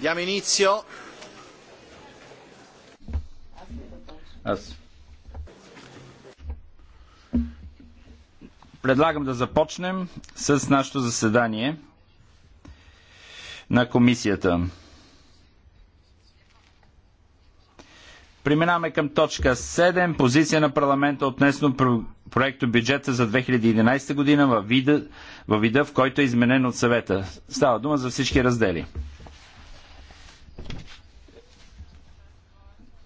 Diamo inizio. Предлагам да започнем с нашето заседание на комисията. Преминаваме към точка 7. Позиция на парламента относно проекто бюджета за 2011 година във вида, във вида, в който е изменен от съвета. Става дума за всички раздели.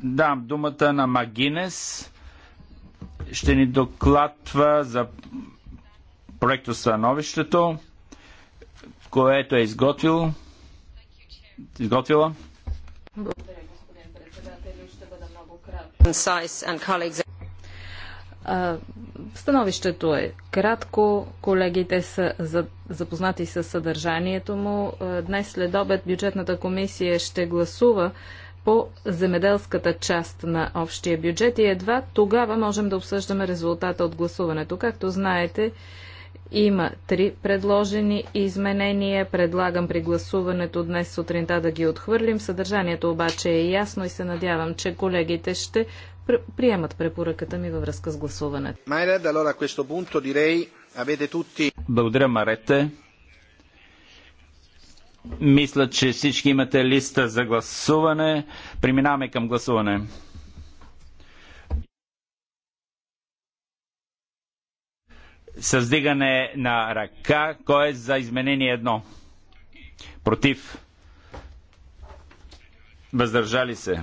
дам думата на Магинес. Ще ни докладва за проекто становището, което е изготвил. Изготвила. Благодаря, господин председател. Ще бъда много Становището е кратко. Колегите са запознати с съдържанието му. Днес след обед бюджетната комисия ще гласува по земеделската част на общия бюджет и едва тогава можем да обсъждаме резултата от гласуването. Както знаете, има три предложени изменения. Предлагам при гласуването днес сутринта да ги отхвърлим. Съдържанието обаче е ясно и се надявам, че колегите ще приемат препоръката ми във връзка с гласуването. Благодаря, Марете. Мисля, че всички имате листа за гласуване. Преминаваме към гласуване. Създигане на ръка, кой е за изменение едно? Против? Въздържали се?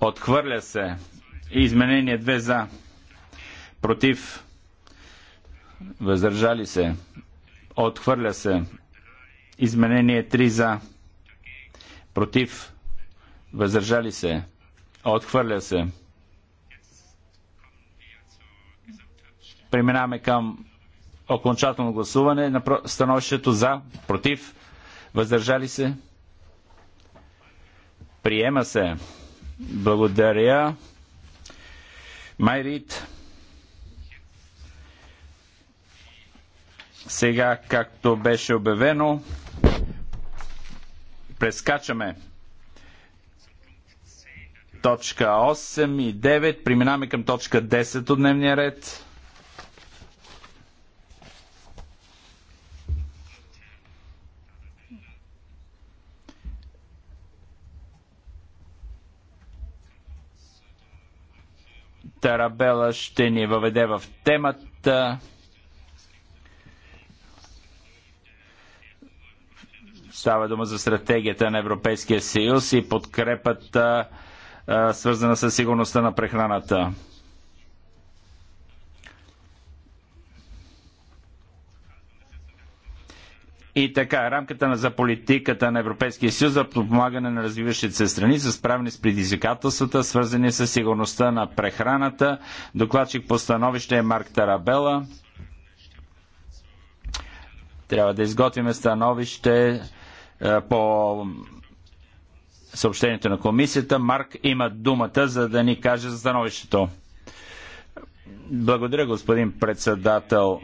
Отхвърля се? Изменение две за? Против? Въздържали се? Отхвърля се? Изменение 3 за. Против. Въздържали се. Отхвърля се. Преминаваме към окончателно гласуване на становището за, против, въздържали се. Приема се. Благодаря. Майрит. Сега, както беше обявено, Прескачаме точка 8 и 9. Преминаваме към точка 10 от дневния ред. Тарабела ще ни въведе в темата. Става дума за стратегията на Европейския съюз и подкрепата, свързана с сигурността на прехраната. И така, рамката за политиката на Европейския съюз за подпомагане на развиващите се страни за справяне с предизвикателствата, свързани с сигурността на прехраната. Докладчик по становище е Марк Тарабела. Трябва да изготвиме становище е, по съобщението на комисията. Марк има думата, за да ни каже за становището. Благодаря, господин председател,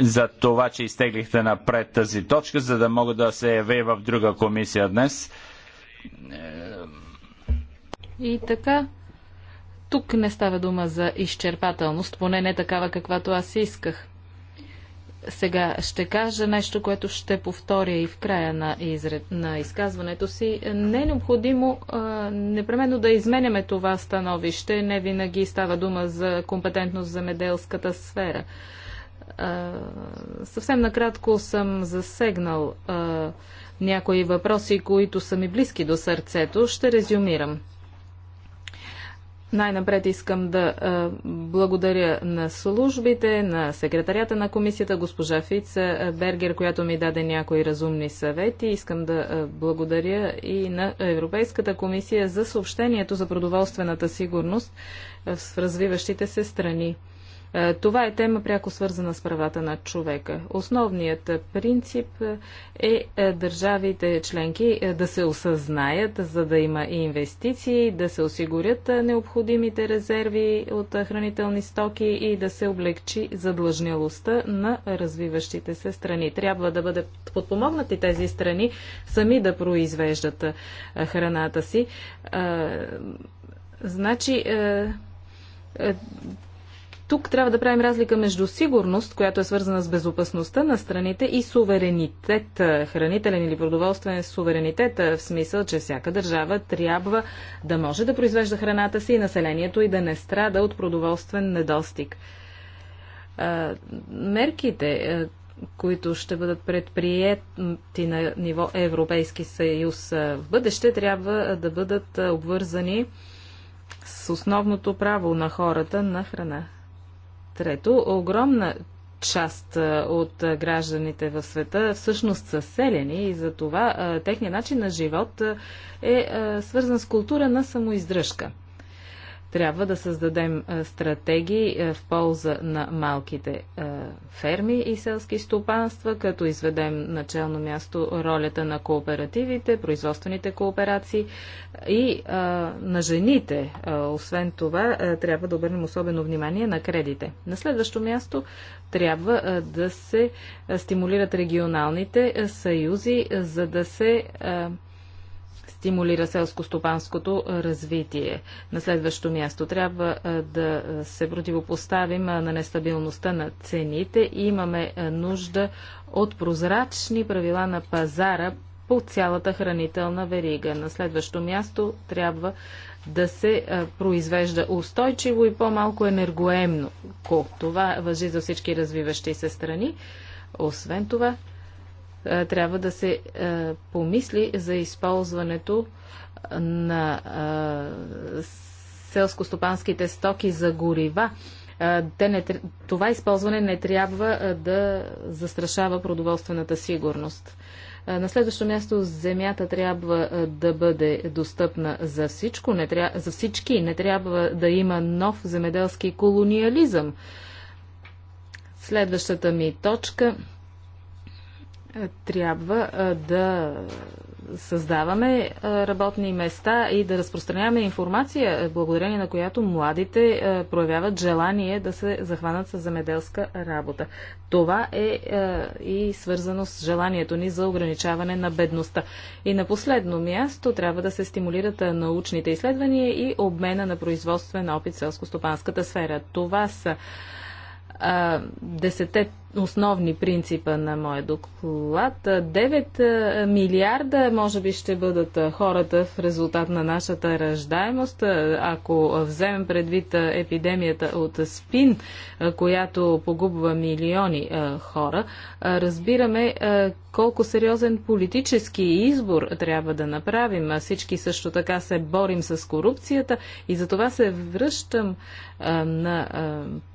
за това, че изтеглихте напред тази точка, за да мога да се яви в друга комисия днес. И така, тук не става дума за изчерпателност, поне не такава, каквато аз исках. Сега ще кажа нещо, което ще повторя и в края на, изред, на изказването си. Не е необходимо а, непременно да изменяме това становище. Не винаги става дума за компетентност за меделската сфера. А, съвсем накратко съм засегнал а, някои въпроси, които са ми близки до сърцето. Ще резюмирам. Най-напред искам да благодаря на службите, на секретарята на комисията, госпожа Фиц Бергер, която ми даде някои разумни съвети. Искам да благодаря и на Европейската комисия за съобщението за продоволствената сигурност в развиващите се страни. Е, това е тема пряко свързана с правата на човека. Основният принцип е, е държавите членки е, да се осъзнаят, за да има и инвестиции, да се осигурят необходимите резерви от хранителни стоки и да се облегчи задлъжнялостта на развиващите се страни. Трябва да бъдат подпомогнати тези страни сами да произвеждат храната си. Значи, тук трябва да правим разлика между сигурност, която е свързана с безопасността на страните и суверенитет, хранителен или продоволствен суверенитет, в смисъл, че всяка държава трябва да може да произвежда храната си и населението и да не страда от продоволствен недостиг. Мерките, които ще бъдат предприяти на ниво Европейски съюз в бъдеще, трябва да бъдат обвързани с основното право на хората на храна. Трето, огромна част от гражданите в света всъщност са селени и за това техният начин на живот е свързан с култура на самоиздръжка. Трябва да създадем стратегии в полза на малките ферми и селски стопанства, като изведем начално място ролята на кооперативите, производствените кооперации и на жените. Освен това, трябва да обърнем особено внимание на кредите. На следващо място трябва да се стимулират регионалните съюзи, за да се стимулира селско-стопанското развитие. На следващо място трябва да се противопоставим на нестабилността на цените. Имаме нужда от прозрачни правила на пазара по цялата хранителна верига. На следващо място трябва да се произвежда устойчиво и по-малко енергоемно. Това въжи за всички развиващи се страни. Освен това, е, трябва да се е, помисли за използването на е, селскостопанските стоки за горива. Те не, това използване не трябва да застрашава продоволствената сигурност. На следващо място земята трябва да бъде достъпна за, всичко, не тря... за всички. Не трябва да има нов земеделски колониализъм. Следващата ми точка трябва да създаваме работни места и да разпространяваме информация, е, благодарение на която младите проявяват желание да се захванат с замеделска работа. Това е и свързано с желанието ни за ограничаване на бедността. И на последно място трябва да се стимулират научните изследвания и обмена на производствен опит в селско-стопанската сфера. Това са десете основни принципа на моя доклад. 9 милиарда може би ще бъдат хората в резултат на нашата ръждаемост. Ако вземем предвид епидемията от СПИН, която погубва милиони хора, разбираме колко сериозен политически избор трябва да направим. Всички също така се борим с корупцията и за това се връщам на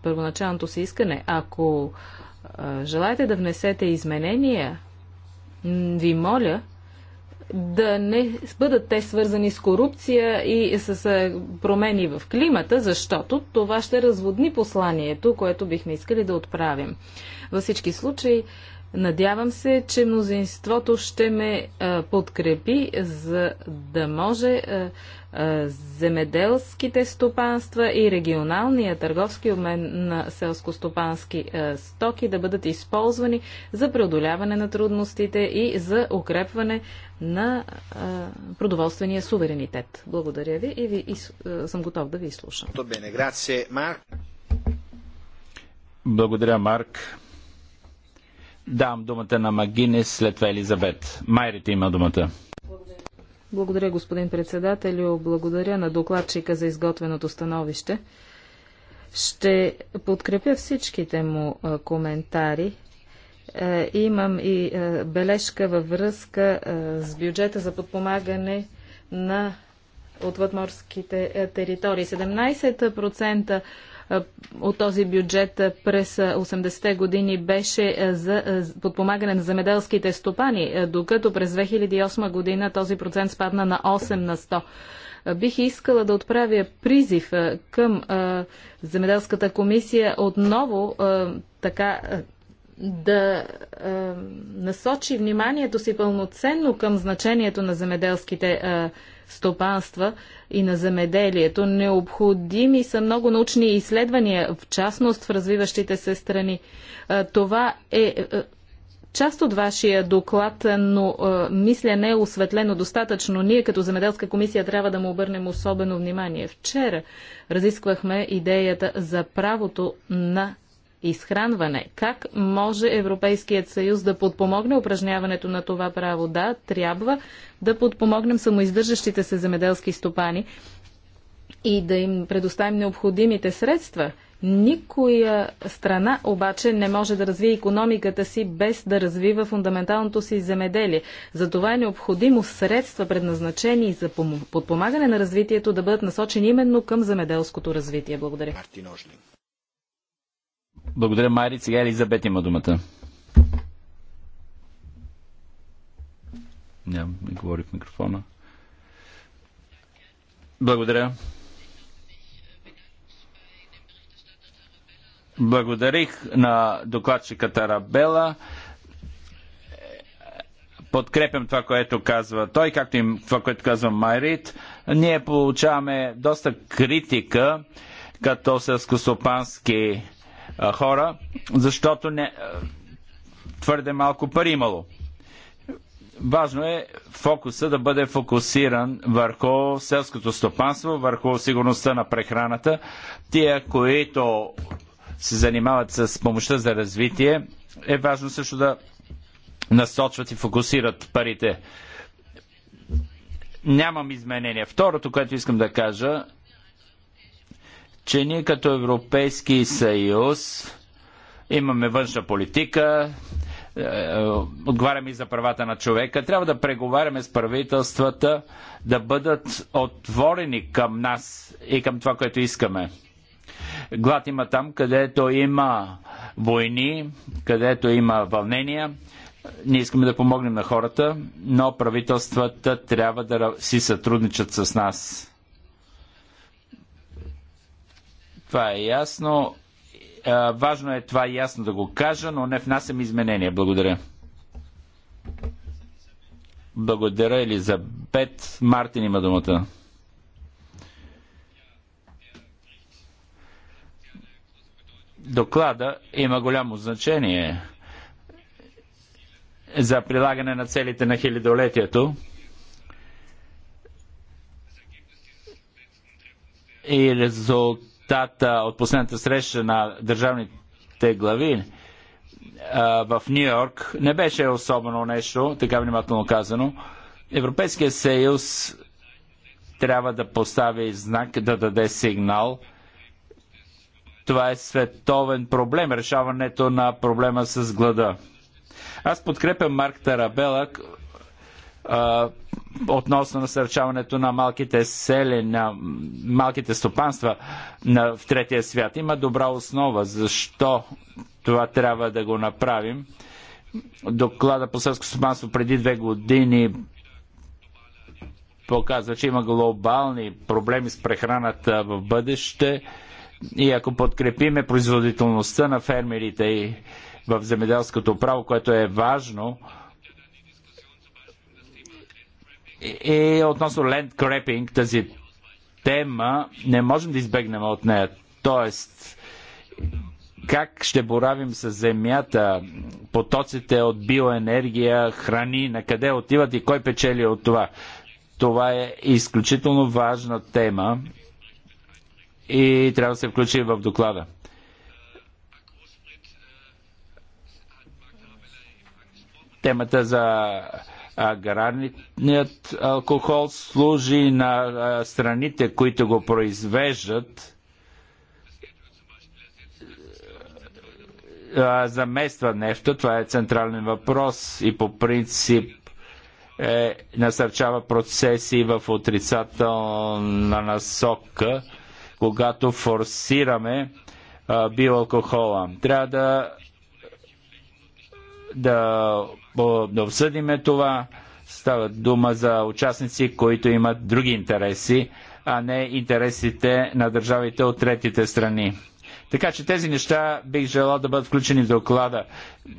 първоначалното си искане. Ако желаете да внесете изменения, ви моля да не бъдат те свързани с корупция и с промени в климата, защото това ще разводни посланието, което бихме искали да отправим. Във всички случаи Надявам се, че мнозинството ще ме а, подкрепи, за да може а, а, земеделските стопанства и регионалния търговски обмен на селско-стопански стоки да бъдат използвани за преодоляване на трудностите и за укрепване на продоволствения суверенитет. Благодаря ви и, ви, и съм готов да ви изслушам. Благодаря, Марк. Давам думата на Магинес, след това Елизабет. Майрите има думата. Благодаря, господин председател, Благодаря на докладчика за изготвеното становище. Ще подкрепя всичките му коментари. Е, имам и е, бележка във връзка е, с бюджета за подпомагане на отвъдморските територии. 17% е, от този бюджет е, през 80-те е, години беше за подпомагане на земеделските стопани, докато през 2008 година този процент спадна на 8 на 100. Бих искала да отправя призив към Земеделската комисия отново така да насочи вниманието си пълноценно към значението на земеделските е, стопанства и на земеделието. Необходими са много научни изследвания, в частност в развиващите се страни. Това е, е част от вашия доклад, но мисля не е осветлено достатъчно. Ние като Земеделска комисия трябва да му обърнем особено внимание. Вчера разисквахме идеята за правото на изхранване. Как може Европейският съюз да подпомогне упражняването на това право? Да, трябва да подпомогнем самоиздържащите се земеделски стопани и да им предоставим необходимите средства. Никоя страна обаче не може да развие економиката си без да развива фундаменталното си земеделие. Затова е необходимо средства, предназначени за подпомагане на развитието, да бъдат насочени именно към земеделското развитие. Благодаря. Благодаря, Мари. Сега Елизабет има думата. Няма, не говори в микрофона. Благодаря. Благодарих на докладчика Тарабела. Подкрепям това, което казва той, както и това, което казва Майрит. Ние получаваме доста критика като селскостопански хора, защото не, твърде малко пари имало. Важно е фокуса да бъде фокусиран върху селското стопанство, върху сигурността на прехраната. Тия, които се занимават с помощта за развитие, е важно също да насочват и фокусират парите. Нямам изменения. Второто, което искам да кажа, че ние като Европейски съюз имаме външна политика, е, отговаряме и за правата на човека, трябва да преговаряме с правителствата да бъдат отворени към нас и към това, което искаме. Глад има там, където има войни, където има вълнения. Ние искаме да помогнем на хората, но правителствата трябва да си сътрудничат с нас. Това е ясно. Важно е това ясно да го кажа, но не внасям изменения. Благодаря. Благодаря, Елизабет. Мартин има думата. Доклада има голямо значение за прилагане на целите на хилядолетието. И резултат резултата от последната среща на държавните глави в Нью Йорк не беше особено нещо, така внимателно казано. Европейския съюз трябва да постави знак, да даде сигнал. Това е световен проблем, решаването на проблема с глада. Аз подкрепям Марк Тарабелък относно насърчаването на малките сели, на малките стопанства в третия свят. Има добра основа защо това трябва да го направим. Доклада по сърско стопанство преди две години показва, че има глобални проблеми с прехраната в бъдеще и ако подкрепиме производителността на фермерите и в земеделското право, което е важно, е, е относно land grabbing, тази тема, не можем да избегнем от нея. Тоест, как ще боравим с земята, потоците от биоенергия, храни, на къде отиват и кой печели от това. Това е изключително важна тема и трябва да се включи в доклада. Темата за Аграрният алкохол служи на страните, които го произвеждат, замества нефта. Това е централен въпрос и по принцип е, насърчава процеси в отрицателна насока, когато форсираме биоалкохола. Трябва да да, да обсъдиме това. Става дума за участници, които имат други интереси, а не интересите на държавите от третите страни. Така че тези неща бих желал да бъдат включени в доклада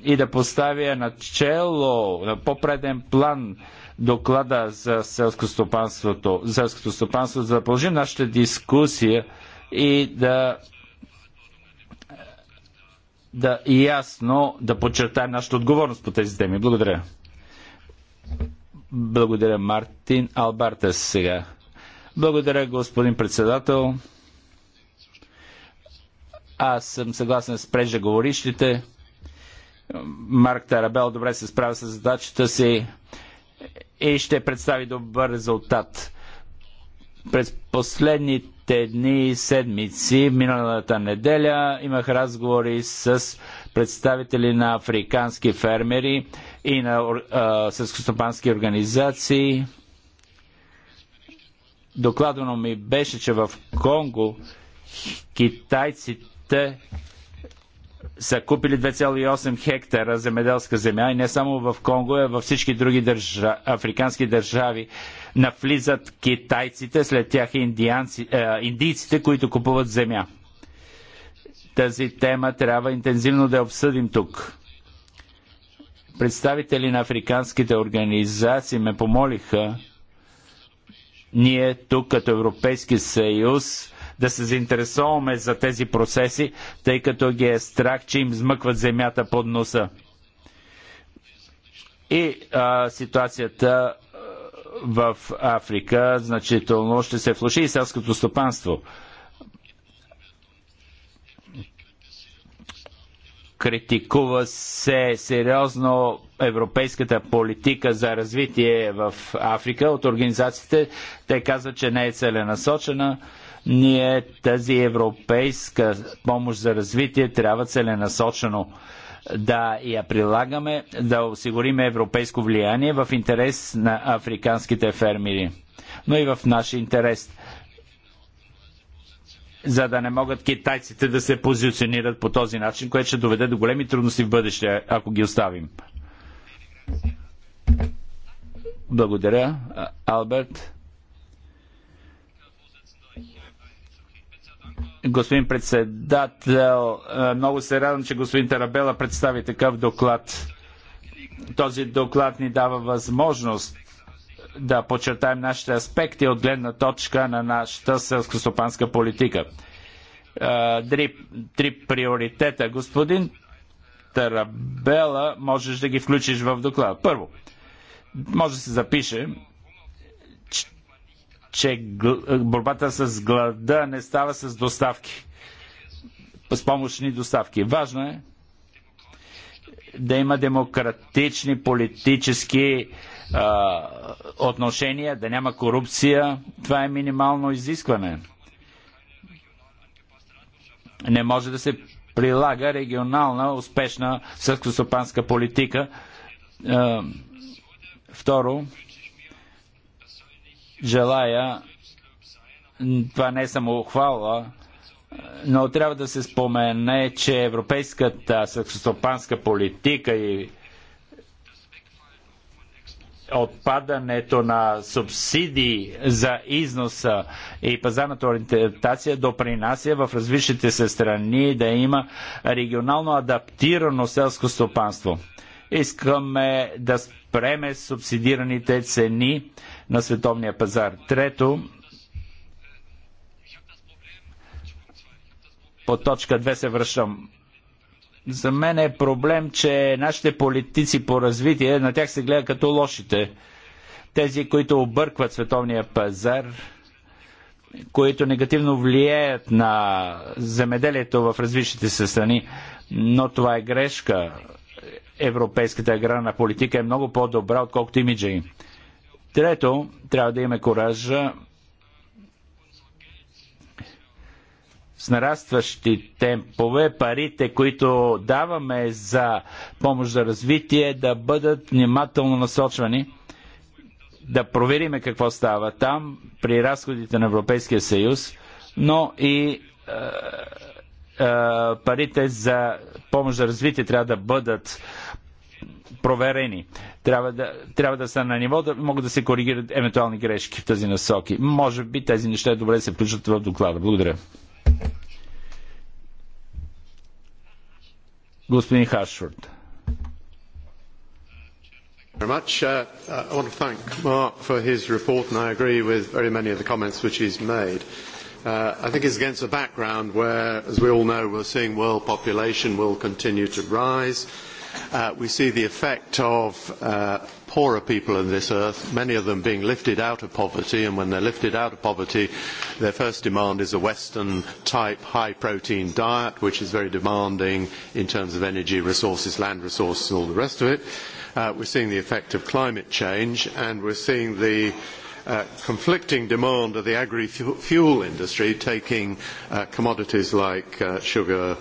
и да поставя чело, на по-преден план доклада за стопанството, за селското стопанство, за да продължим нашата дискусия и да да ясно да подчертаем нашата отговорност по тези теми. Благодаря. Благодаря, Мартин Албартес сега. Благодаря, господин председател. Аз съм съгласен с преждеговорищите. Марк Тарабел добре се справя с задачата си и ще представи добър резултат. През последните последните дни и седмици, миналата неделя, имах разговори с представители на африкански фермери и на селскостопански организации. Докладвано ми беше, че в Конго китайците са купили 2,8 хектара земеделска земя и не само в Конго, а във всички други държа, африкански държави навлизат китайците, след тях индианци, а, е, индийците, които купуват земя. Тази тема трябва интензивно да обсъдим тук. Представители на африканските организации ме помолиха ние тук като Европейски съюз да се заинтересуваме за тези процеси, тъй като ги е страх, че им измъкват земята под носа. И а, ситуацията в Африка значително ще се влуши и селското стопанство. Критикува се сериозно европейската политика за развитие в Африка от организациите. Те казват, че не е целенасочена. Ние тази европейска помощ за развитие трябва целенасочено да я прилагаме, да осигурим европейско влияние в интерес на африканските фермери, но и в наш интерес за да не могат китайците да се позиционират по този начин, което ще доведе до големи трудности в бъдеще, ако ги оставим. Благодаря, Алберт. господин председател. Е, много се радвам, че господин Тарабела представи такъв доклад. Този доклад ни дава възможност да подчертаем нашите аспекти от гледна точка на нашата селскостопанска политика. Е, три, три приоритета. Господин Тарабела, можеш да ги включиш в доклада. Първо, може да се запише, че е, борбата с глада не става с доставки, с помощни доставки. Важно е да има демократични политически а, отношения, да няма корупция. Това е минимално изискване. Не може да се прилага регионална успешна сърскостопанска политика. А, второ, желая, това не е само хвала, но трябва да се спомене, че европейската селскостопанска политика и отпадането на субсидии за износа и пазарната ориентация допринася в различните се страни да има регионално адаптирано селско стопанство. Искаме да спреме субсидираните цени на световния пазар. Трето, по точка 2 се връщам. За мен е проблем, че нашите политици по развитие, на тях се гледа като лошите. Тези, които объркват световния пазар, които негативно влияят на земеделието в различните се страни. Но това е грешка европейската аграрна политика е много по-добра, отколкото имиджа им. Трето, трябва да имаме коража с нарастващи темпове парите, които даваме за помощ за развитие, да бъдат внимателно насочвани, да провериме какво става там при разходите на Европейския съюз, но и е, е, парите за помощ за развитие трябва да бъдат проверени. Трябва да, трябва да са на ниво да могат да се коригират евентуални грешки в тази насоки. Може би тези неща е добре да се включат в доклада. Благодаря. Господин Хашфорд. Very much. Uh, uh I want to thank Mark for his report, and I agree with very many of the comments which he's made. Uh, I think it's against a background where, as we all know, we're seeing world population will continue to rise. we see the effect of poorer people on this earth, many of them being lifted out of poverty, and when they're lifted out of poverty, their first demand is a Western type high protein diet, which is very demanding in terms of energy resources, land resources, and all the rest of it. We are seeing the effect of climate change, and we are seeing the conflicting demand of the agri-fuel industry taking commodities like sugar,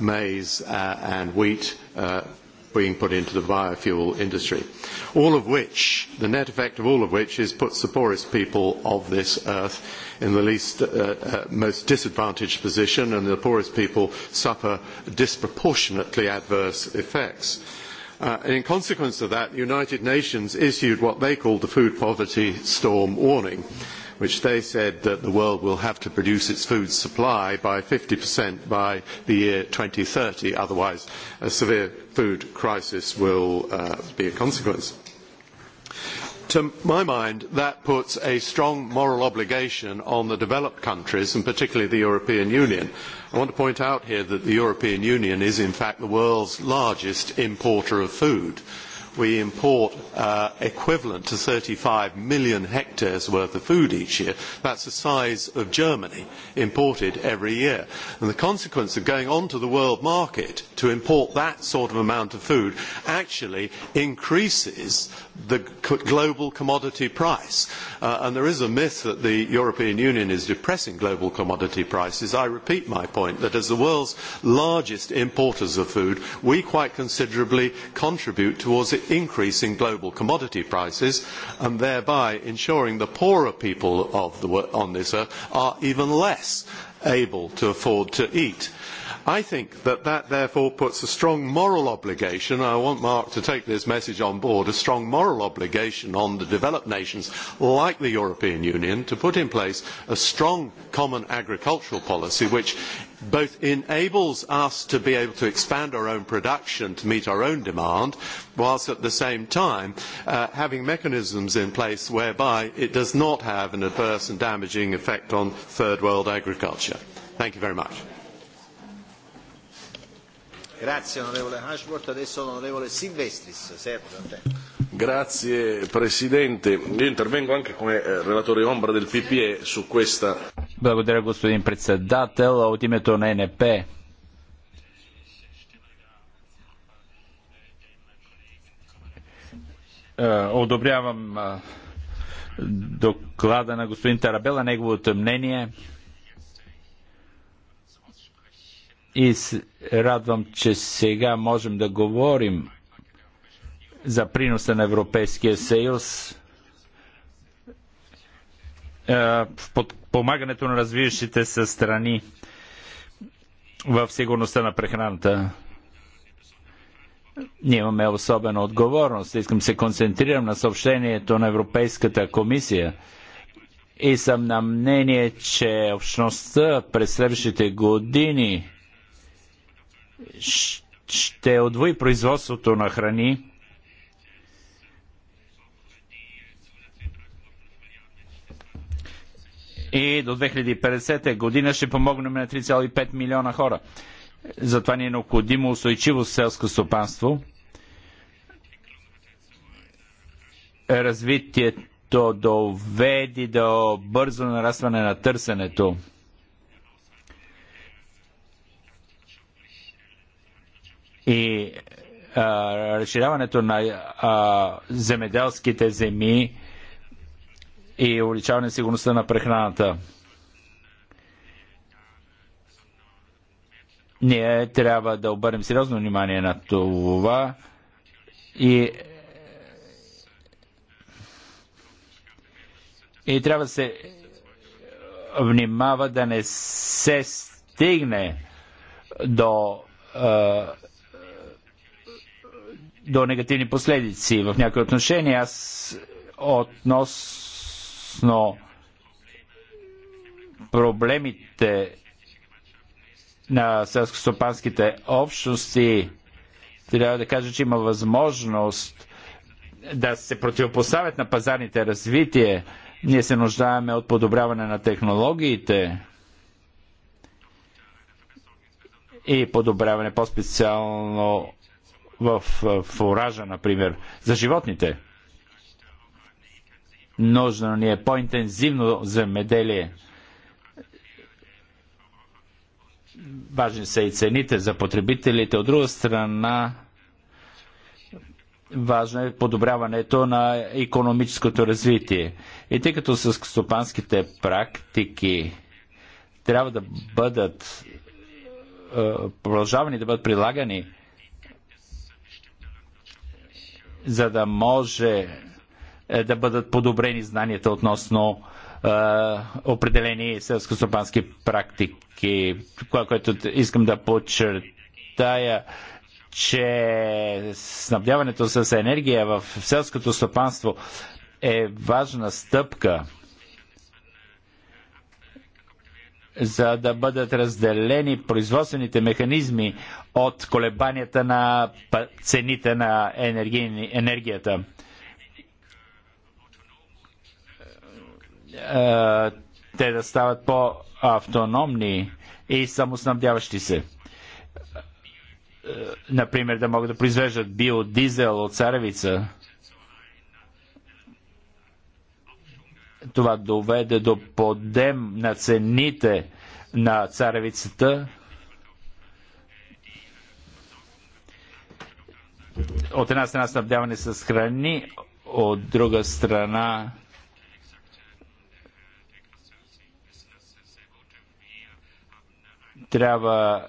maize and wheat being put into the biofuel industry. All of which, the net effect of all of which is puts the poorest people of this earth in the least, most disadvantaged position and the poorest people suffer disproportionately adverse effects in consequence of that, the United Nations issued what they called the food poverty storm warning, which they said that the world will have to produce its food supply by 50% by the year 2030, otherwise a severe food crisis will be a consequence to my mind, that puts a strong moral obligation on the developed countries, and particularly the European Union. I want to point out here that the European Union is, in fact, the world's largest importer of food we import equivalent to thirty five million hectares worth of food each year. That is the size of Germany imported every year. And the consequence of going onto the world market to import that sort of amount of food actually increases the global commodity price. and there is a myth that the European Union is depressing global commodity prices. I repeat my point that as the world's largest importers of food, we quite considerably contribute towards increase in global commodity prices and thereby ensuring the poorer people on this earth are even less able to afford to eat. I think that that therefore puts a strong moral obligation, and I want Mark to take this message on board, a strong moral obligation on the developed nations like the European Union to put in place a strong common agricultural policy which both enables us to be able to expand our own production to meet our own demand, whilst at the same time having mechanisms in place whereby it does not have an adverse and damaging effect on third world agriculture. Thank you very much. Grazie Presidente, io intervengo anche come eh, relatore ombra del PPE su questa. Благодаря господин председател, от името на НП е, одобрявам е, доклада на господин Тарабела, неговото мнение. и радвам, че сега можем да говорим за приноса на Европейския съюз в подпомагането на развиващите се страни в сигурността на прехраната. Ние имаме особена отговорност. Искам се концентрирам на съобщението на Европейската комисия и съм на мнение, че общността през следващите години – ще отвои производството на храни. И до 2050 година ще помогнем на 3,5 милиона хора. Затова ни е необходимо устойчиво селско стопанство. Развитието доведи до бързо нарастване на търсенето. и а, разширяването на а, земеделските земи и увеличаване на сигурността на прехраната. Ние трябва да обърнем сериозно внимание на това и и трябва да се внимава да не се стигне до до негативни последици в някои отношения. Аз относно проблемите на селско-стопанските общности, трябва да кажа, че има възможност да се противопоставят на пазарните развитие. Ние се нуждаеме от подобряване на технологиите и подобряване по-специално в фуража, например, за животните. Нужно ни е по-интензивно земеделие. Важни са и цените за потребителите. От друга страна, важно е подобряването на економическото развитие. И тъй като с стопанските практики трябва да бъдат продължавани да бъдат прилагани за да може е, да бъдат подобрени знанията относно е, определени селскостопански практики. Това, което искам да подчертая, че снабдяването с енергия в селското стопанство е важна стъпка – за да бъдат разделени производствените механизми от колебанията на цените на енергията. Е, те да стават по-автономни и самоснабдяващи се. Е, например, да могат да произвеждат биодизел от царевица – Това доведе до подем на цените на царевицата от една страна снабдяване с храни, от друга страна трябва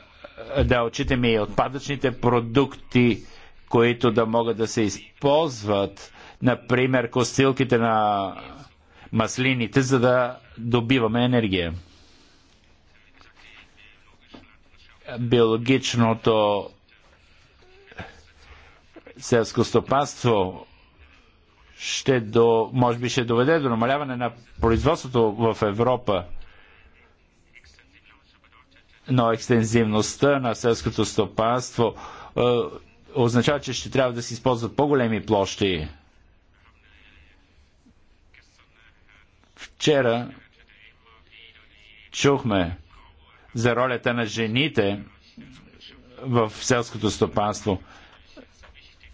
да отчитаме и отпадъчните продукти, които да могат да се използват. Например, костилките на маслините, за да добиваме енергия. Биологичното селско стопанство ще до, може би ще доведе до намаляване на производството в Европа, но екстензивността на селското стопанство е, означава, че ще трябва да се използват по-големи площи Вчера чухме за ролята на жените в селското стопанство.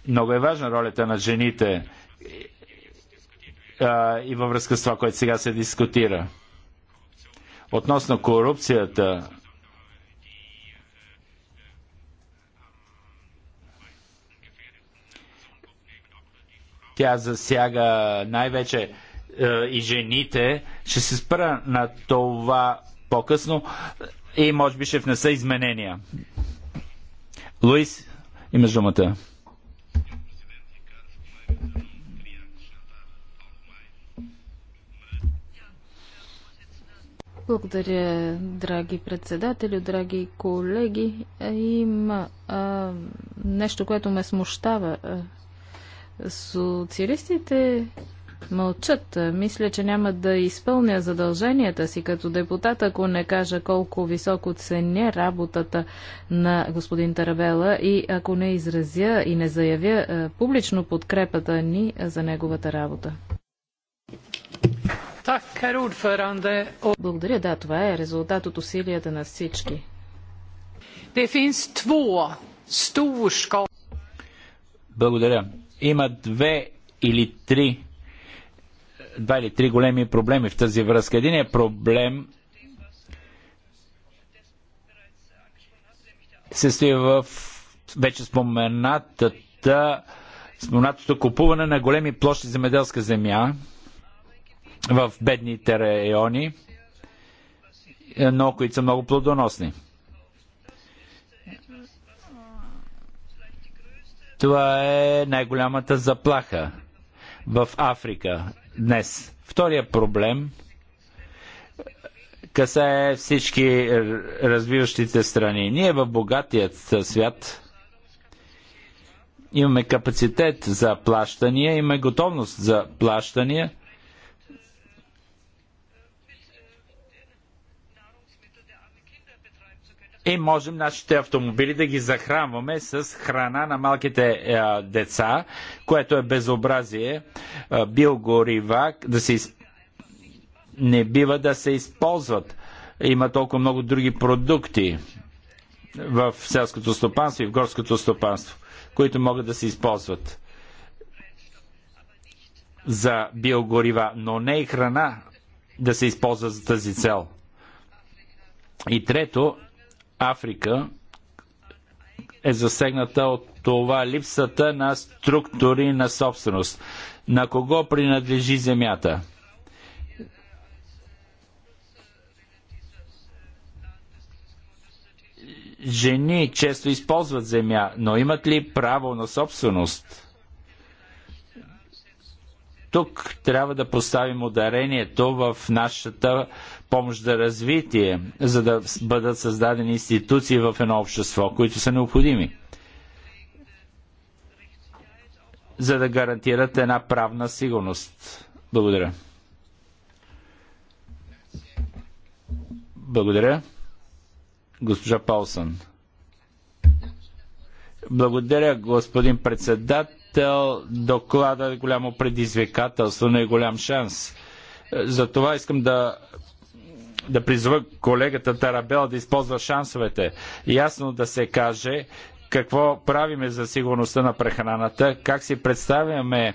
Много е важна ролята на жените а, и във връзка с това, което сега се дискутира. Относно корупцията, тя засяга най-вече е, и жените. Ще се спра на това по-късно и може би ще внеса изменения. Луис, имаш думата. Благодаря, драги председатели, драги колеги. Има а, нещо, което ме смущава. Е, социалистите мълчат. Мисля, че няма да изпълня задълженията си като депутат, ако не кажа колко високо ценя работата на господин Тарабела и ако не изразя и не заявя е, публично подкрепата ни за неговата работа. Благодаря, да, това е резултат от усилията на всички. Благодаря. Има две или три два или три големи проблеми в тази връзка. Един е проблем се стои в вече споменатата споменатото купуване на големи площи земеделска земя в бедните райони, но които са много плодоносни. Това е най-голямата заплаха в Африка днес. Втория проблем касае всички развиващите страни. Ние в богатият свят имаме капацитет за плащания, имаме готовност за плащания, и можем нашите автомобили да ги захранваме с храна на малките е, деца, което е безобразие. Е, биогорива да се из... не бива да се използват. Има толкова много други продукти в селското стопанство и в горското стопанство, които могат да се използват за биогорива, но не и храна да се използва за тази цел. И трето, Африка е засегната от това липсата на структури на собственост. На кого принадлежи земята? Жени често използват земя, но имат ли право на собственост? Тук трябва да поставим ударението в нашата помощ за развитие, за да бъдат създадени институции в едно общество, които са необходими. За да гарантират една правна сигурност. Благодаря. Благодаря. Госпожа Паусън. Благодаря, господин председател. Доклада е голямо предизвикателство, но е голям шанс. Затова искам да да призва колегата Тарабела да използва шансовете. Ясно да се каже какво правиме за сигурността на прехраната, как си представяме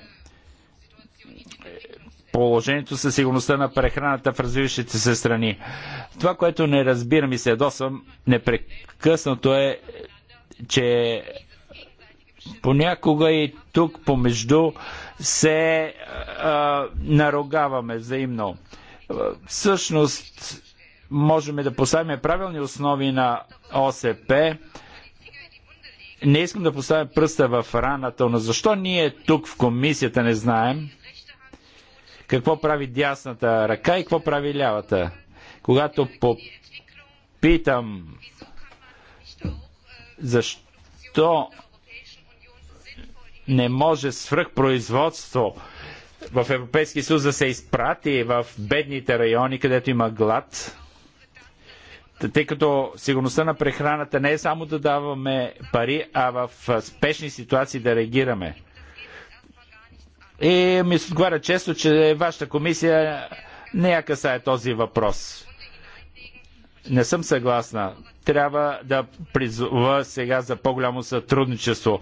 положението със сигурността на прехраната в развиващите се страни. Това, което не разбирам и се досвам непрекъснато е, че понякога и тук помежду се а, наругаваме взаимно. Всъщност, можем да поставим правилни основи на ОСП. Не искам да поставя пръста в раната, но защо ние тук в комисията не знаем какво прави дясната ръка и какво прави лявата? Когато попитам защо не може свръхпроизводство производство в Европейския съюз да се изпрати в бедните райони, където има глад, тъй като сигурността на прехраната не е само да даваме пари, а в спешни ситуации да реагираме. И ми се отговаря често, че вашата комисия не я касае този въпрос. Не съм съгласна. Трябва да призова сега за по-голямо сътрудничество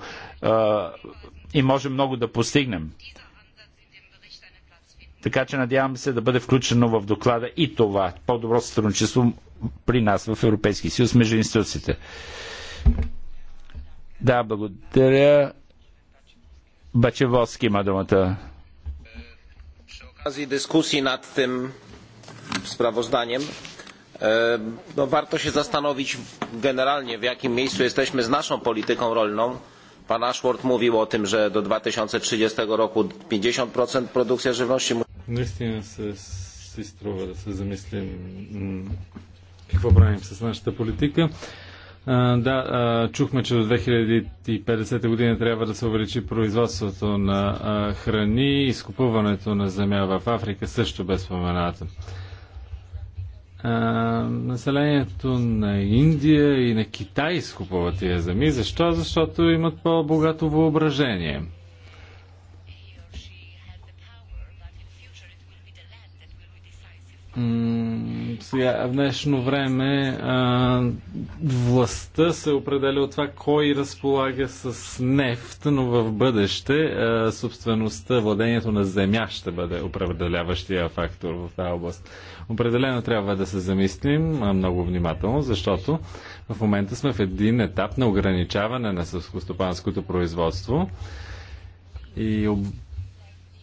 и може много да постигнем. Така че надявам се да бъде включено в доклада и това по-добро сътрудничество при нас в Европейски съюз между институциите. Да, благодаря. Бачевоски има думата. Тази дискусии над тем справозданием. no, warto się zastanowić generalnie, w jakim miejscu jesteśmy z naszą polityką rolną. Pan Ashworth mówił o tym, że do 2030 roku 50% produkcja żywności musi наистина се, се струва да се замислим какво правим с нашата политика. А, да, а, чухме, че до 2050 година трябва да се увеличи производството на а, храни, изкупуването на земя в Африка също без спомената. населението на Индия и на Китай изкупува тия земи. Защо? Защото имат по-богато въображение. сега, в днешно време а, властта се определя от това кой разполага с нефт, но в бъдеще а, собствеността, владението на земя ще бъде определяващия фактор в тази област. Определено трябва да се замислим а, много внимателно, защото в момента сме в един етап на ограничаване на сълскостопанското производство и об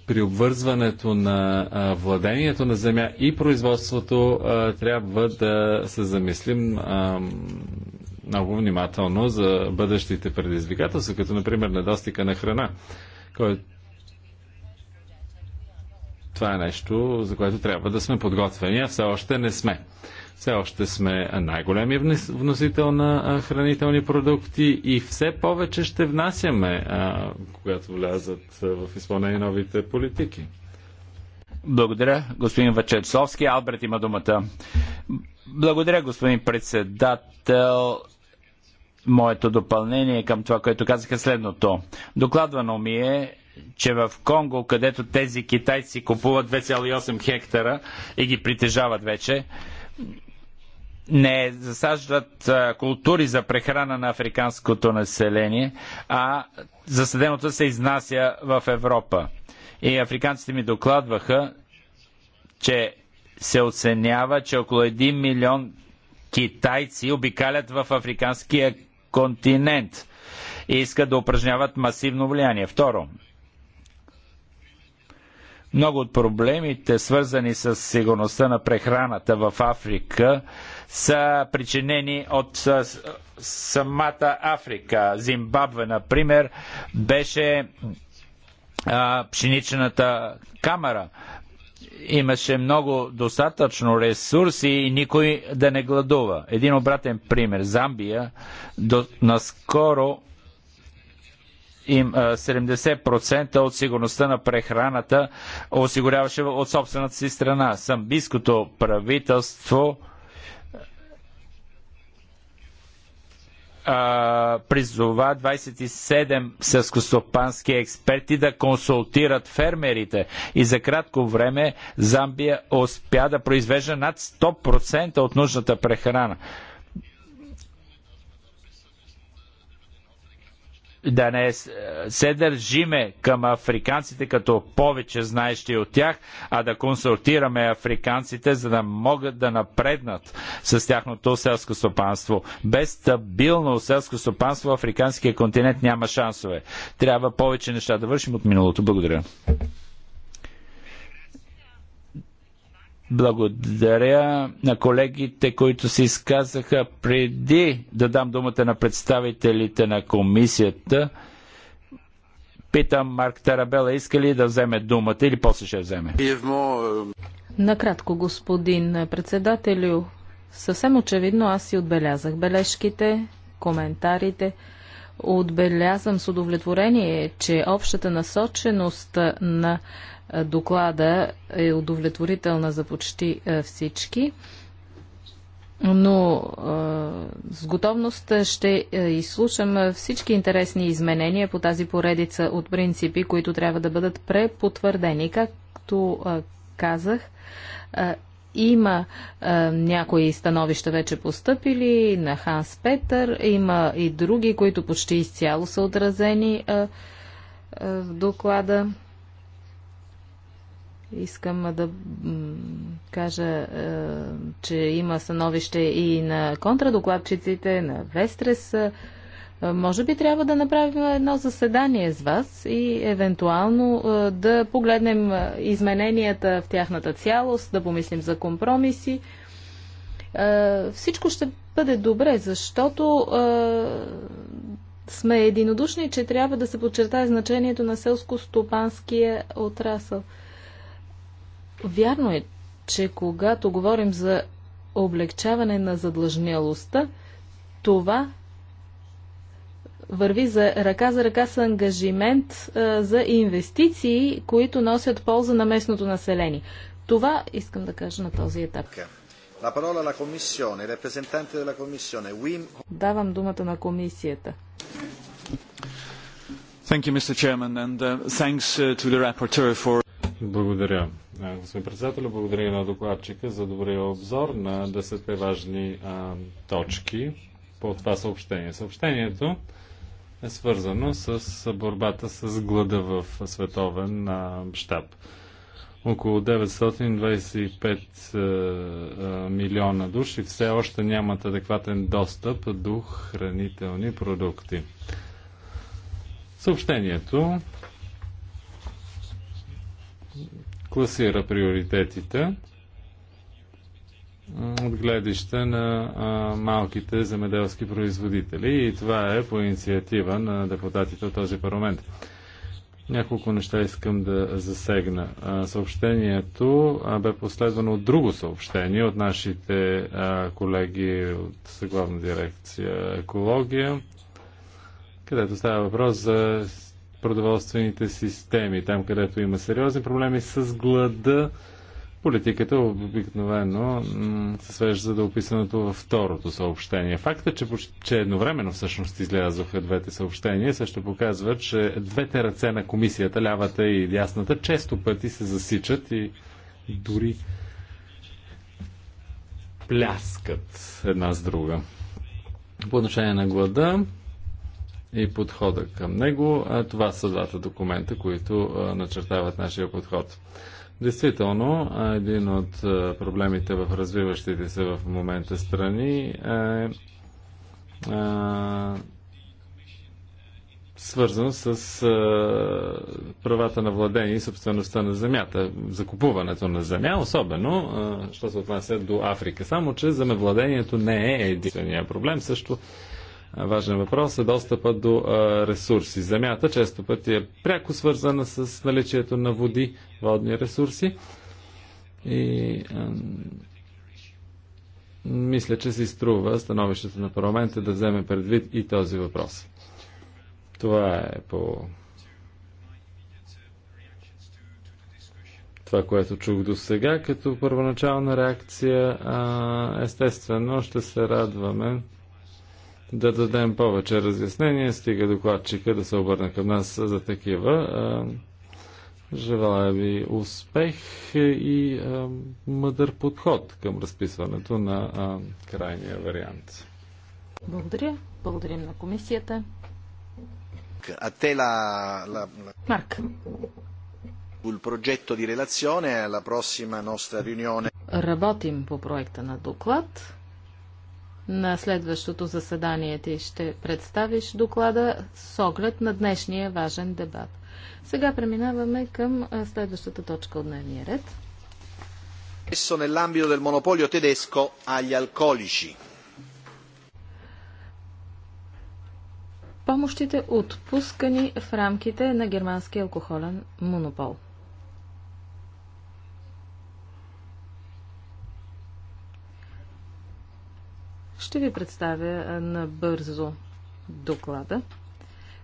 при обвързването на а, владението на земя и производството а, трябва да се замислим а, много внимателно за бъдещите предизвикателства, като например недостига на храна. Кой... Това е нещо, за което трябва да сме подготвени, а все още не сме. Все още сме най-големия вносител на хранителни продукти и все повече ще внасяме, когато влязат в изпълнение новите политики. Благодаря, господин Вачерцовски. Алберт има думата. Благодаря, господин председател. Моето допълнение е към това, което казаха следното. Докладвано ми е, че в Конго, където тези китайци купуват 2,8 хектара и ги притежават вече, не засаждат култури за прехрана на африканското население, а заседеното се изнася в Европа. И африканците ми докладваха, че се оценява, че около 1 милион китайци обикалят в африканския континент и искат да упражняват масивно влияние. Второ, много от проблемите, свързани с сигурността на прехраната в Африка, са причинени от самата Африка. Зимбабве, например, беше а, пшеничната камера. Имаше много достатъчно ресурси и никой да не гладува. Един обратен пример. Замбия до, наскоро им 70% от сигурността на прехраната осигуряваше от собствената си страна. Самбийското правителство призова 27 селскостопански експерти да консултират фермерите и за кратко време Замбия успя да произвежда над 100% от нужната прехрана. да не е, се държиме към африканците като повече знаещи от тях, а да консултираме африканците, за да могат да напреднат с тяхното селско стопанство. Без стабилно селско стопанство африканския континент няма шансове. Трябва повече неща да вършим от миналото. Благодаря. Благодаря на колегите, които се изказаха преди да дам думата на представителите на комисията. Питам Марк Тарабела, иска ли да вземе думата или после ще вземе? Накратко, господин председателю, съвсем очевидно аз си отбелязах бележките, коментарите, Отбелязвам с удовлетворение, че общата насоченост на доклада е удовлетворителна за почти всички, но с готовност ще изслушам всички интересни изменения по тази поредица от принципи, които трябва да бъдат препотвърдени. Както казах, има е, някои становища вече поступили на Ханс Петър, има и други, които почти изцяло са отразени е, е, в доклада. Искам да кажа, е, че има становище и на контрадокладчиците, на Вестреса. Е, може би трябва да направим едно заседание с вас и евентуално е, да погледнем е, измененията в тяхната цялост, да помислим за компромиси. Е, всичко ще бъде добре, защото сме единодушни, че трябва да се подчертае значението на селско-стопанския отрасъл. Вярно е, че когато говорим за облегчаване на задлъжнялостта, това върви за ръка за ръка с ангажимент а, за инвестиции, които носят полза на местното население. Това искам да кажа на този етап. Давам думата на комисията. Благодаря. Господин председател, благодаря на докладчика за добрия обзор на 10 важни а, точки по това съобщение. Съобщението е свързано с борбата с глада в световен мащаб. Около 925 е, е, милиона души все още нямат адекватен достъп до хранителни продукти. Съобщението класира приоритетите от гледаща на малките земеделски производители и това е по инициатива на депутатите от този парламент. Няколко неща искам да засегна. Съобщението бе последвано от друго съобщение от нашите колеги от главна дирекция екология, където става въпрос за продоволствените системи, там където има сериозни проблеми с глада, Политиката обикновено се свежда до е описаното във второто съобщение. Факта, е, че, че едновременно всъщност излязоха двете съобщения, също показва, че двете ръце на комисията, лявата и дясната, често пъти се засичат и дори пляскат една с друга. По отношение на глада и подхода към него, това са двата документа, които начертават нашия подход. Действително, един от проблемите в развиващите се в момента страни е а, свързан с а, правата на владение и собствеността на земята, закупуването на земя, особено, а, що се отнася до Африка. Само, че земевладението не е единствения проблем, също важен въпрос е достъпа до ресурси. Земята често пъти е пряко свързана с наличието на води, водни ресурси. И мисля, че се изтрува становището на парламента да вземе предвид и този въпрос. Това е по това, което чух до сега, като първоначална реакция, естествено ще се радваме да дадем повече разяснения, стига докладчика да се обърне към нас за такива. Желая ви успех и мъдър подход към разписването на крайния вариант. Благодаря. Благодарим на комисията. A Работим по проекта на доклад на следващото заседание ти ще представиш доклада с оглед на днешния важен дебат. Сега преминаваме към следващата точка от дневния ред. Помощите отпускани в рамките на германския алкохолен монопол. Ще ви представя набързо доклада.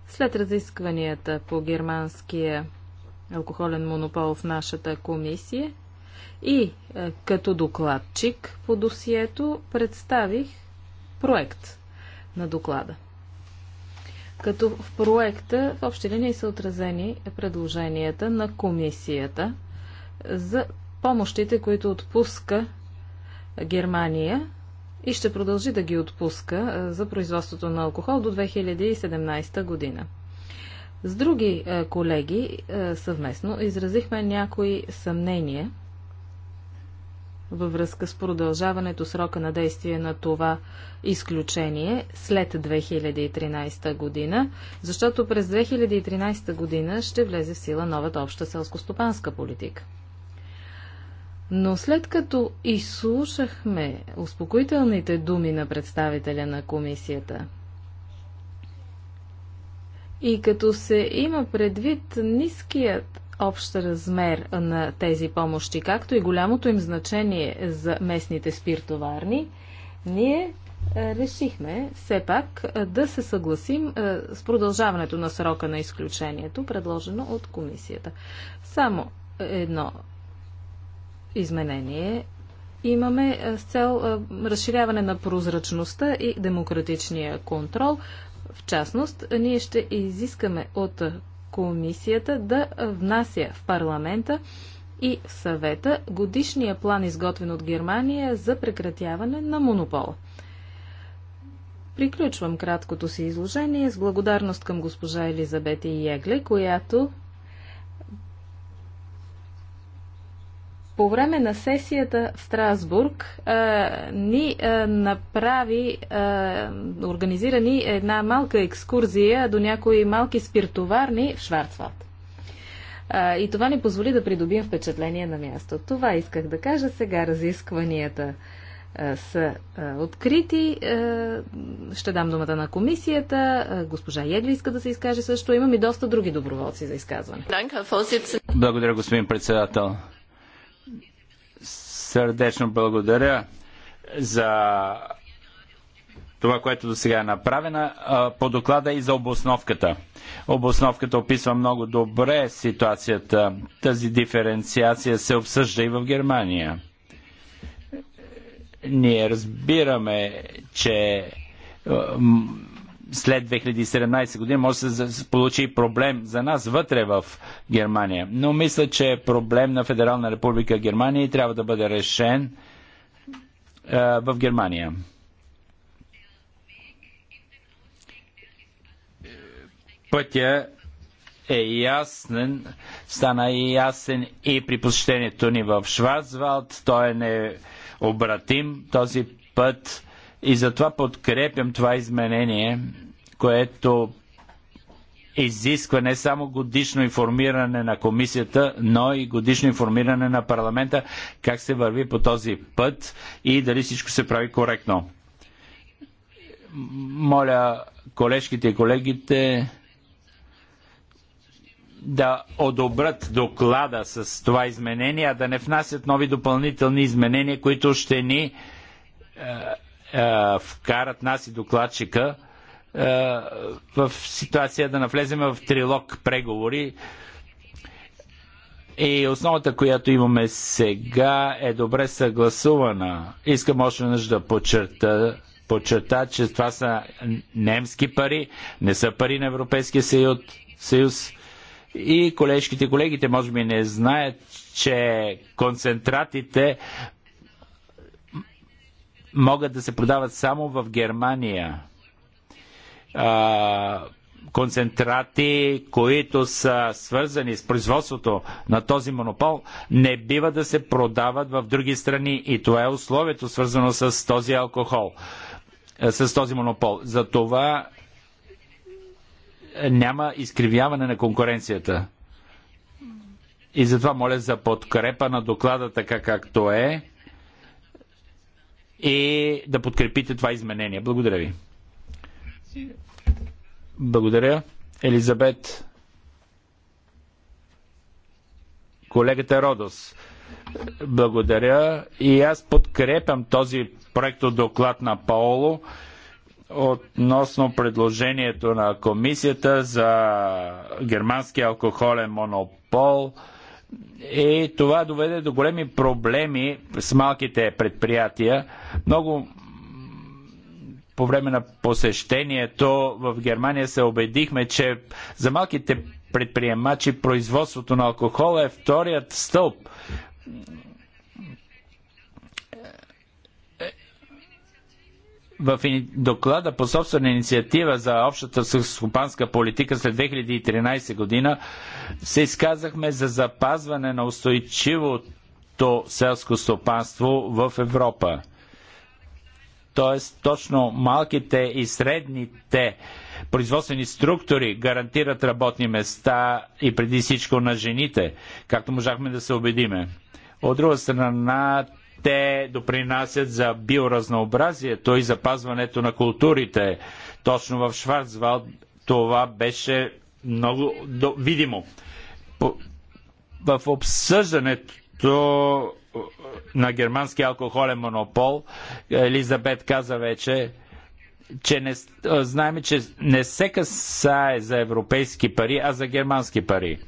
След разискванията по германския алкохолен монопол в нашата комисия и като докладчик по досието представих проект на доклада. Като в проекта в общи линии са отразени предложенията на комисията за помощите, които отпуска Германия и ще продължи да ги отпуска за производството на алкохол до 2017 година. С други колеги съвместно изразихме някои съмнения във връзка с продължаването срока на действие на това изключение след 2013 година, защото през 2013 година ще влезе в сила новата обща селскостопанска политика. Но след като изслушахме успокоителните думи на представителя на комисията и като се има предвид ниският общ размер на тези помощи, както и голямото им значение за местните спиртоварни, ние е, решихме все пак е, да се съгласим е, с продължаването на срока на изключението, предложено от комисията. Само едно изменение имаме с цел разширяване на прозрачността и демократичния контрол. В частност, ние ще изискаме от комисията да внася в парламента и в съвета годишния план, изготвен от Германия за прекратяване на монопола. Приключвам краткото си изложение с благодарност към госпожа Елизабет Егле, която по време на сесията в Страсбург а, ни а, направи, а, организирани една малка екскурзия до някои малки спиртоварни в Шварцвалд. А, и това ни позволи да придобием впечатление на място. Това исках да кажа сега. Разискванията а, са а, открити. А, ще дам думата на комисията. А, госпожа Егли иска да се изкаже също. Имам и доста други доброволци за изказване. Благодаря, господин председател. Сърдечно благодаря за това, което до сега е направено по доклада и за обосновката. Обосновката описва много добре ситуацията. Тази диференциация се обсъжда и в Германия. Ние разбираме, че след 2017 година може да се получи проблем за нас вътре в Германия. Но мисля, че е проблем на Федерална република Германия и трябва да бъде решен е, в Германия. Пътя е ясен, стана и ясен и при посещението ни в Шварцвалд. Той е необратим този път и затова подкрепям това изменение, което изисква не само годишно информиране на комисията, но и годишно информиране на парламента как се върви по този път и дали всичко се прави коректно. Моля колежките и колегите да одобрят доклада с това изменение, а да не внасят нови допълнителни изменения, които ще ни е, е, вкарат нас и докладчика е, в ситуация да навлезем в трилог преговори. И основата, която имаме сега, е добре съгласувана. Искам още веднъж да подчерта, подчерта, че това са немски пари, не са пари на Европейския съюз. съюз. И колежките, колегите, може би не знаят, че концентратите могат да се продават само в Германия. А, концентрати, които са свързани с производството на този монопол, не бива да се продават в други страни и това е условието свързано с този алкохол, с този монопол. За това няма изкривяване на конкуренцията. И затова моля за подкрепа на доклада така както е е да подкрепите това изменение. Благодаря ви. Благодаря. Елизабет. Колегата Родос. Благодаря. И аз подкрепям този проект доклад на Паоло относно предложението на комисията за германски алкохолен монопол – и това доведе до големи проблеми с малките предприятия. Много по време на посещението в Германия се убедихме, че за малките предприемачи производството на алкохол е вторият стълб в доклада по собствена инициатива за общата селскостопанска политика след 2013 година се изказахме за запазване на устойчивото селско стопанство в Европа. Тоест, точно малките и средните производствени структури гарантират работни места и преди всичко на жените, както можахме да се убедиме. От друга страна, те допринасят за биоразнообразието и запазването на културите. Точно в Шварцвалд това беше много видимо. в обсъждането на германския алкохолен монопол, Елизабет каза вече, че не, знаем, че не се касае за европейски пари, а за германски пари.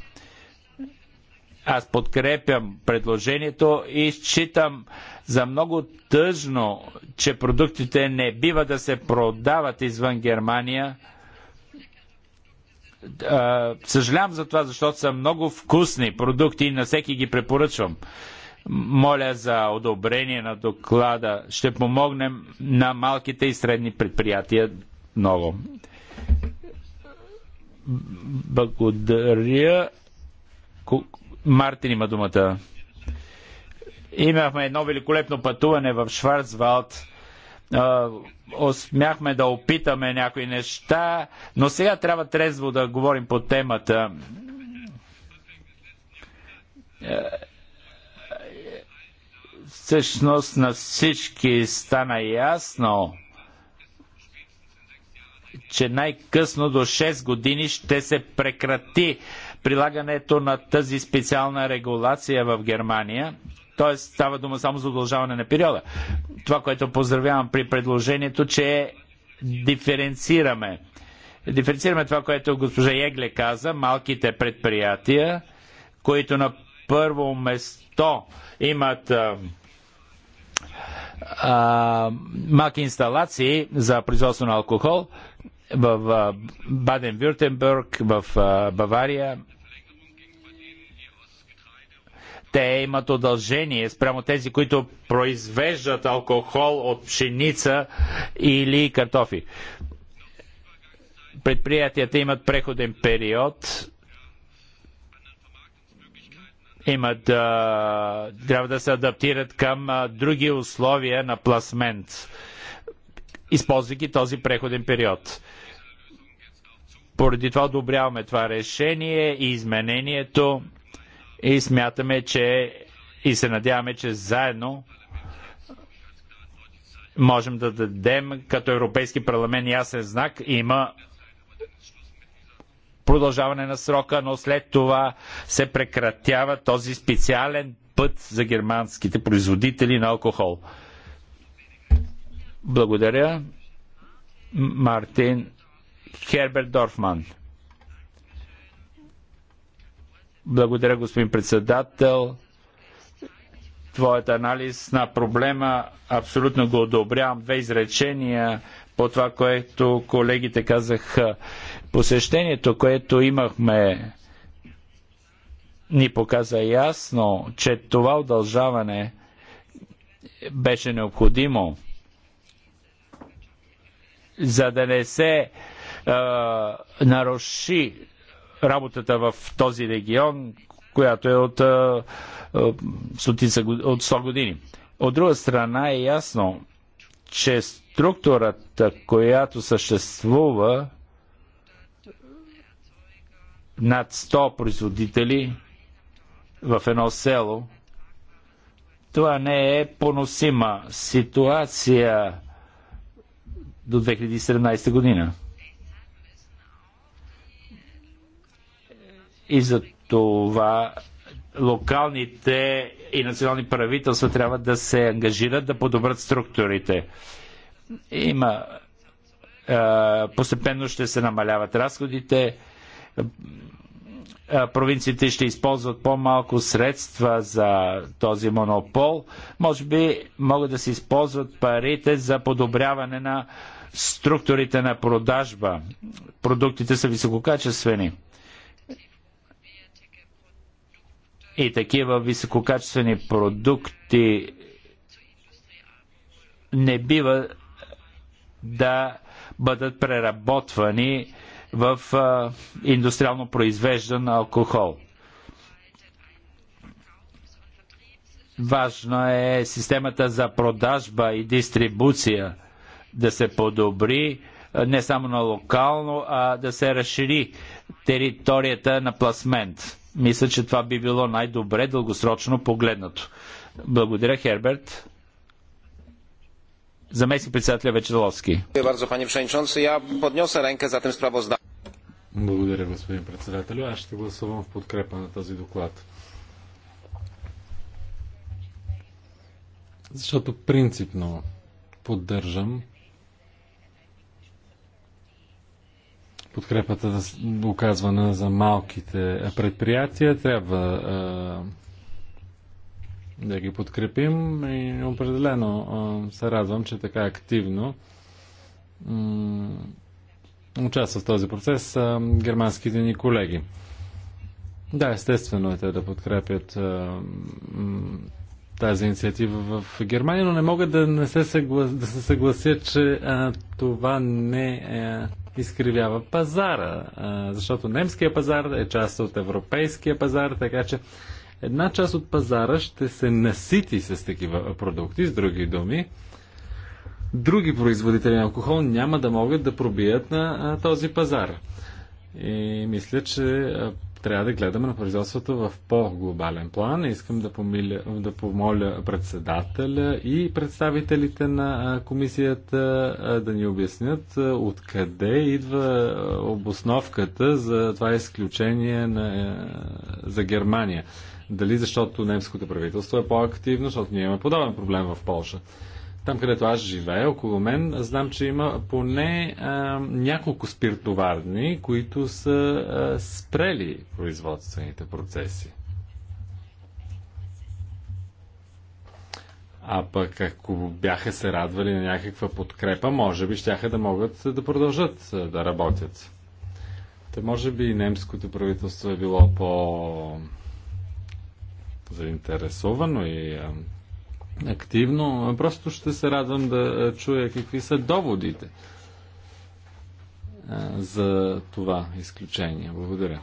Аз подкрепям предложението и считам за много тъжно, че продуктите не бива да се продават извън Германия. Съжалявам за това, защото са много вкусни продукти и на всеки ги препоръчвам. Моля за одобрение на доклада. Ще помогнем на малките и средни предприятия много. Благодаря. Мартин има думата. Имахме едно великолепно пътуване в Шварцвалд. Осмяхме да опитаме някои неща, но сега трябва трезво да говорим по темата. Всъщност на всички стана ясно, че най-късно до 6 години ще се прекрати прилагането на тази специална регулация в Германия. Т.е. става дума само за удължаване на периода. Това, което поздравявам при предложението, че диференцираме. Диференцираме това, което госпожа Егле каза, малките предприятия, които на първо место имат а, а, малки инсталации за производство на алкохол в Баден-Вюртенберг, в а, Бавария, те имат удължение спрямо тези, които произвеждат алкохол от пшеница или картофи. Предприятията имат преходен период, имат, а, трябва да се адаптират към а, други условия на пласмент, използвайки този преходен период. Поради това одобряваме това решение и изменението и смятаме, че и се надяваме, че заедно можем да дадем като Европейски парламент ясен знак. Има продължаване на срока, но след това се прекратява този специален път за германските производители на алкохол. Благодаря. Мартин Херберт Дорфман. Благодаря, господин председател. Твоят анализ на проблема абсолютно го одобрявам. Две изречения по това, което колегите казаха. Посещението, което имахме, ни показа ясно, че това удължаване беше необходимо, за да не се е, наруши работата в този регион, която е от, от 100 години. От друга страна е ясно, че структурата, която съществува над 100 производители в едно село, това не е поносима ситуация до 2017 година. И за това локалните и национални правителства трябва да се ангажират да подобрят структурите. Има постепенно ще се намаляват разходите, провинциите ще използват по-малко средства за този монопол. Може би могат да се използват парите за подобряване на структурите на продажба. Продуктите са висококачествени. и такива висококачествени продукти не бива да бъдат преработвани в а, индустриално произвеждан алкохол. Важно е системата за продажба и дистрибуция да се подобри не само на локално, а да се разшири територията на пласмент мисля, че това би било най-добре дългосрочно погледнато. Благодаря, Херберт. Заместник председателя Вечеловски. Благодаря, господин председател. Аз ще гласувам в подкрепа на този доклад. Защото принципно поддържам подкрепата да оказвана за малките предприятия. Трябва а, да ги подкрепим и определено а, се радвам, че така активно участва в този процес а, германските ни колеги. Да, естествено е те да подкрепят а, тази инициатива в Германия, но не мога да не се, съгла... да се съглася, че а, това не е изкривява пазара, защото немския пазар е част от европейския пазар, така че една част от пазара ще се насити с такива продукти, с други думи. Други производители на алкохол няма да могат да пробият на този пазар. И мисля, че трябва да гледаме на производството в по-глобален план. Искам да, помиля, да помоля председателя и представителите на комисията да ни обяснят откъде идва обосновката за това изключение на, за Германия. Дали защото немското правителство е по-активно, защото ние имаме подобен проблем в Польша. Там, където аз живея, около мен, знам, че има поне а, няколко спиртоварни, които са а, спрели производствените процеси. А пък ако бяха се радвали на някаква подкрепа, може би щяха да могат да продължат да работят. Те може би и немското правителство е било по заинтересовано и активно. Просто ще се радвам да чуя какви са доводите за това изключение. Благодаря.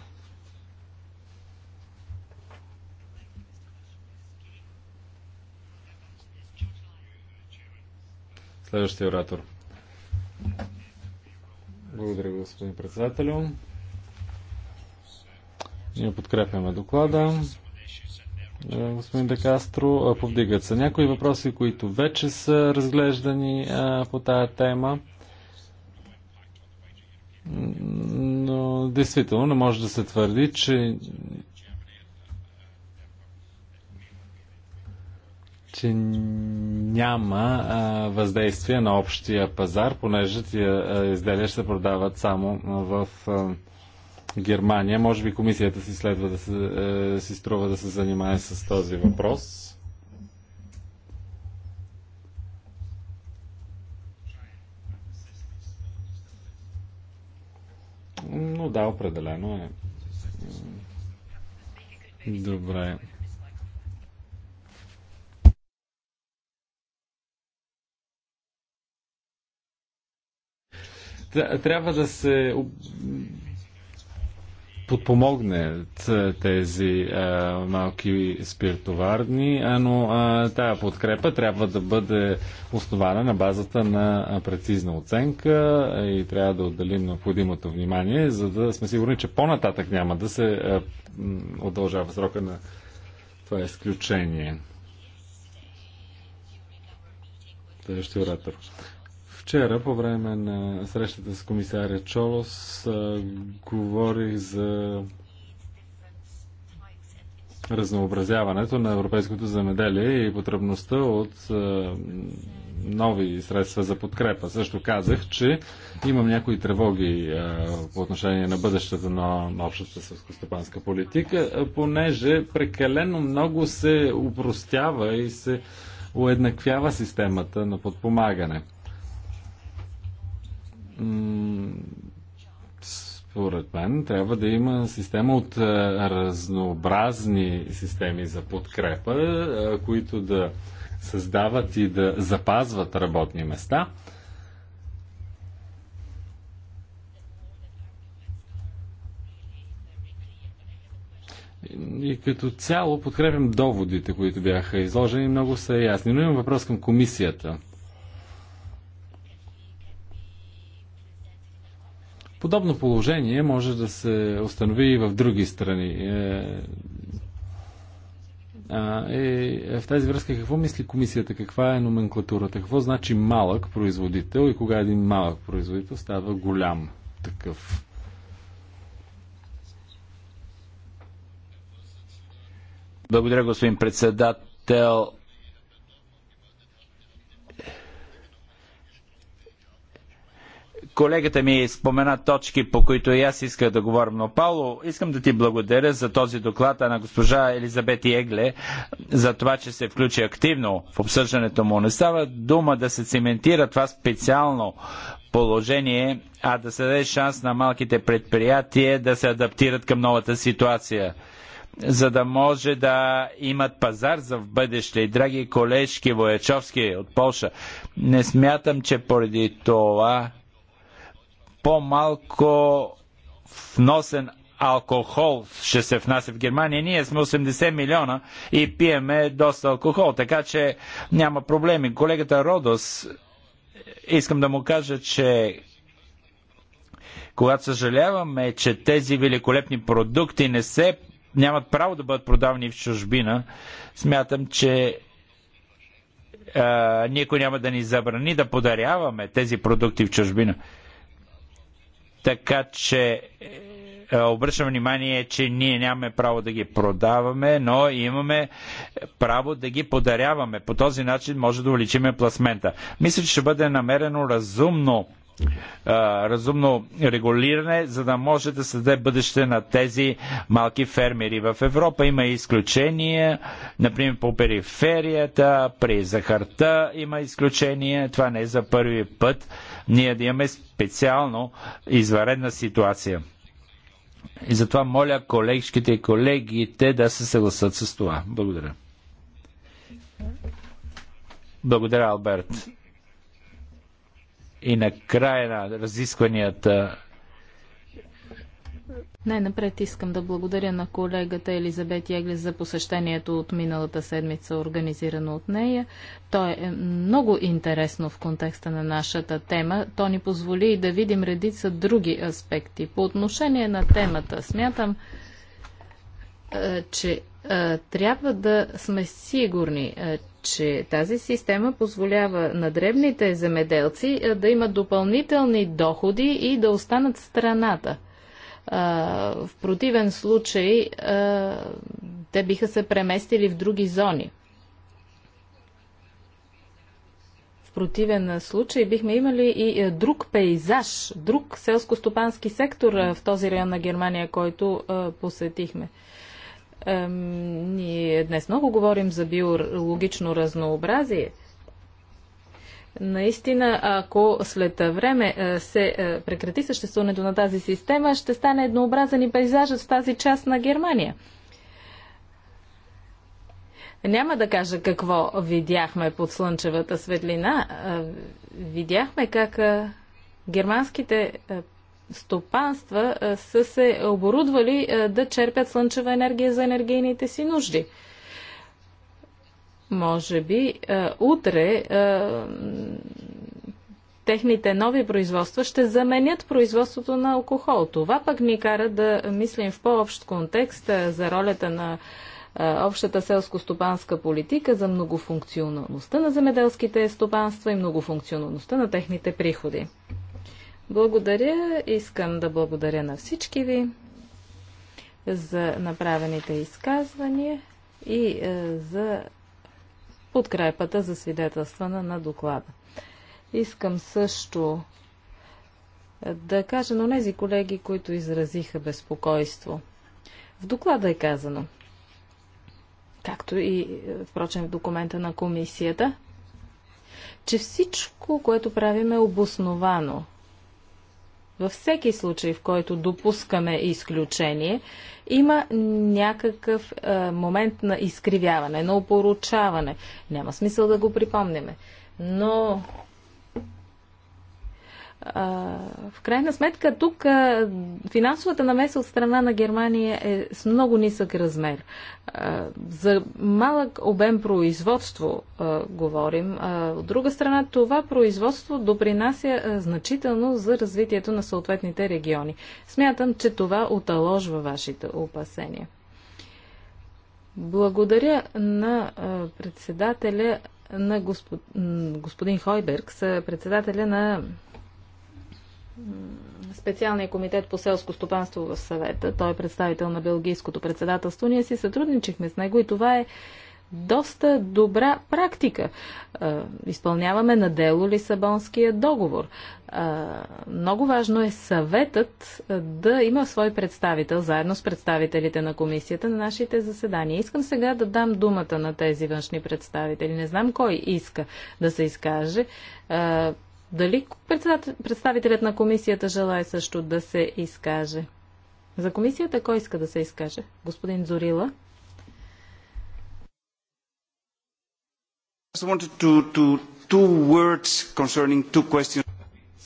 Следващия оратор. Благодаря, господин председател. Ние подкрепяме доклада. Е, господин Декастро, повдигат се някои въпроси, които вече са разглеждани по тая тема. Но действително не може да се твърди, че че няма а, въздействие на общия пазар, понеже тия изделия ще се продават само в а, Германия. Може би комисията си следва да се, е, си струва да се занимае с този въпрос. Но да, определено е. Добре. Трябва да се подпомогне тези е, малки спиртоварни, е, но е, тая подкрепа трябва да бъде основана на базата на прецизна оценка и трябва да отделим необходимото внимание, за да сме сигурни, че по-нататък няма да се удължава срока на това изключение. Следващия оратор. Вчера по време на срещата с комисаря Чолос говорих за разнообразяването на европейското замеделие и потребността от нови средства за подкрепа. Също казах, че имам някои тревоги по отношение на бъдещето на, общата сълскостопанска политика, понеже прекалено много се упростява и се уеднаквява системата на подпомагане според мен трябва да има система от разнообразни системи за подкрепа, които да създават и да запазват работни места. И като цяло подкрепям доводите, които бяха изложени, много са ясни. Но имам въпрос към комисията. Подобно положение може да се установи и в други страни. И е, е, е, в тази връзка какво мисли комисията? Каква е номенклатурата? Какво значи малък производител и кога един малък производител става голям такъв? Благодаря, господин председател. Колегата ми спомена точки, по които и аз исках да говорим. но Пауло, искам да ти благодаря за този доклад, а на госпожа Елизабет Егле за това, че се включи активно в обсъждането му. Не става дума да се цементира това специално положение, а да се даде шанс на малките предприятия да се адаптират към новата ситуация за да може да имат пазар за в бъдеще. И, драги колежки Воячовски от Полша, не смятам, че поради това по-малко вносен алкохол ще се внася в Германия. Ние сме 80 милиона и пиеме доста алкохол, така че няма проблеми. Колегата Родос, искам да му кажа, че когато съжаляваме, че тези великолепни продукти не се нямат право да бъдат продавани в чужбина, смятам, че а, никой няма да ни забрани да подаряваме тези продукти в чужбина. Така че е, обръщам внимание, че ние нямаме право да ги продаваме, но имаме право да ги подаряваме. По този начин може да увеличиме пласмента. Мисля, че ще бъде намерено разумно разумно регулиране, за да може да създаде бъдеще на тези малки фермери. В Европа има изключения, например по периферията, при захарта има изключения. Това не е за първи път. Ние да имаме специално изваредна ситуация. И затова моля колежките и колегите да се съгласат с това. Благодаря. Благодаря, Алберт. И на края на разискванията. Най-напред искам да благодаря на колегата Елизабет Яглес за посещението от миналата седмица, организирано от нея. То е много интересно в контекста на нашата тема. То ни позволи и да видим редица други аспекти. По отношение на темата, смятам, е, че е, трябва да сме сигурни, е, че тази система позволява на дребните земеделци да имат допълнителни доходи и да останат страната. В противен случай те биха се преместили в други зони. В противен случай бихме имали и друг пейзаж, друг селско-стопански сектор в този район на Германия, който посетихме. Ние днес много говорим за биологично разнообразие. Наистина, ако след време е, се е, прекрати съществуването на тази система, ще стане еднообразен и пейзажът в тази част на Германия. Няма да кажа какво видяхме под слънчевата светлина. Е, видяхме как германските стопанства са се оборудвали да черпят слънчева енергия за енергийните си нужди. Може би утре техните нови производства ще заменят производството на алкохол. Това пък ни кара да мислим в по-общ контекст за ролята на общата селско-стопанска политика за многофункционалността на земеделските стопанства и многофункционалността на техните приходи. Благодаря. Искам да благодаря на всички ви за направените изказвания и е, за подкрепата за свидетелствана на доклада. Искам също е, да кажа на тези колеги, които изразиха безпокойство. В доклада е казано, както и, е, впрочем, в документа на комисията, че всичко, което правим е обосновано, във всеки случай, в който допускаме изключение, има някакъв е, момент на изкривяване, на опоручаване. Няма смисъл да го припомняме. Но в крайна сметка тук финансовата намеса от страна на Германия е с много нисък размер. За малък обем производство говорим. От друга страна, това производство допринася значително за развитието на съответните региони. Смятам, че това оталожва вашите опасения. Благодаря на председателя на господ... господин Хойберг, председателя на специалния комитет по селско стопанство в съвета. Той е представител на Белгийското председателство. Ние си сътрудничихме с него и това е доста добра практика. Изпълняваме на дело Лисабонския договор. Много важно е съветът да има свой представител, заедно с представителите на комисията на нашите заседания. Искам сега да дам думата на тези външни представители. Не знам кой иска да се изкаже. Дали представителят на комисията желая също да се изкаже? За комисията кой иска да се изкаже? Господин Зорила?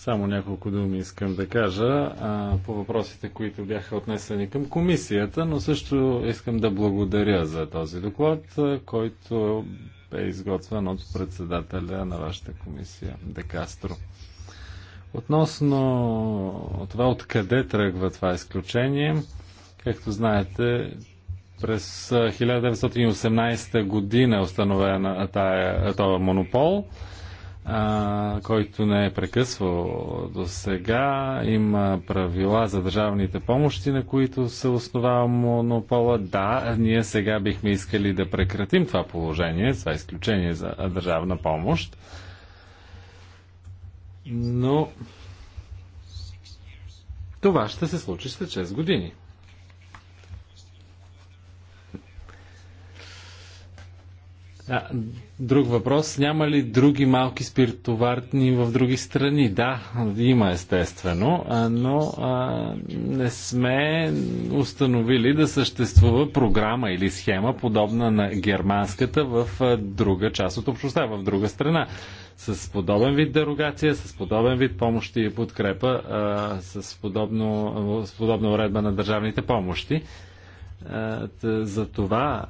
Само няколко думи искам да кажа а, по въпросите, които бяха отнесени към комисията, но също искам да благодаря за този доклад, който бе изготвен от председателя на вашата комисия Декастро. Относно това откъде тръгва това изключение, както знаете, през 1918 година е установена тая, това монопол а, който не е прекъсвал до сега. Има правила за държавните помощи, на които се основава монопола. Да, ние сега бихме искали да прекратим това положение, това изключение за държавна помощ. Но това ще се случи след 6 години. А, друг въпрос. Няма ли други малки спиртоварни в други страни? Да, има естествено, но а, не сме установили да съществува програма или схема, подобна на германската в друга част от общността, в друга страна. С подобен вид дерогация, с подобен вид помощи и подкрепа, а, с, подобно, с подобна уредба на държавните помощи. За това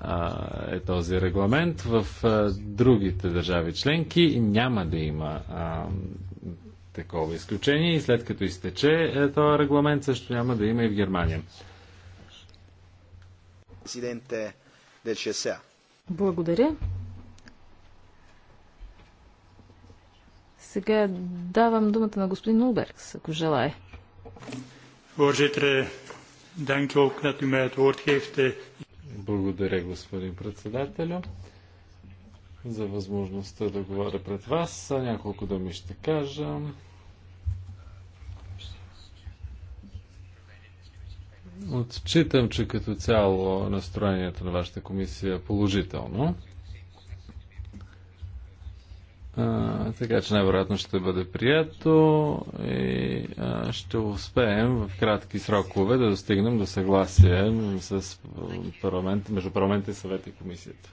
е този регламент. В другите държави членки няма да има такова изключение и след като изтече е, този регламент също няма да има и в Германия. Благодаря. Сега давам думата на господин Улбергс, ако желая. Voorzitter, Dank u ook dat u mij het woord geeft. Eh. Благодаря, господин председателю, за възможността да говоря пред вас. Няколко думи ще кажа. Отчитам, че като цяло настроението на вашата комисия е положително така че най-вероятно ще бъде прието и а, ще успеем в кратки срокове да достигнем до съгласие с парламент, между парламента и съвета и комисията.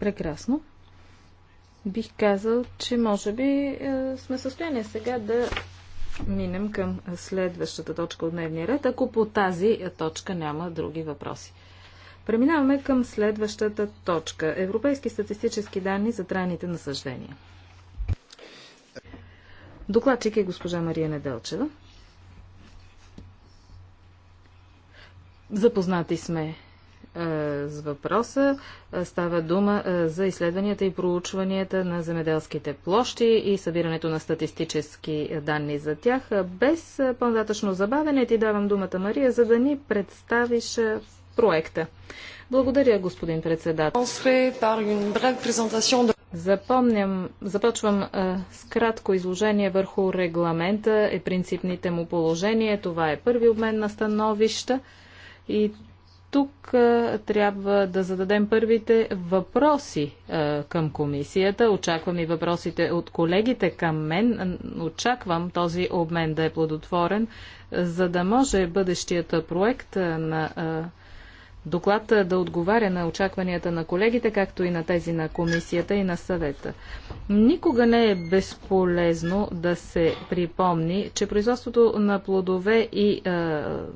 Прекрасно. Бих казал, че може би е, сме в състояние сега да минем към следващата точка от дневния ред, ако по тази точка няма други въпроси. Преминаваме към следващата точка. Европейски статистически данни за трайните насъждения. Докладчик е госпожа Мария Неделчева. Запознати сме е, с въпроса. Е, става дума е, за изследванията и проучванията на земеделските площи и събирането на статистически данни за тях. Без по-нататъчно забавене ти давам думата, Мария, за да ни представиш проекта. Благодаря, господин председател. Запомням, започвам а, с кратко изложение върху регламента и е принципните му положения. Това е първи обмен на становища и тук а, трябва да зададем първите въпроси а, към комисията. Очаквам и въпросите от колегите към мен. Очаквам този обмен да е плодотворен, за да може бъдещият проект на а, доклад да отговаря на очакванията на колегите, както и на тези на комисията и на съвета. Никога не е безполезно да се припомни, че производството на плодове и е,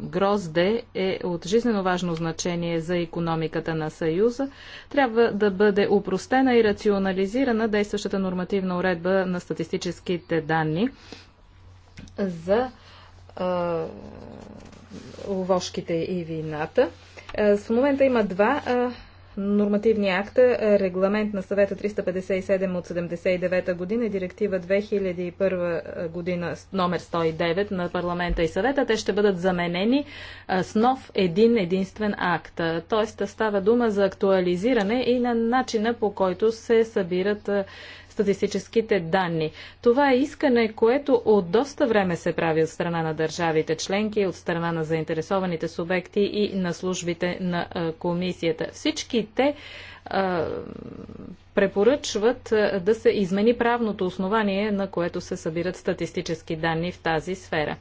грозде е от жизнено важно значение за економиката на Съюза. Трябва да бъде упростена и рационализирана действащата нормативна уредба на статистическите данни за е, овошките и вината. Е, в момента има два е, нормативни акта, регламент на съвета 357 от 79 година и директива 2001 е, година номер 109 на парламента и съвета, те ще бъдат заменени с нов един единствен акт. Тоест става дума за актуализиране и на начина по който се събират статистическите данни. Това е искане, което от доста време се прави от страна на държавите членки, от страна на заинтересованите субекти и на службите на комисията. Всички те препоръчват да се измени правното основание, на което се събират статистически данни в тази сфера.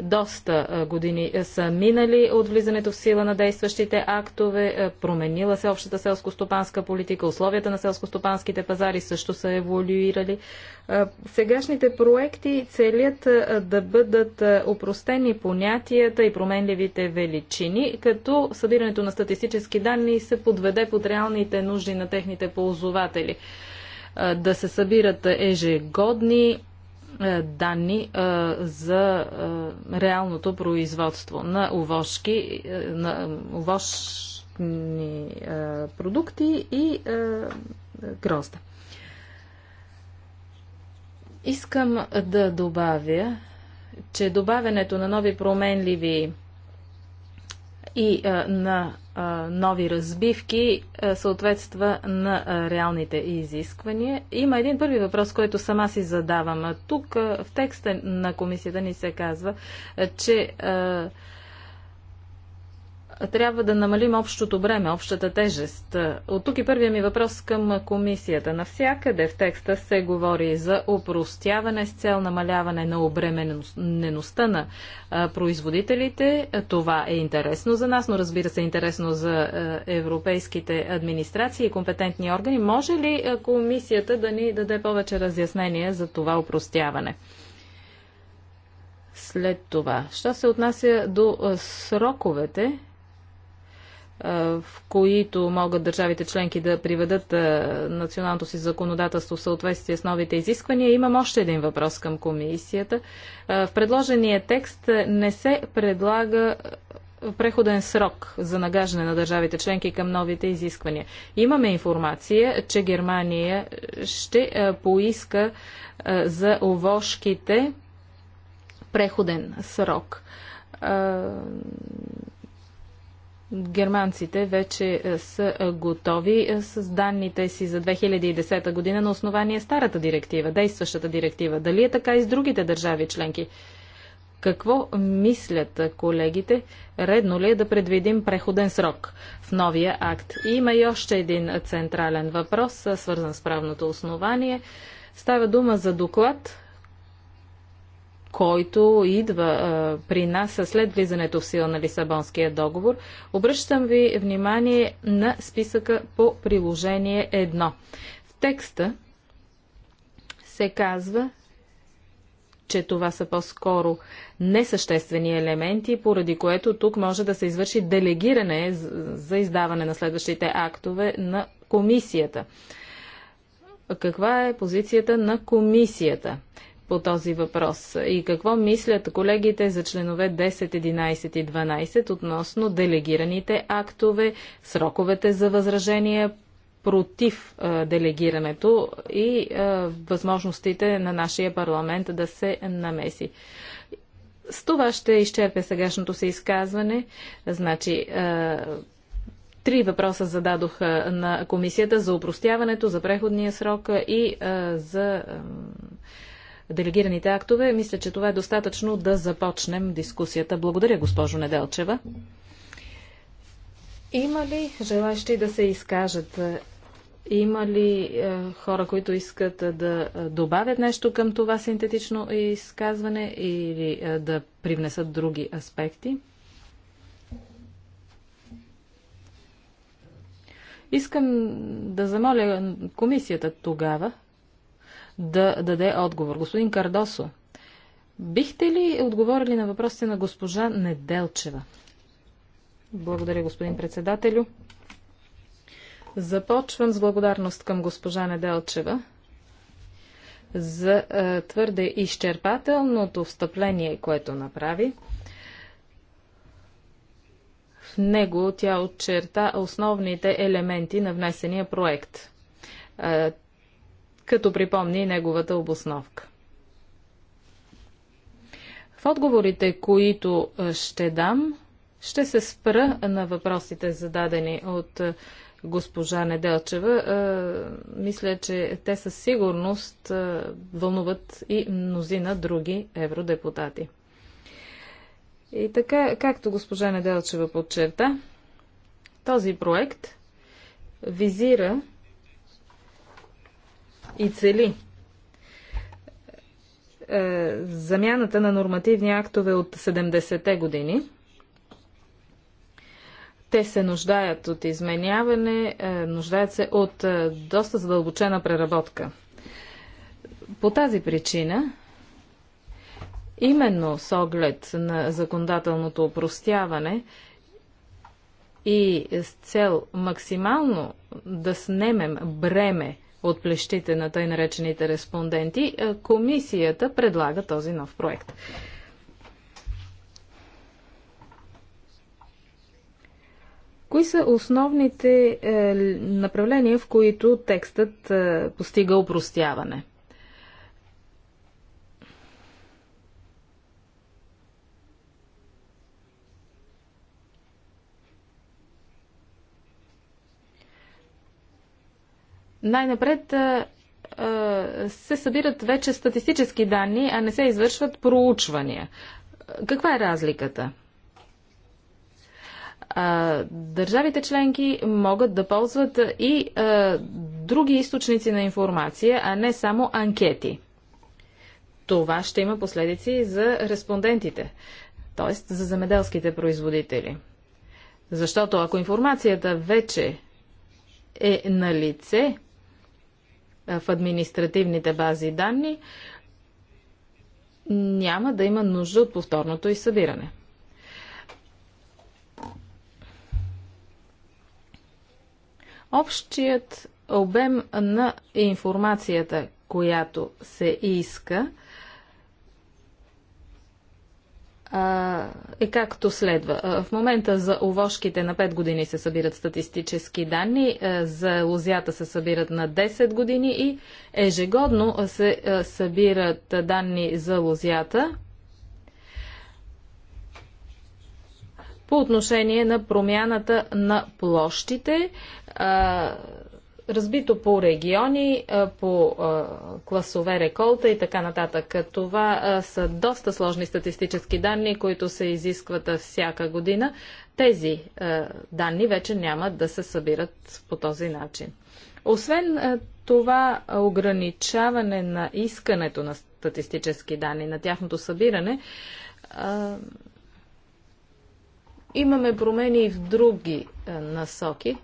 Доста години са минали от влизането в сила на действащите актове, променила се общата селско-стопанска политика, условията на селско-стопанските пазари също са еволюирали. Сегашните проекти целят да бъдат опростени понятията и променливите величини, като събирането на статистически данни се подведе под реалните нужди на техните ползователи. Да се събират ежегодни е, данни е, за е, реалното производство на овошки, на овощни продукти и грозда. Искам да добавя, че добавянето на нови променливи и на нови разбивки съответства на реалните изисквания. Има един първи въпрос, който сама си задавам. Тук в текста на комисията ни се казва, че трябва да намалим общото бреме, общата тежест. От тук и първия ми въпрос към комисията. Навсякъде в текста се говори за упростяване с цел намаляване на обременеността на производителите. Това е интересно за нас, но разбира се интересно за европейските администрации и компетентни органи. Може ли комисията да ни даде повече разяснение за това упростяване? след това. Що се отнася до сроковете, в които могат държавите членки да приведат националното си законодателство в съответствие с новите изисквания. Имам още един въпрос към комисията. В предложения текст не се предлага преходен срок за нагаждане на държавите членки към новите изисквания. Имаме информация, че Германия ще поиска за овошките преходен срок Германците вече е, са е, готови е, с данните си за 2010 година на основание старата директива, действащата директива. Дали е така и с другите държави членки? Какво мислят колегите? Редно ли е да предвидим преходен срок в новия акт? И има и още един централен въпрос, свързан с правното основание. Става дума за доклад, който идва а, при нас след влизането в сила на Лисабонския договор. Обръщам ви внимание на списъка по приложение 1. В текста се казва, че това са по-скоро несъществени елементи, поради което тук може да се извърши делегиране за издаване на следващите актове на комисията. Каква е позицията на комисията? по този въпрос? И какво мислят колегите за членове 10, 11 и 12 относно делегираните актове, сроковете за възражения против делегирането и възможностите на нашия парламент да се намеси? С това ще изчерпя сегашното си изказване. Значи, Три въпроса зададох на комисията за упростяването, за преходния срок и за делегираните актове, мисля, че това е достатъчно да започнем дискусията. Благодаря, госпожо Неделчева. Има ли желащи да се изкажат? Има ли е, хора, които искат е, да е, добавят нещо към това синтетично изказване или е, да привнесат други аспекти? Искам да замоля комисията тогава да даде отговор. Господин Кардосо, бихте ли отговорили на въпросите на госпожа Неделчева? Благодаря, господин председателю. Започвам с благодарност към госпожа Неделчева за е, твърде изчерпателното встъпление, което направи. В него тя очерта основните елементи на внесения проект. Е, като припомни неговата обосновка. В отговорите, които ще дам, ще се спра на въпросите зададени от госпожа Неделчева. Мисля, че те със сигурност вълнуват и мнозина други евродепутати. И така, както госпожа Неделчева подчерта, този проект визира и цели е, замяната на нормативни актове от 70-те години. Те се нуждаят от изменяване, е, нуждаят се от е, доста задълбочена преработка. По тази причина, именно с оглед на законодателното опростяване и с цел максимално да снемем бреме от плещите на тъй наречените респонденти, е, комисията предлага този нов проект. Кои са основните е, направления, в които текстът е, постига упростяване? Най-напред се събират вече статистически данни, а не се извършват проучвания. Каква е разликата? държавите членки могат да ползват и други източници на информация, а не само анкети. Това ще има последици за респондентите, т.е. за замеделските производители. Защото ако информацията вече е на лице, в административните бази данни, няма да има нужда от повторното и събиране. Общият обем на информацията, която се иска, е както следва. В момента за овошките на 5 години се събират статистически данни, за лозята се събират на 10 години и ежегодно се събират данни за лозята по отношение на промяната на площите разбито по региони, по класове реколта и така нататък. Това са доста сложни статистически данни, които се изискват всяка година. Тези данни вече няма да се събират по този начин. Освен това ограничаване на искането на статистически данни, на тяхното събиране, имаме промени и в други насоки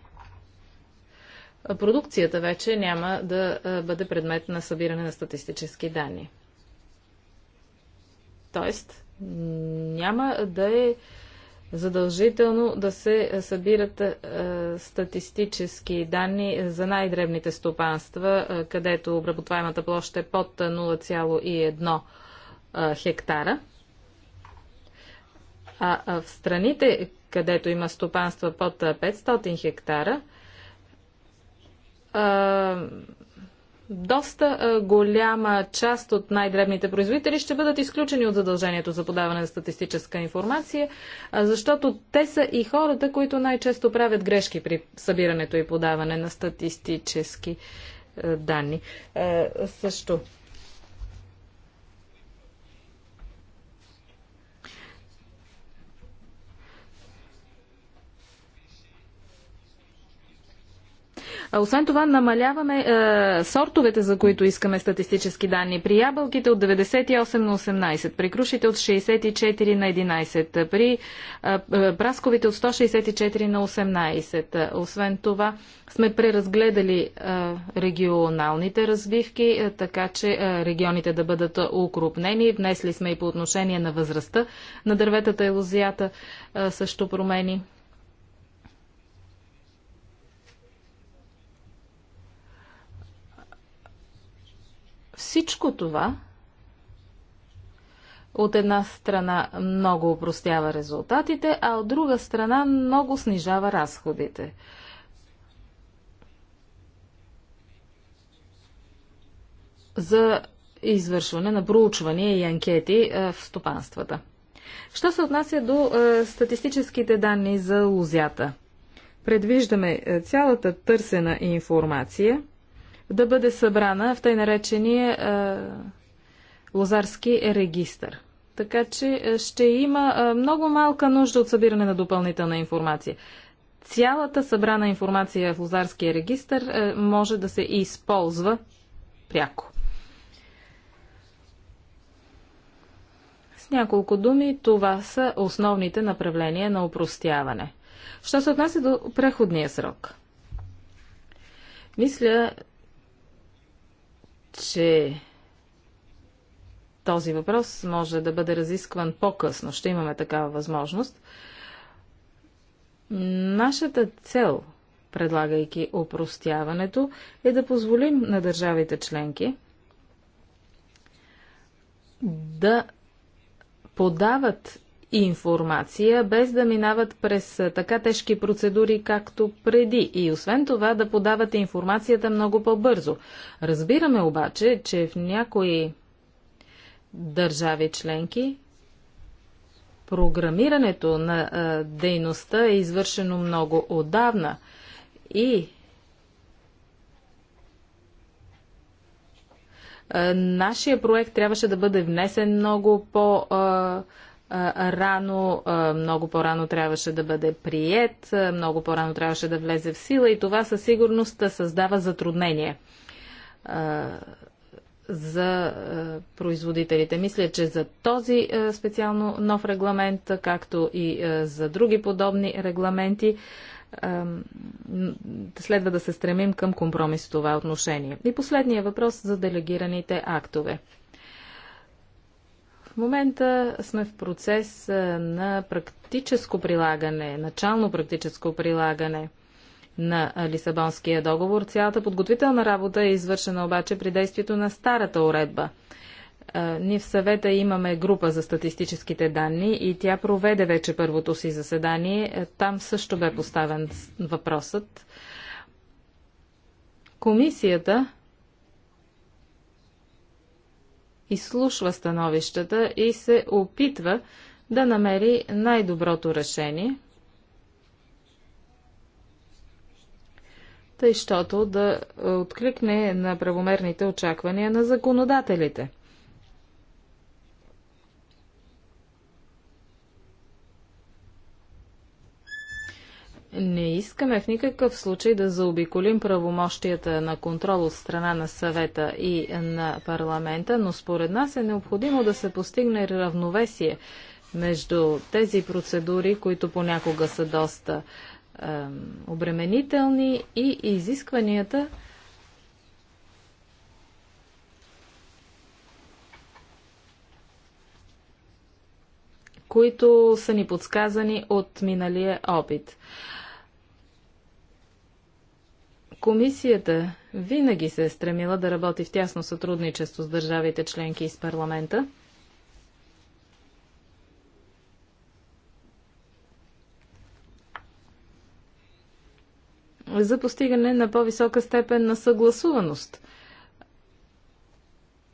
продукцията вече няма да бъде предмет на събиране на статистически данни. Тоест, няма да е задължително да се събират статистически данни за най-дребните стопанства, където обработваемата площ е под 0,1 хектара. А в страните, където има стопанства под 500 хектара, доста голяма част от най-дребните производители ще бъдат изключени от задължението за подаване на статистическа информация, защото те са и хората, които най-често правят грешки при събирането и подаване на статистически данни. Също Освен това, намаляваме е, сортовете, за които искаме статистически данни. При ябълките от 98 на 18, при крушите от 64 на 11, при е, брасковите прасковите от 164 на 18. Освен това, сме преразгледали е, регионалните развивки, е, така че е, регионите да бъдат укрупнени. Внесли сме и по отношение на възрастта на дърветата и лозията е, също промени. Всичко това от една страна много упростява резултатите, а от друга страна много снижава разходите. За извършване на проучвания и анкети е, в стопанствата. Що се отнася до е, статистическите данни за лузята? Предвиждаме е, цялата търсена информация – да бъде събрана в тъй наречения е, лозарски регистр. Така че е, ще има е, много малка нужда от събиране на допълнителна информация. Цялата събрана информация в лозарския регистр може да се използва пряко. С няколко думи, това са основните направления на упростяване. Що се отнася до преходния срок? Мисля, че този въпрос може да бъде разискван по-късно. Ще имаме такава възможност. Нашата цел, предлагайки опростяването, е да позволим на държавите членки да подават информация, без да минават през така тежки процедури, както преди. И освен това да подавате информацията много по-бързо. Разбираме обаче, че в някои държави членки програмирането на а, дейността е извършено много отдавна и а, нашия проект трябваше да бъде внесен много по- а, рано, много по-рано трябваше да бъде прият, много по-рано трябваше да влезе в сила и това със сигурност създава затруднение за производителите. Мисля, че за този специално нов регламент, както и за други подобни регламенти, следва да се стремим към компромис в това отношение. И последния въпрос за делегираните актове. В момента сме в процес на практическо прилагане, начално практическо прилагане на Лисабонския договор. Цялата подготвителна работа е извършена обаче при действието на старата уредба. Ние в съвета имаме група за статистическите данни и тя проведе вече първото си заседание. Е, там също бе поставен въпросът. Комисията изслушва становищата и се опитва да намери най-доброто решение, тъй щото да откликне на правомерните очаквания на законодателите – Не искаме в никакъв случай да заобиколим правомощията на контрол от страна на съвета и на парламента, но според нас е необходимо да се постигне равновесие между тези процедури, които понякога са доста е, обременителни и изискванията, които са ни подсказани от миналия опит. Комисията винаги се е стремила да работи в тясно сътрудничество с държавите членки и с парламента. за постигане на по-висока степен на съгласуваност.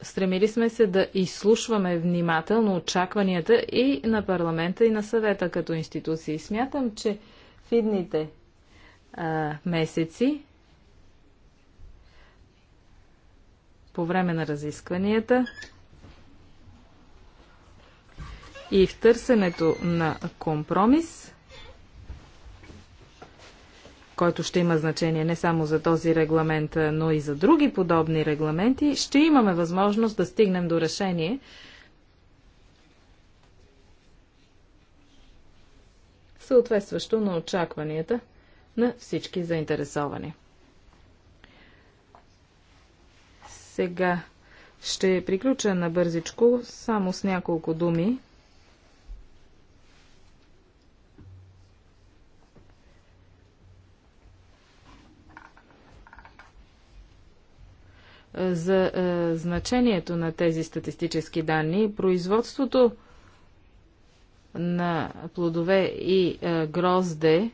Стремили сме се да изслушваме внимателно очакванията и на парламента, и на съвета като институции. Смятам, че в идните а, месеци по време на разискванията и в търсенето на компромис, който ще има значение не само за този регламент, но и за други подобни регламенти, ще имаме възможност да стигнем до решение, съответстващо на очакванията на всички заинтересовани. Сега ще приключа на бързичко, само с няколко думи. За е, значението на тези статистически данни, производството на плодове и е, грозде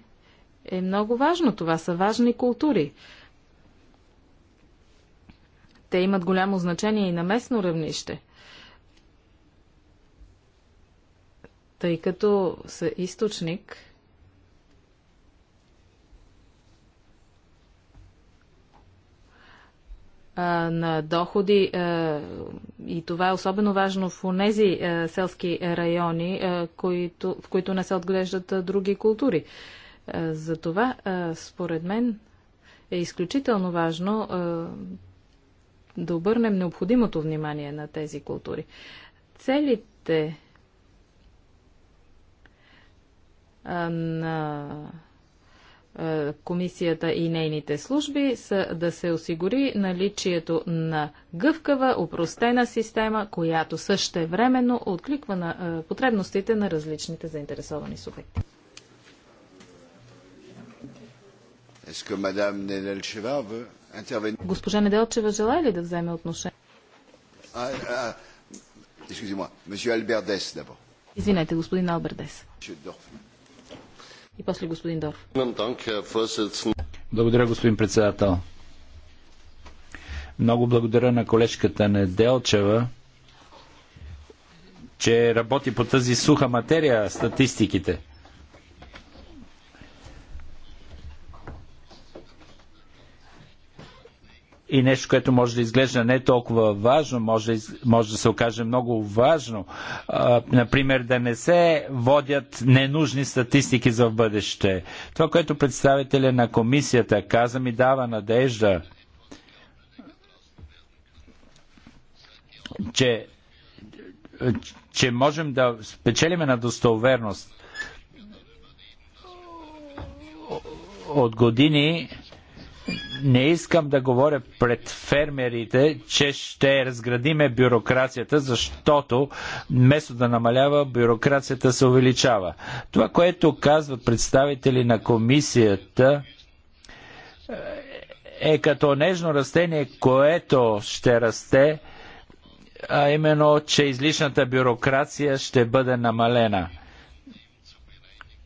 е много важно. Това са важни култури те имат голямо значение и на местно равнище, тъй като са източник на доходи и това е особено важно в тези селски райони, които, в които не се отглеждат други култури. Затова, според мен, е изключително важно да обърнем необходимото внимание на тези култури. Целите на комисията и нейните служби са да се осигури наличието на гъвкава, упростена система, която временно откликва на потребностите на различните заинтересовани субекти. Est-ce que Madame veut Госпожа Неделчева желая ли да вземе отношение? Извинете, господин Албердес. И после господин Дорф. Благодаря, господин председател. Много благодаря на колежката Неделчева, че работи по тази суха материя, статистиките. и нещо, което може да изглежда не толкова важно, може да, може да се окаже много важно. А, например, да не се водят ненужни статистики за в бъдеще. Това, което представителя на комисията каза, ми дава надежда, че, че можем да спечелиме на достоверност. От години не искам да говоря пред фермерите, че ще разградиме бюрокрацията, защото вместо да намалява, бюрокрацията се увеличава. Това, което казват представители на комисията, е, е като нежно растение, което ще расте, а именно, че излишната бюрокрация ще бъде намалена.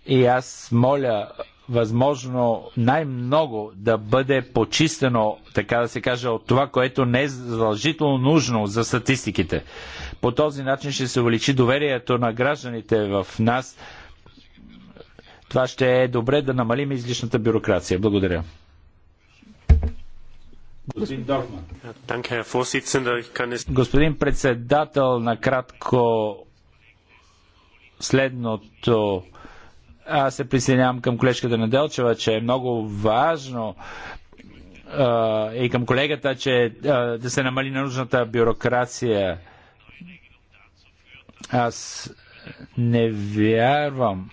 И аз моля възможно най-много да бъде почистено, така да се каже, от това, което не е задължително нужно за статистиките. По този начин ще се увеличи доверието на гражданите в нас. Това ще е добре да намалим излишната бюрокрация. Благодаря. Господин Дорфман. Господин председател, накратко следното аз се присъединявам към колежката Делчева, че е много важно а, и към колегата, че а, да се намали ненужната бюрокрация. Аз не вярвам,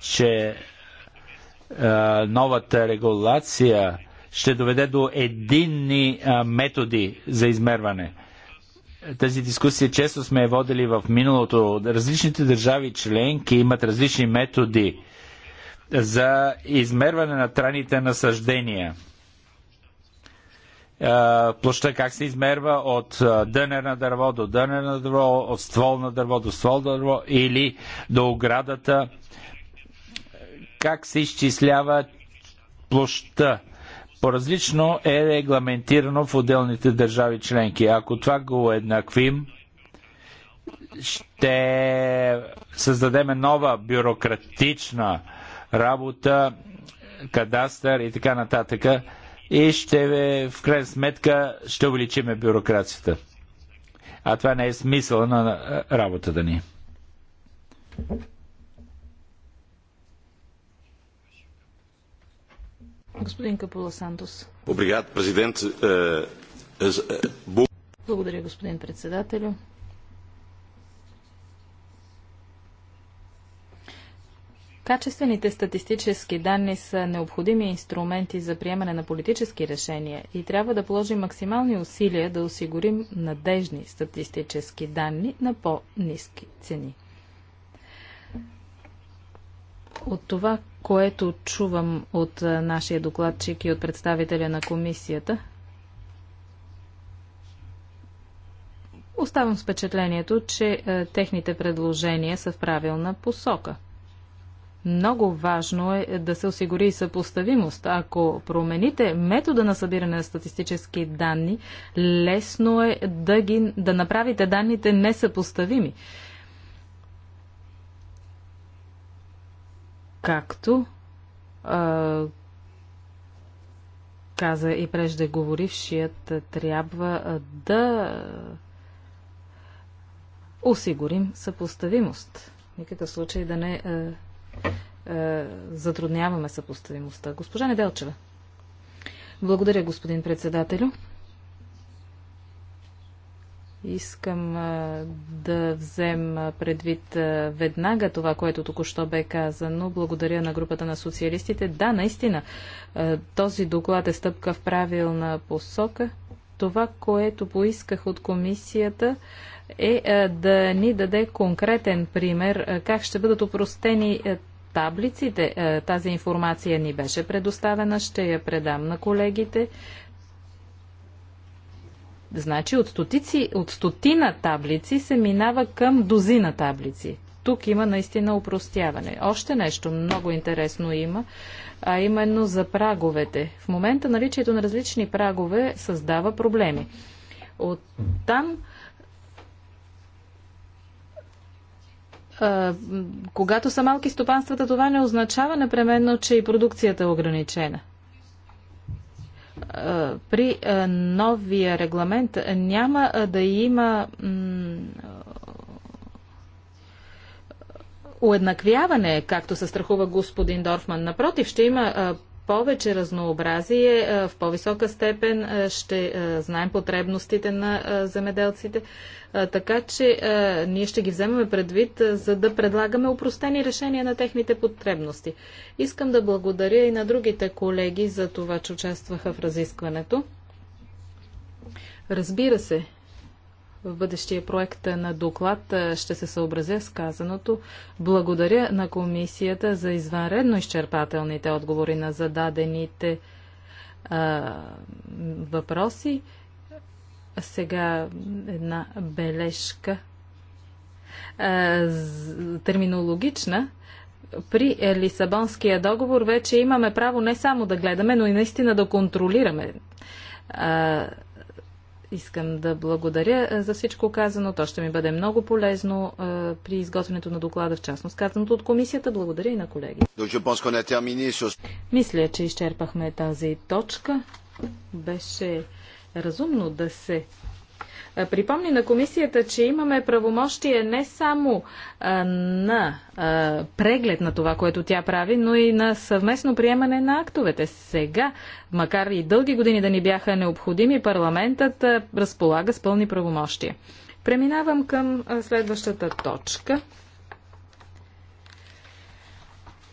че а, новата регулация ще доведе до единни а, методи за измерване тази дискусия често сме водили в миналото. Различните държави членки имат различни методи за измерване на трайните насъждения. Площа как се измерва от дънер на дърво до дънер на дърво, от ствол на дърво до ствол на дърво или до оградата. Как се изчислява площа? по-различно е регламентирано в отделните държави членки. Ако това го еднаквим, ще създадеме нова бюрократична работа, кадастър и така нататък. И ще, в крайна сметка, ще увеличиме бюрокрацията. А това не е смисъл на работата ни. Господин Капула Сантос. президент. Е, е, е, Благодаря, господин председателю. Качествените статистически данни са необходими инструменти за приемане на политически решения и трябва да положим максимални усилия да осигурим надежни статистически данни на по-низки цени. От това, което чувам от нашия докладчик и от представителя на комисията, оставам с впечатлението, че техните предложения са в правилна посока. Много важно е, е да се осигури и съпоставимост. Ако промените метода на събиране на статистически данни, лесно е да, ги, да направите данните несъпоставими. както а, каза и преждеговорившият, трябва да осигурим съпоставимост. В никакъв случай да не а, а, затрудняваме съпоставимостта. Госпожа Неделчева. Благодаря, господин председателю. Искам а, да взем предвид а, веднага това, което току-що бе казано. Благодаря на групата на социалистите. Да, наистина, а, този доклад е стъпка в правилна посока. Това, което поисках от комисията е да ни даде конкретен пример как ще бъдат упростени таблиците. Тази информация ни беше предоставена, ще я предам на колегите. Значи от, стотици, от стотина таблици се минава към дозина таблици. Тук има наистина упростяване. Още нещо много интересно има, а именно за праговете. В момента наличието на различни прагове създава проблеми. От там когато са малки стопанствата, това не означава непременно, че и продукцията е ограничена при новия регламент няма да има уеднаквяване, както се страхува господин Дорфман. Напротив, ще има повече разнообразие, в по-висока степен ще знаем потребностите на земеделците. Така че ние ще ги вземем предвид, за да предлагаме упростени решения на техните потребности. Искам да благодаря и на другите колеги за това, че участваха в разискването. Разбира се, в бъдещия проект на доклад ще се съобразя с казаното. Благодаря на комисията за извънредно изчерпателните отговори на зададените а, въпроси. Сега една бележка терминологична. При Лисабонския договор вече имаме право не само да гледаме, но и наистина да контролираме. Искам да благодаря за всичко казано. То ще ми бъде много полезно при изготвянето на доклада, в частност казаното от комисията. Благодаря и на колеги. Мисля, че изчерпахме тази точка. Беше разумно да се припомни на комисията, че имаме правомощие не само а, на а, преглед на това, което тя прави, но и на съвместно приемане на актовете. Сега, макар и дълги години да ни бяха необходими, парламентът а, разполага с пълни правомощия. Преминавам към следващата точка.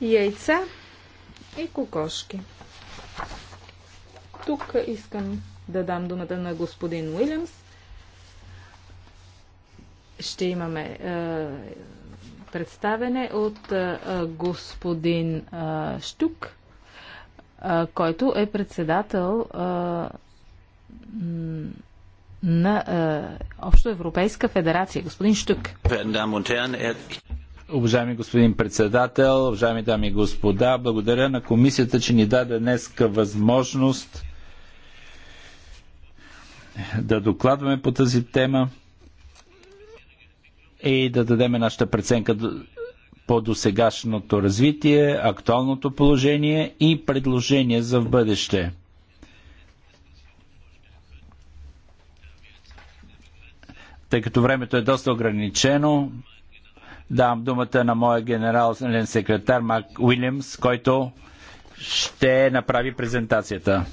Яйца и кокошки. Тук искам да дам думата на господин Уилямс. Ще имаме е, представене от е, господин е, Штук, е, който е председател е, на е, Европейска федерация. Господин Штук. Er- уважаеми господин председател, уважаеми дами и господа, благодаря на комисията, че ни даде днеска възможност да докладваме по тази тема и да дадем нашата преценка по досегашното развитие, актуалното положение и предложение за в бъдеще. Тъй като времето е доста ограничено, давам думата на моя генерален секретар Мак Уилямс, който ще направи презентацията.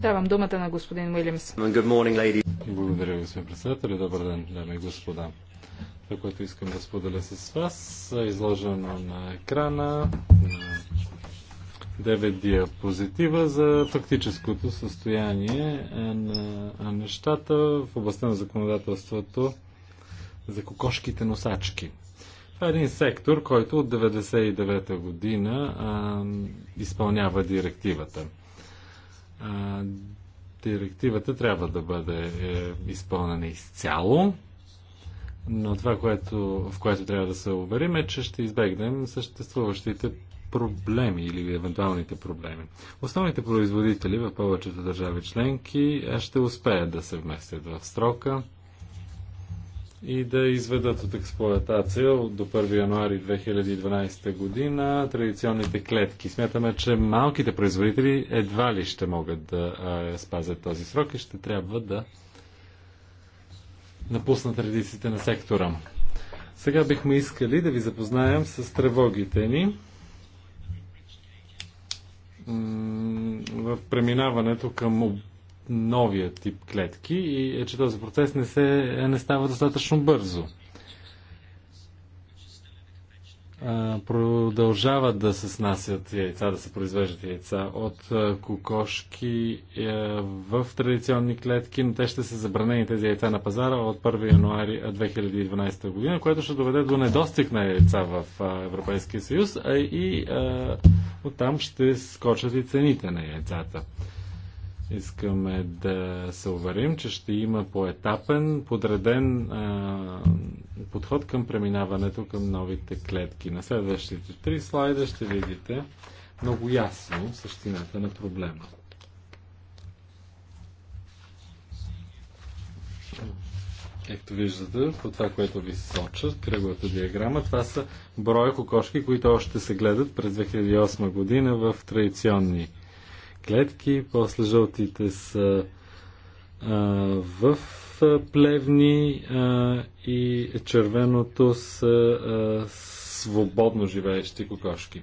Давам думата на господин Уилямс. Благодаря, господин председател. Добър ден, дами и господа. Това, което искам да споделя с вас, е изложено на екрана на 9 диапозитива за фактическото състояние на нещата в областта на законодателството за кокошките носачки – това е един сектор, който от 99-та година а, изпълнява директивата. А, директивата трябва да бъде е, изпълнена изцяло, но това, което, в което трябва да се уверим е, че ще избегнем съществуващите проблеми или евентуалните проблеми. Основните производители в повечето държави членки ще успеят да се вместят в строка и да изведат от експлоатация до 1 януари 2012 година традиционните клетки. Смятаме, че малките производители едва ли ще могат да спазят този срок и ще трябва да напуснат традициите на сектора. Сега бихме искали да ви запознаем с тревогите ни в преминаването към новия тип клетки и е, че този процес не, се, не става достатъчно бързо. Продължават да се снасят яйца, да се произвеждат яйца от кокошки в традиционни клетки, но те ще се забранени тези яйца на пазара от 1 януари 2012 година, което ще доведе до недостиг на яйца в Европейския съюз, а и оттам ще скочат и цените на яйцата. Искаме да се уверим, че ще има поетапен, подреден а, подход към преминаването към новите клетки. На следващите три слайда ще видите много ясно същината на проблема. Както виждате, по това, което ви сочат, кръглата диаграма, това са броя кокошки, които още се гледат през 2008 година в традиционни клетки, после жълтите са а, в плевни а, и червеното са а, свободно живеещи кокошки.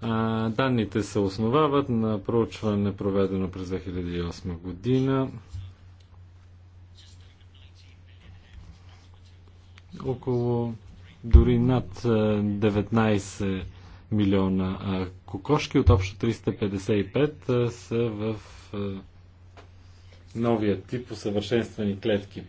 А, данните се основават на проучване, проведено през 2008 година. Около дори над 19 милиона Кокошки от общо 355 са в новия тип усъвършенствани клетки.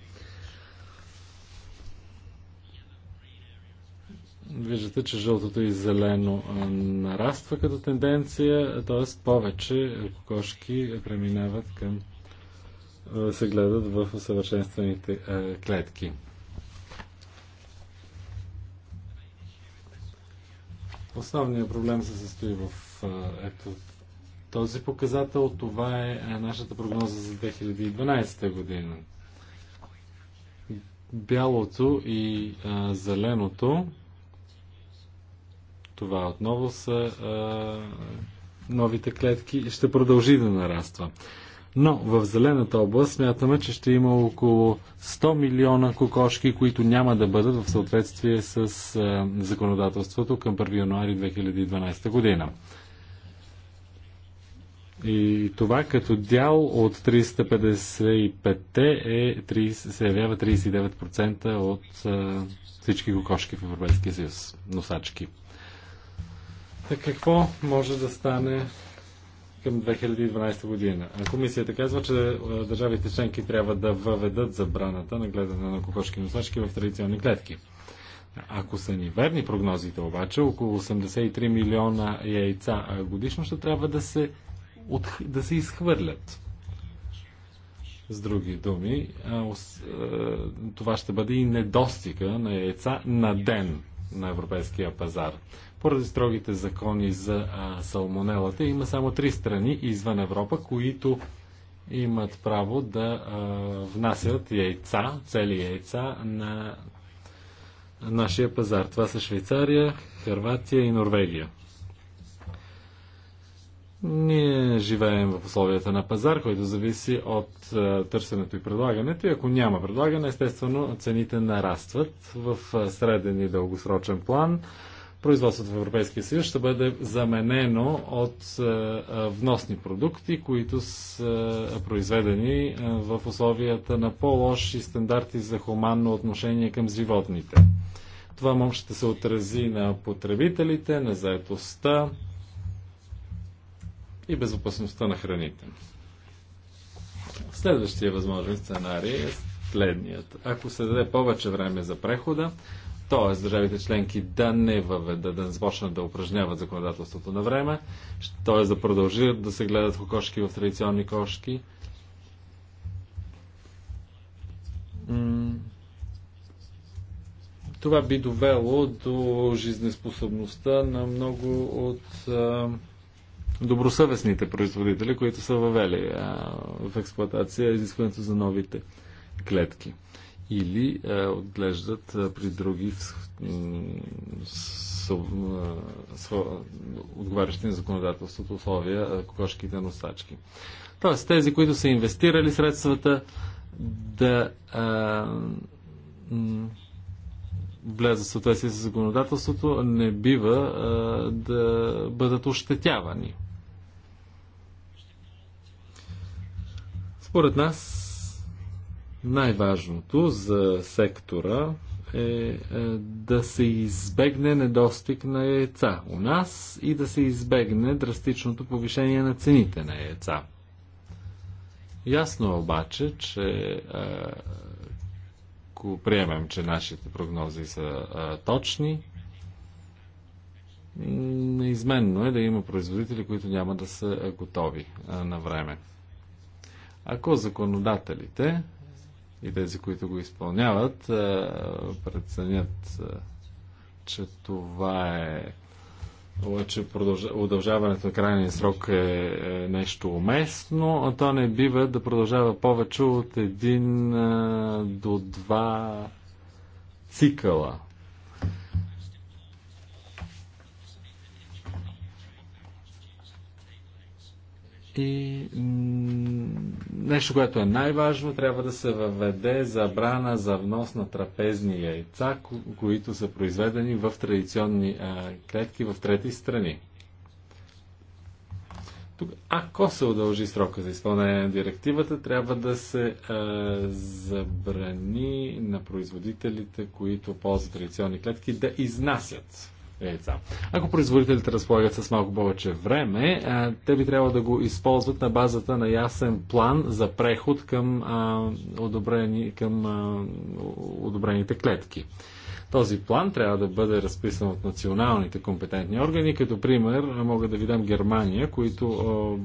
Виждате, че жълтото и зелено нараства като тенденция, т.е. повече кокошки преминават към се гледат в усъвършенствените клетки. Основният проблем се състои в ето, този показател. Това е нашата прогноза за 2012 година. Бялото и а, зеленото, това отново са а, новите клетки, ще продължи да нараства. Но в зелената област смятаме, че ще има около 100 милиона кокошки, които няма да бъдат в съответствие с е, законодателството към 1 януари 2012 година. И това като дял от 355 е 30, се явява 39% от е, всички кокошки в Европейския съюз, носачки. Така какво може да стане към 2012 година. Комисията казва, че държавите членки трябва да въведат забраната на гледане на кокошки носачки в традиционни клетки. Ако са ни верни прогнозите обаче, около 83 милиона яйца годишно ще трябва да се, отх... да се изхвърлят. С други думи, това ще бъде и недостига на яйца на ден на европейския пазар. Поради строгите закони за а, салмонелата има само три страни извън Европа, които имат право да а, внасят яйца, цели яйца на нашия пазар. Това са Швейцария, Харватия и Норвегия. Ние живеем в условията на пазар, който зависи от а, търсенето и предлагането. И ако няма предлагане, естествено цените нарастват в среден и дългосрочен план производството в Европейския съюз ще бъде заменено от е, е, вносни продукти, които са произведени е, в условията на по-лоши стандарти за хуманно отношение към животните. Това ще се отрази на потребителите, на заетостта и безопасността на храните. Следващия възможен сценарий е следният. Ако се даде повече време за прехода, т.е. държавите членки да не въведат, да не започнат да упражняват законодателството на време, т.е. да продължат да се гледат кокошки в традиционни кошки. Това би довело до жизнеспособността на много от добросъвестните производители, които са въвели в експлуатация изискването за новите клетки или е, отглеждат е, при други отговарящи на законодателството условия е, кокошките носачки. Тоест, тези, които са инвестирали средствата, да е, влезе в съответствие с законодателството, не бива е, да бъдат ощетявани. Според нас, най-важното за сектора е, е да се избегне недостиг на яйца у нас и да се избегне драстичното повишение на цените на яйца. Ясно е обаче, че е, ако приемем, че нашите прогнози са е, точни, неизменно е да има производители, които няма да са готови на време. Ако законодателите и тези, които го изпълняват, е, преценят, е, че това е, е че удължаването на крайния срок е, нещо уместно, а то не бива да продължава повече от един до два цикъла. И нещо, което е най-важно, трябва да се въведе забрана за внос на трапезни яйца, ко които са произведени в традиционни а, клетки в трети страни. Тук, ако се удължи срока за изпълнение на директивата, трябва да се а, забрани на производителите, които ползват традиционни клетки, да изнасят яйца. Е Ако производителите разполагат с малко повече време, е, те би трябвало да го използват на базата на ясен план за преход към, а, одобрени, към а, одобрените клетки. Този план трябва да бъде разписан от националните компетентни органи. Като пример мога да ви дам Германия, които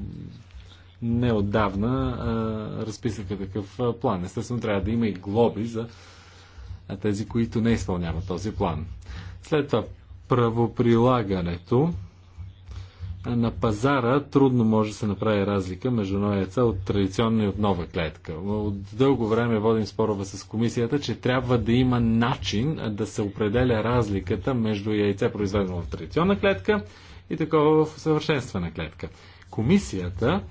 не неотдавна а, разписаха такъв план. Естествено, трябва да има и глоби за тези, които не изпълняват този план. След това правоприлагането на пазара трудно може да се направи разлика между едно яйца от традиционна и от нова клетка. От дълго време водим спорове с комисията, че трябва да има начин да се определя разликата между яйце, произведено в традиционна клетка и такова в усъвършенствана клетка. Комисията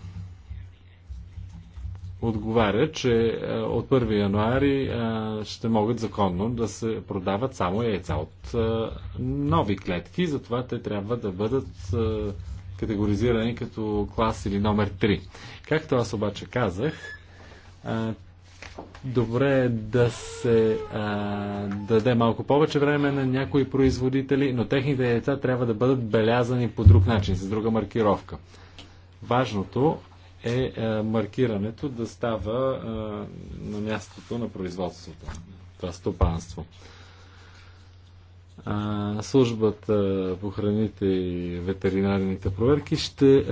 отговаря, че е, от 1 януари е, ще могат законно да се продават само яйца от е, нови клетки, затова те трябва да бъдат категоризирани като клас или номер 3. Както аз обаче казах, добре е да се даде малко повече време на някои производители, но техните яйца трябва да бъдат белязани по друг начин, с друга маркировка. Важното е, е маркирането да става е, на мястото на производството, това стопанство. Службата по храните и ветеринарните проверки ще е,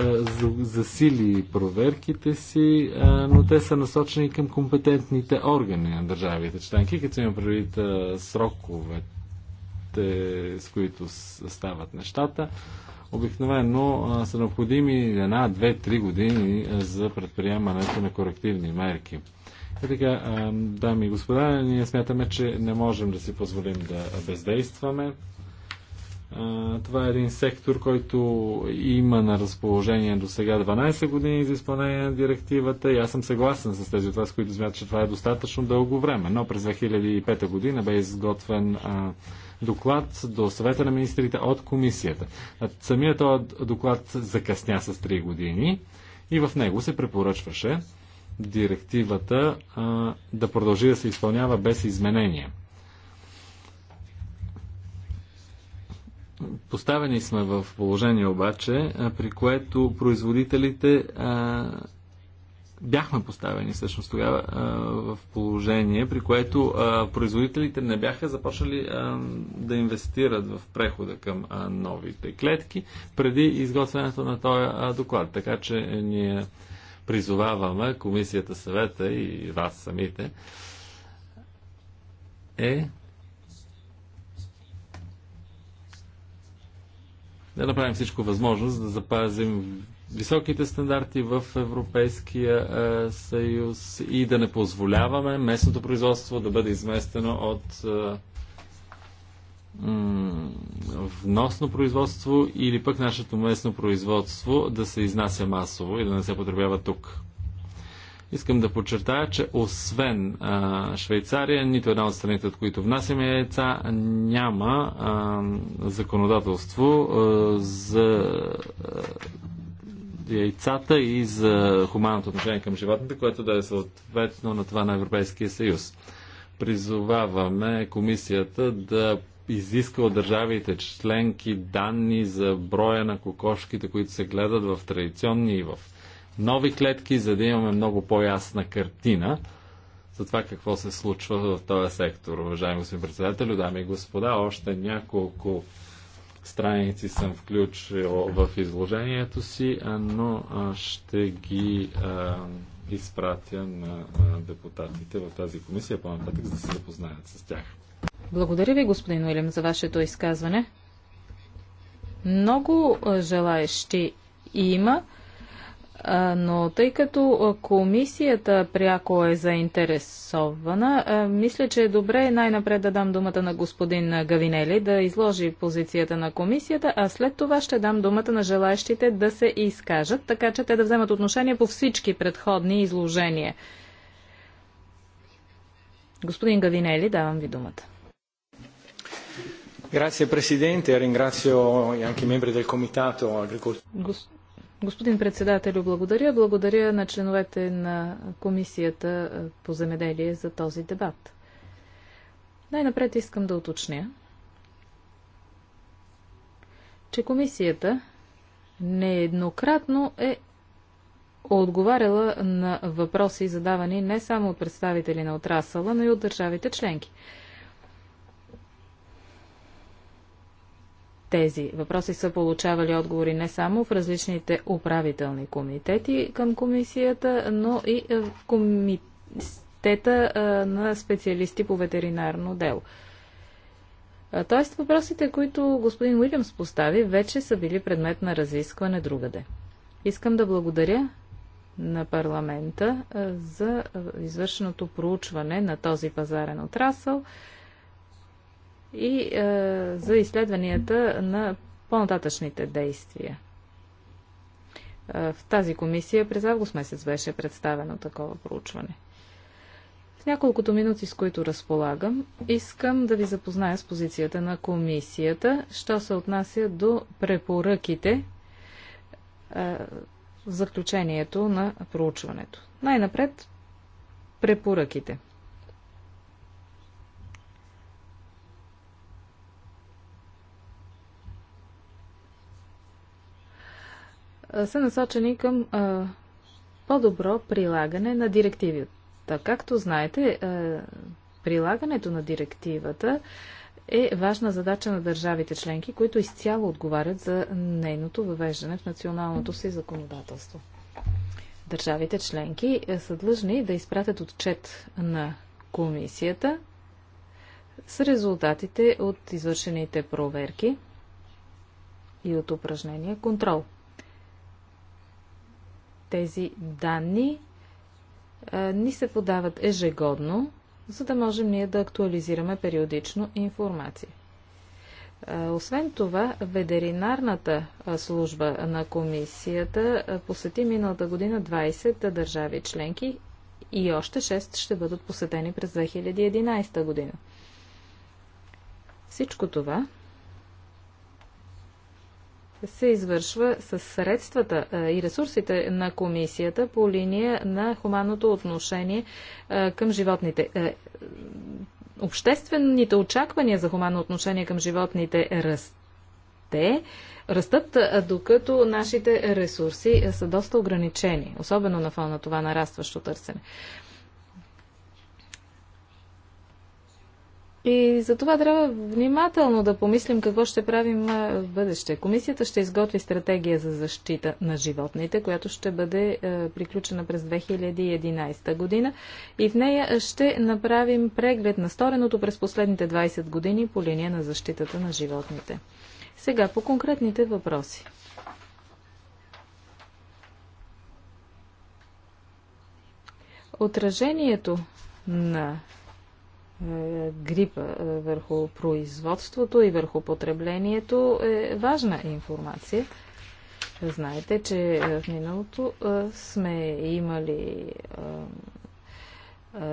засили проверките си, но те са насочени към компетентните органи на държавите членки, като има предвид сроковете, с които стават нещата Обикновено са необходими една, две, три години за предприемането на корективни мерки. И така, дами и господа, ние смятаме, че не можем да си позволим да бездействаме. Това е един сектор, който има на разположение до сега 12 години за изпълнение на директивата и аз съм съгласен с тези от вас, които смятат, че това е достатъчно дълго време. Но през 2005 година бе изготвен доклад до съвета на министрите от комисията. Самият този доклад закъсня с 3 години и в него се препоръчваше директивата да продължи да се изпълнява без изменения. Поставени сме в положение обаче, при което производителите а, бяхме поставени всъщност тогава а, в положение, при което а, производителите не бяха започнали а, да инвестират в прехода към а, новите клетки преди изготвянето на този доклад. Така че ние призоваваме комисията, съвета и вас самите е Е, да направим всичко възможно, за да запазим високите стандарти в Европейския е, съюз и да не позволяваме местното производство да бъде изместено от е, вносно производство или пък нашето местно производство да се изнася масово и да не се потребява тук. Искам да подчертая, че освен а, Швейцария, нито една от страните, от които внасяме яйца, няма а, законодателство а, за а, яйцата и за хуманното отношение към животните, което да е съответно на това на Европейския съюз. Призоваваме комисията да изиска от държавите членки данни за броя на кокошките, които се гледат в традиционни и в нови клетки, за да имаме много по-ясна картина за това какво се случва в този сектор. Уважаеми господин председател, дами и господа, още няколко страници съм включил в изложението си, но ще ги изпратя на депутатите в тази комисия по-нататък, за да се запознаят с тях. Благодаря ви, господин Уилям, за вашето изказване. Много желаещи има. Но тъй като комисията пряко е заинтересована, мисля, че е добре най-напред да дам думата на господин Гавинели да изложи позицията на комисията, а след това ще дам думата на желаящите да се изкажат, така че те да вземат отношение по всички предходни изложения. Господин Гавинели, давам ви думата. Grazie Presidente, ringrazio anche i membri del Comitato Agricoltura. Господин председател, благодаря. Благодаря на членовете на Комисията е, по земеделие за този дебат. Най-напред искам да уточня, че Комисията нееднократно е отговаряла на въпроси, задавани не само от представители на отрасъла, но и от държавите членки. тези въпроси са получавали отговори не само в различните управителни комитети към комисията, но и е, в комитета е, на специалисти по ветеринарно дело. Е, тоест въпросите, които господин Уилямс постави, вече са били предмет на разискване другаде. Искам да благодаря на парламента за извършеното проучване на този пазарен отрасъл и е, за изследванията на по-нататъчните действия. Е, в тази комисия през август месец беше представено такова проучване. В няколкото минути, с които разполагам, искам да ви запозная с позицията на комисията, що се отнася до препоръките е, в заключението на проучването. Най-напред препоръките – са насочени към по-добро прилагане на директивата. Както знаете, прилагането на директивата е важна задача на държавите членки, които изцяло отговарят за нейното въвеждане в националното си законодателство. Държавите членки са длъжни да изпратят отчет на комисията с резултатите от извършените проверки и от упражнения контрол – тези данни ни се подават ежегодно, за да можем ние да актуализираме периодично информация. Освен това, ветеринарната служба на комисията посети миналата година 20 държави членки и още 6 ще бъдат посетени през 2011 година. Всичко това се извършва с средствата и ресурсите на комисията по линия на хуманното отношение към животните. Е, обществените очаквания за хуманно отношение към животните расте, растат, докато нашите ресурси са доста ограничени, особено на фона на това нарастващо търсене. И за това трябва внимателно да помислим какво ще правим в бъдеще. Комисията ще изготви стратегия за защита на животните, която ще бъде приключена през 2011 година и в нея ще направим преглед на стореното през последните 20 години по линия на защитата на животните. Сега по конкретните въпроси. Отражението на е, грипа е, върху производството и върху потреблението е важна информация. Знаете, че е, в миналото сме имали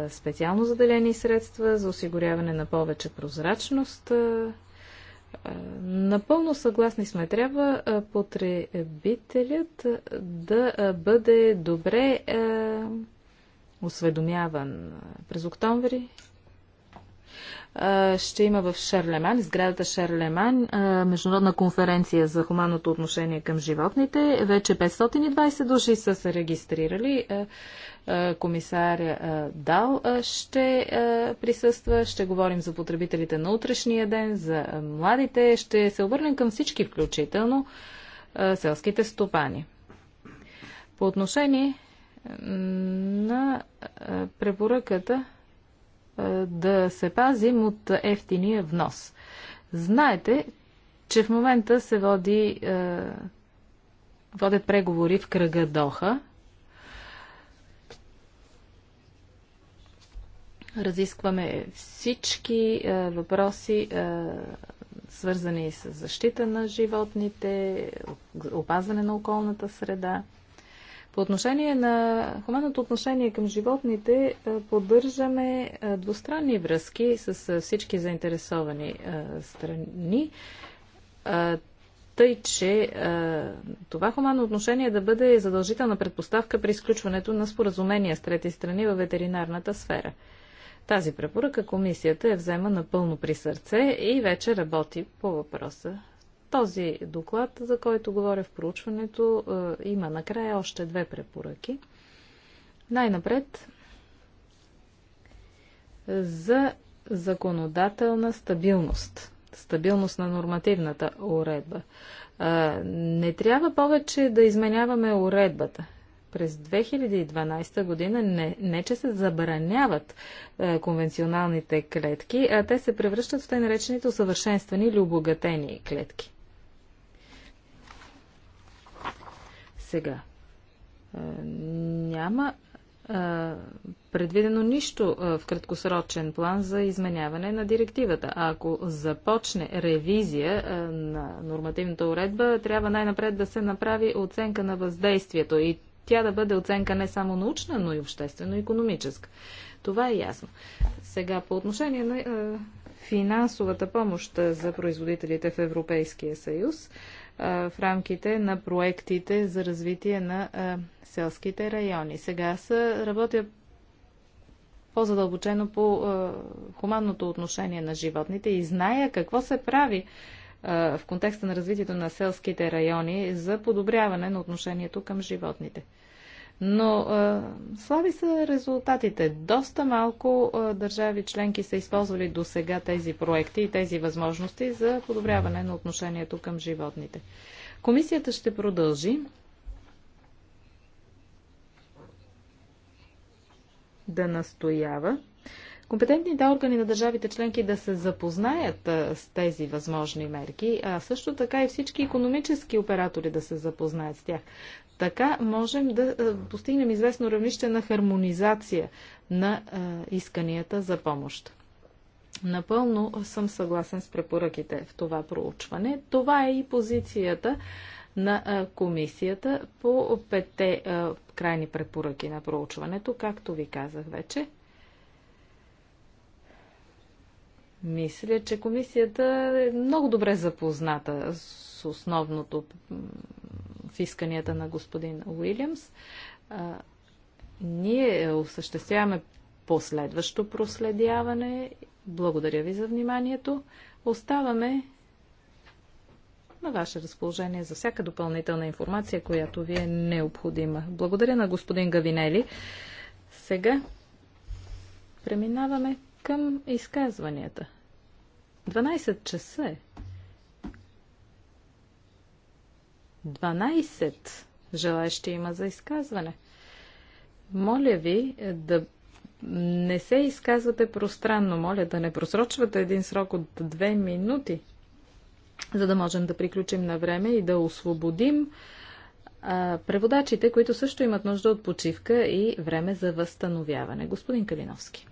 специално заделени средства за осигуряване на повече прозрачност. Напълно съгласни сме. Трябва потребителят да бъде добре осведомяван. През октомври ще има в Шарлеман, изградата Шарлеман, международна конференция за хуманното отношение към животните. Вече 520 души са се регистрирали. Комисар Дал ще присъства. Ще говорим за потребителите на утрешния ден, за младите. Ще се обърнем към всички, включително селските стопани. По отношение на препоръката е, да се пазим от ефтиния внос. Знаете, че в момента се води, е, водят преговори в кръга Доха. Разискваме всички е, въпроси свързани с защита на животните, опазване на околната среда. По отношение на хуманното отношение към животните, поддържаме двустранни връзки с всички заинтересовани страни, тъй че това хуманно отношение да бъде задължителна предпоставка при изключването на споразумения с трети страни във ветеринарната сфера. Тази препоръка комисията е взема напълно при сърце и вече работи по въпроса този доклад, за който говоря в проучването, е, има накрая още две препоръки. Най-напред за законодателна стабилност. Стабилност на нормативната уредба. Е, не трябва повече да изменяваме уредбата през 2012 година не, не че се забраняват е, конвенционалните клетки, а те се превръщат в тъй наречените усъвършенствани или обогатени клетки. Сега. Е, няма е, предвидено нищо е, в краткосрочен план за изменяване на директивата. А ако започне ревизия на нормативната уредба, трябва най-напред да се направи оценка на въздействието и тя да бъде оценка не само научна, но и обществено-економическа. Това е ясно. Сега по отношение на финансовата помощ за производителите в Европейския съюз в рамките на проектите за развитие на селските райони. Сега са, работя по-задълбочено по хуманното отношение на животните и зная какво се прави в контекста на развитието на селските райони за подобряване на отношението към животните. Но а, слаби са резултатите. Доста малко а, държави членки са използвали до сега тези проекти и тези възможности за подобряване на отношението към животните. Комисията ще продължи да настоява компетентните органи на държавите членки да се запознаят а, с тези възможни мерки, а също така и всички економически оператори да се запознаят с тях. Така можем да е, постигнем известно равнище на хармонизация на е, исканията за помощ. Напълно съм съгласен с препоръките в това проучване. Това е и позицията на е, комисията по петте крайни препоръки на проучването, както ви казах вече. Мисля, че комисията е много добре запозната с основното исканията на господин Уилямс. Ние осъществяваме последващо проследяване. Благодаря ви за вниманието. Оставаме на ваше разположение за всяка допълнителна информация, която ви е необходима. Благодаря на господин Гавинели. Сега преминаваме към изказванията. 12 часа е. 12 желаящи има за изказване. Моля ви да не се изказвате пространно. Моля да не просрочвате един срок от две минути, за да можем да приключим на време и да освободим а, преводачите, които също имат нужда от почивка и време за възстановяване. Господин Калиновски.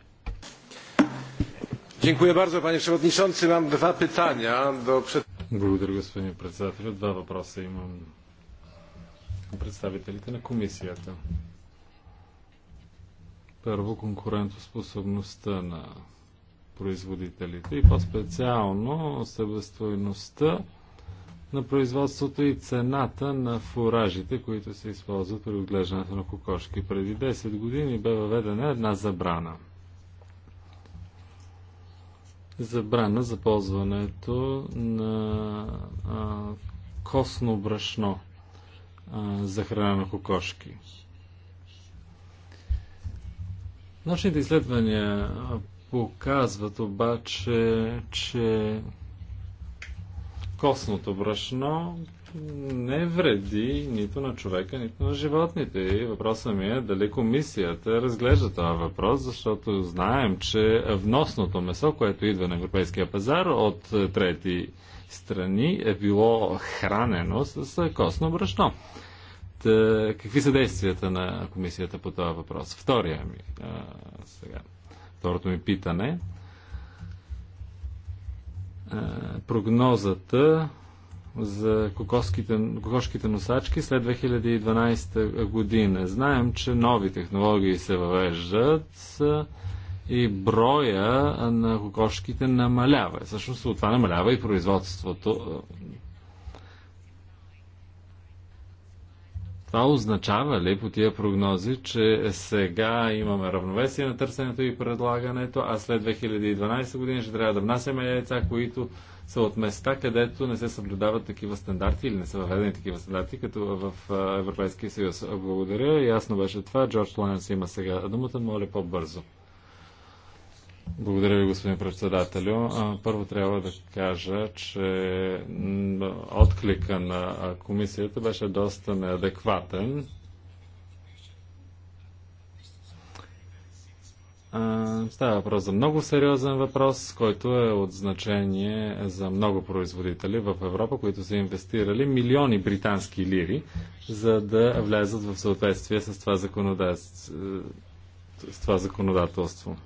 Dziękuję bardzo, panie przewodniczący. Mam dwa pytania do przed... Благодаря, господин председател. Два въпроса имам представителите на комисията. Първо, конкурентоспособността на производителите и по-специално себестойността на производството и цената на фуражите, които се използват при отглеждането на кокошки. Преди 10 години бе въведена една забрана – забрана за ползването на а, косно брашно а, за храна на кокошки. Научните изследвания показват обаче, че косното брашно не вреди нито на човека, нито на животните. И въпросът ми е дали комисията разглежда това въпрос, защото знаем, че вносното месо, което идва на европейския пазар от е, трети страни, е било хранено с е, косно брашно. Та, какви са действията на комисията по това въпрос? Втория ми, а, сега, второто ми питане. А, прогнозата за кокошките носачки след 2012 година. Знаем, че нови технологии се въвеждат и броя на кокошките намалява. Всъщност от това намалява и производството. Това означава ли по тия прогнози, че сега имаме равновесие на търсенето и предлагането, а след 2012 година ще трябва да внасяме яйца, които са от места, където не се съблюдават такива стандарти или не са въведени такива стандарти, като в Европейския съюз. Благодаря. Ясно беше това. Джордж Лайнс има сега думата. Моля по-бързо. Благодаря ви, господин председателю. Първо трябва да кажа, че отклика на комисията беше доста неадекватен Става въпрос за много сериозен въпрос, който е от значение за много производители в Европа, които са инвестирали милиони британски лири, за да влязат в съответствие с това, законодател... с това законодателство.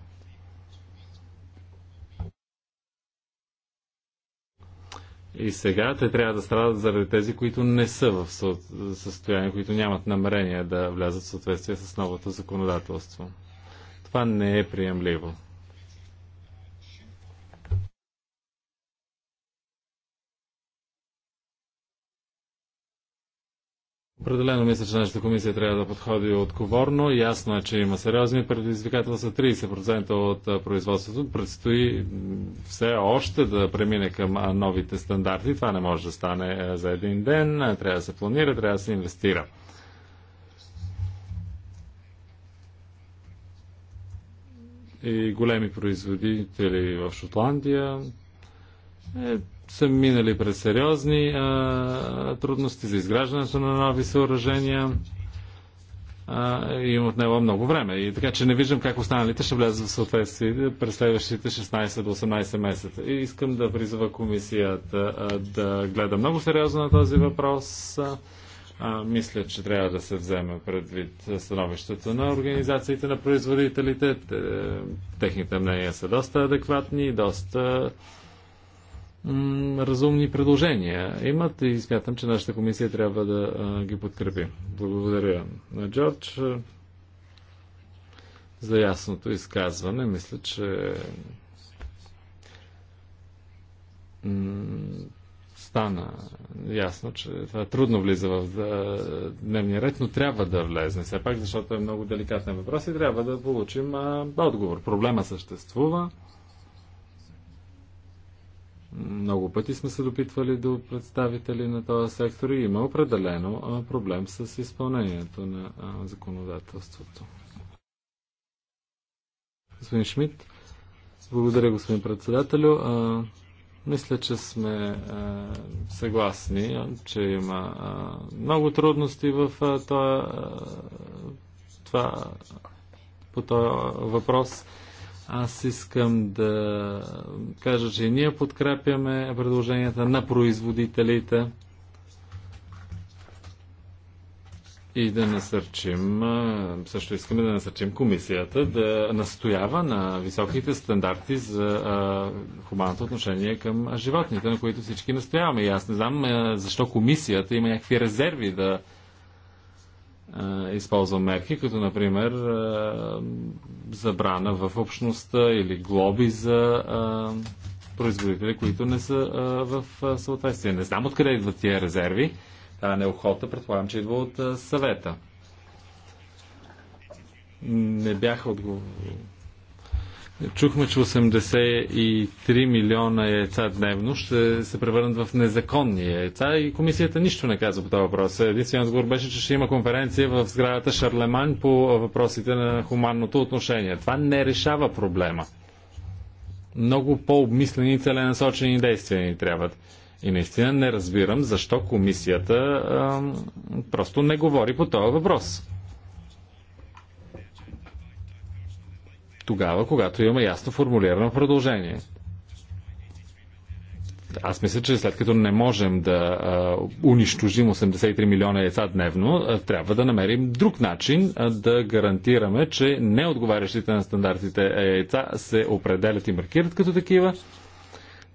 И сега те трябва да страдат заради тези, които не са в състояние, които нямат намерение да влязат в съответствие с новото законодателство. Това не е приемливо. Определено мисля, че нашата комисия трябва да подходи отговорно. Ясно е, че има сериозни предизвикателства. 30% от производството предстои все още да премине към новите стандарти. Това не може да стане за един ден. Трябва да се планира, трябва да се инвестира. и големи производители в Шотландия е, са минали през сериозни е, трудности за изграждането на нови съоръжения е, и им отнело много време. И така че не виждам как останалите ще влязат в съответствие през следващите 16 до 18 месеца. И искам да призова комисията да гледа много сериозно на този въпрос мисля, че трябва да се вземе предвид становищата на организациите на производителите. Техните мнения са доста адекватни и доста разумни предложения имат и смятам, че нашата комисия трябва да а, ги подкрепи. Благодаря на Джордж за ясното изказване. Мисля, че стана ясно, че това трудно влиза в е, дневния ред, но трябва да влезне все пак, защото е много деликатен въпрос и трябва да получим е, отговор. Проблема съществува. Много пъти сме се допитвали до представители на този сектор и има определено е, проблем с изпълнението на законодателството. Господин Шмидт, благодаря господин председателю. Мисля, че сме а, е, съгласни, че има а, е, много трудности в а, е, това, а, това, по този въпрос. Аз искам да кажа, че ние подкрепяме предложенията на производителите. и да насърчим, също искаме да насърчим комисията да настоява на високите стандарти за хуманното отношение към животните, на които всички настояваме. И аз не знам защо комисията има някакви резерви да използва мерки, като например забрана в общността или глоби за производители, които не са в съответствие. Не знам откъде идват тия резерви Тая неохота, предполагам, че идва от съвета. Не бяха отговор... Чухме, че 83 милиона яйца дневно ще се превърнат в незаконни яйца и комисията нищо не каза по този въпрос. Единственият отговор беше, че ще има конференция в сградата Шарлеман по въпросите на хуманното отношение. Това не решава проблема. Много по-обмислени и целенасочени действия ни трябват. И наистина не разбирам защо комисията а, просто не говори по този въпрос. Тогава, когато имаме ясно формулирано продължение. Аз мисля, че след като не можем да а, унищожим 83 милиона яйца дневно, а, трябва да намерим друг начин а, да гарантираме, че неотговарящите на стандартите яйца се определят и маркират като такива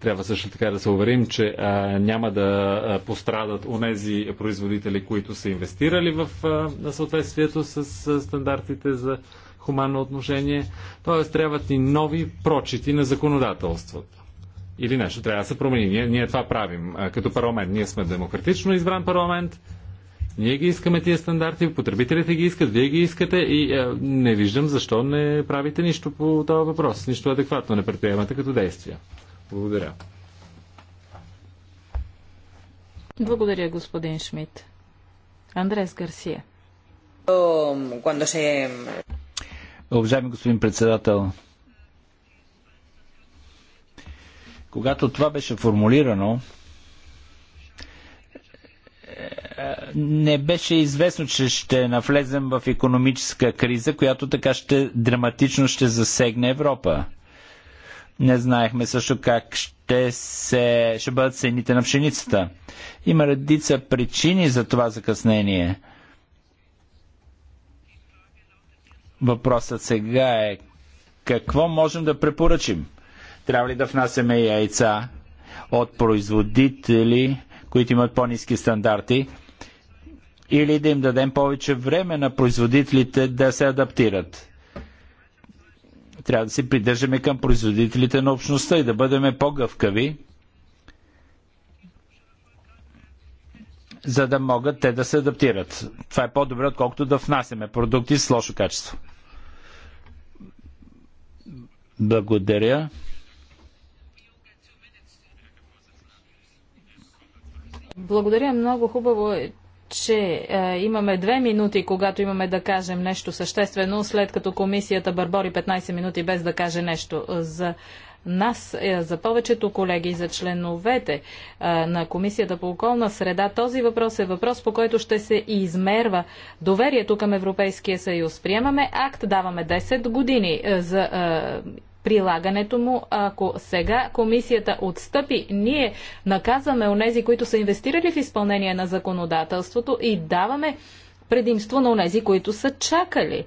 трябва също така да се уверим, че а, няма да пострадат онези производители, които са инвестирали в а, съответствието с а, стандартите за хуманно отношение. Тоест, трябват и нови прочити на законодателството. Или нещо трябва да се промени. Ние, ние това правим а, като парламент. Ние сме демократично избран парламент. Ние ги искаме тия стандарти, потребителите ги искат, вие ги искате и а, не виждам защо не правите нищо по този въпрос. Нищо адекватно не предприемате като действия. Благодаря. Благодаря, господин Шмидт. Андрес Гарсия. Уважаеми господин председател, когато това беше формулирано, не беше известно, че ще навлезем в економическа криза, която така ще драматично ще засегне Европа. Не знаехме също как ще, се, ще бъдат цените на пшеницата. Има редица причини за това закъснение. Въпросът сега е какво можем да препоръчим? Трябва ли да внасяме яйца от производители, които имат по-низки стандарти? Или да им дадем повече време на производителите да се адаптират? Трябва да се придържаме към производителите на общността и да бъдем по-гъвкави, за да могат те да се адаптират. Това е по-добре, отколкото да внасяме продукти с лошо качество. Благодаря. Благодаря много хубаво е, че е, имаме две минути, когато имаме да кажем нещо съществено, след като комисията бърбори 15 минути без да каже нещо. За нас, е, за повечето колеги, за членовете е, на Комисията по околна среда, този въпрос е въпрос, по който ще се измерва доверието към Европейския съюз. Приемаме акт, даваме 10 години е, за е, прилагането му. Ако сега комисията отстъпи, ние наказваме онези, които са инвестирали в изпълнение на законодателството и даваме предимство на онези, които са чакали.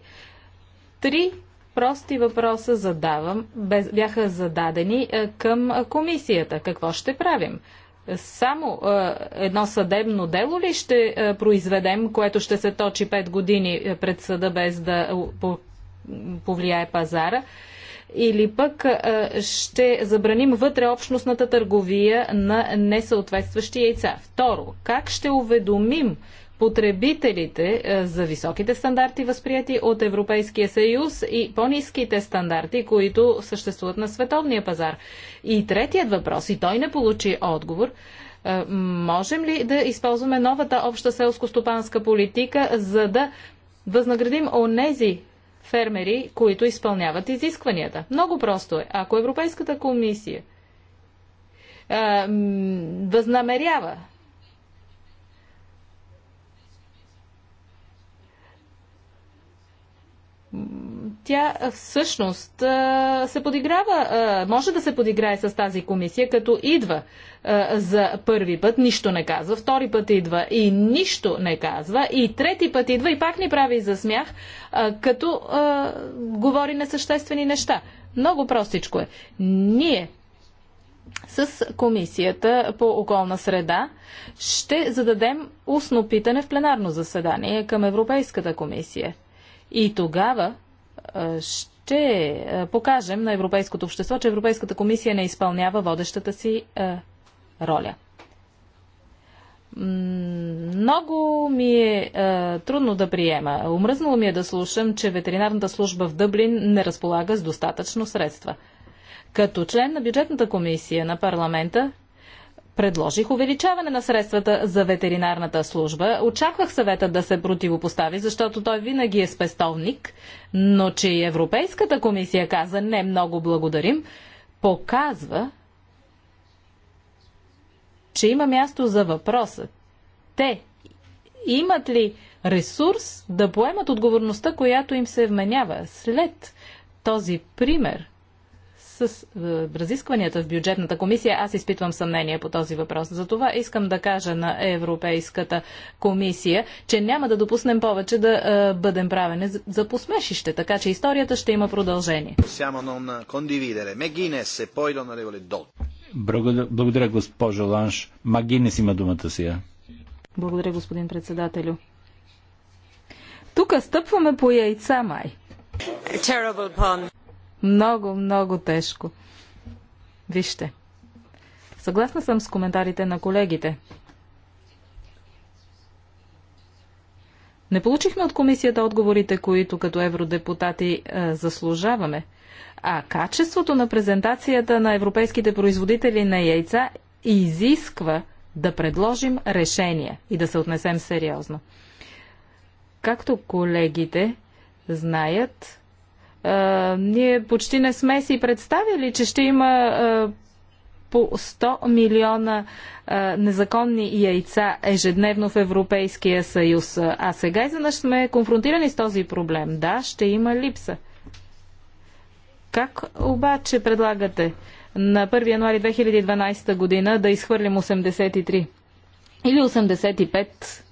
Три прости въпроса задавам, бяха зададени е, към комисията. Какво ще правим? Само е, едно съдебно дело ли ще е, произведем, което ще се точи 5 години е, пред съда без да е, повлияе пазара? или пък ще забраним вътреобщностната търговия на несъответстващи яйца? Второ, как ще уведомим потребителите за високите стандарти, възприяти от Европейския съюз и по-низките стандарти, които съществуват на световния пазар. И третият въпрос, и той не получи отговор, можем ли да използваме новата обща селско-стопанска политика, за да възнаградим онези фермери, които изпълняват изискванията. Много просто е. Ако Европейската комисия а, възнамерява тя всъщност се подиграва, може да се подиграе с тази комисия, като идва за първи път, нищо не казва, втори път идва и нищо не казва, и трети път идва и пак ни прави за смях, като говори несъществени неща. Много простичко е. Ние с Комисията по околна среда ще зададем устно питане в пленарно заседание към Европейската комисия. И тогава ще покажем на европейското общество, че Европейската комисия не изпълнява водещата си роля. Много ми е, е трудно да приема. Умръзнало ми е да слушам, че ветеринарната служба в Дъблин не разполага с достатъчно средства. Като член на бюджетната комисия на парламента, предложих увеличаване на средствата за ветеринарната служба. Очаквах съвета да се противопостави, защото той винаги е спестовник, но че и Европейската комисия каза не много благодарим, показва, че има място за въпроса. Те имат ли ресурс да поемат отговорността, която им се вменява след този пример – с е, разискванията в бюджетната комисия аз изпитвам съмнение по този въпрос. Затова искам да кажа на Европейската комисия, че няма да допуснем повече да е, бъдем правени за посмешище, така че историята ще има продължение. E благодаря, госпожо Ланш. Магинес има думата сега. Благодаря, господин председателю. Тук стъпваме по яйца, май. Много, много тежко. Вижте. Съгласна съм с коментарите на колегите. Не получихме от комисията отговорите, които като евродепутати е, заслужаваме. А качеството на презентацията на европейските производители на яйца изисква да предложим решения и да се отнесем сериозно. Както колегите знаят, е, ние почти не сме си представили, че ще има е, по 100 милиона а, е, незаконни яйца ежедневно в Европейския съюз. А сега изведнъж сме конфронтирани с този проблем. Да, ще има липса. Как обаче предлагате на 1 януари 2012 година да изхвърлим 83 или 85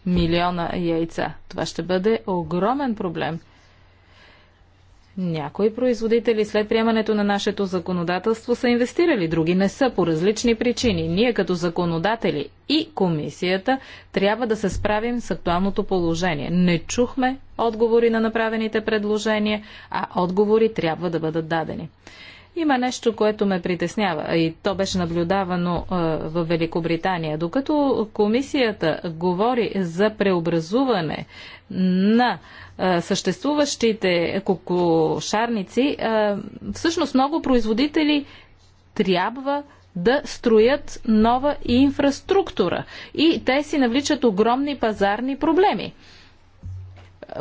милиона яйца? Това ще бъде огромен проблем. Някои производители след приемането на нашето законодателство са инвестирали, други не са по различни причини. Ние като законодатели и комисията трябва да се справим с актуалното положение. Не чухме отговори на направените предложения, а отговори трябва да бъдат дадени. Има нещо, което ме притеснява и то беше наблюдавано в Великобритания. Докато комисията говори за преобразуване на съществуващите кокошарници, всъщност много производители трябва да строят нова инфраструктура. И те си навличат огромни пазарни проблеми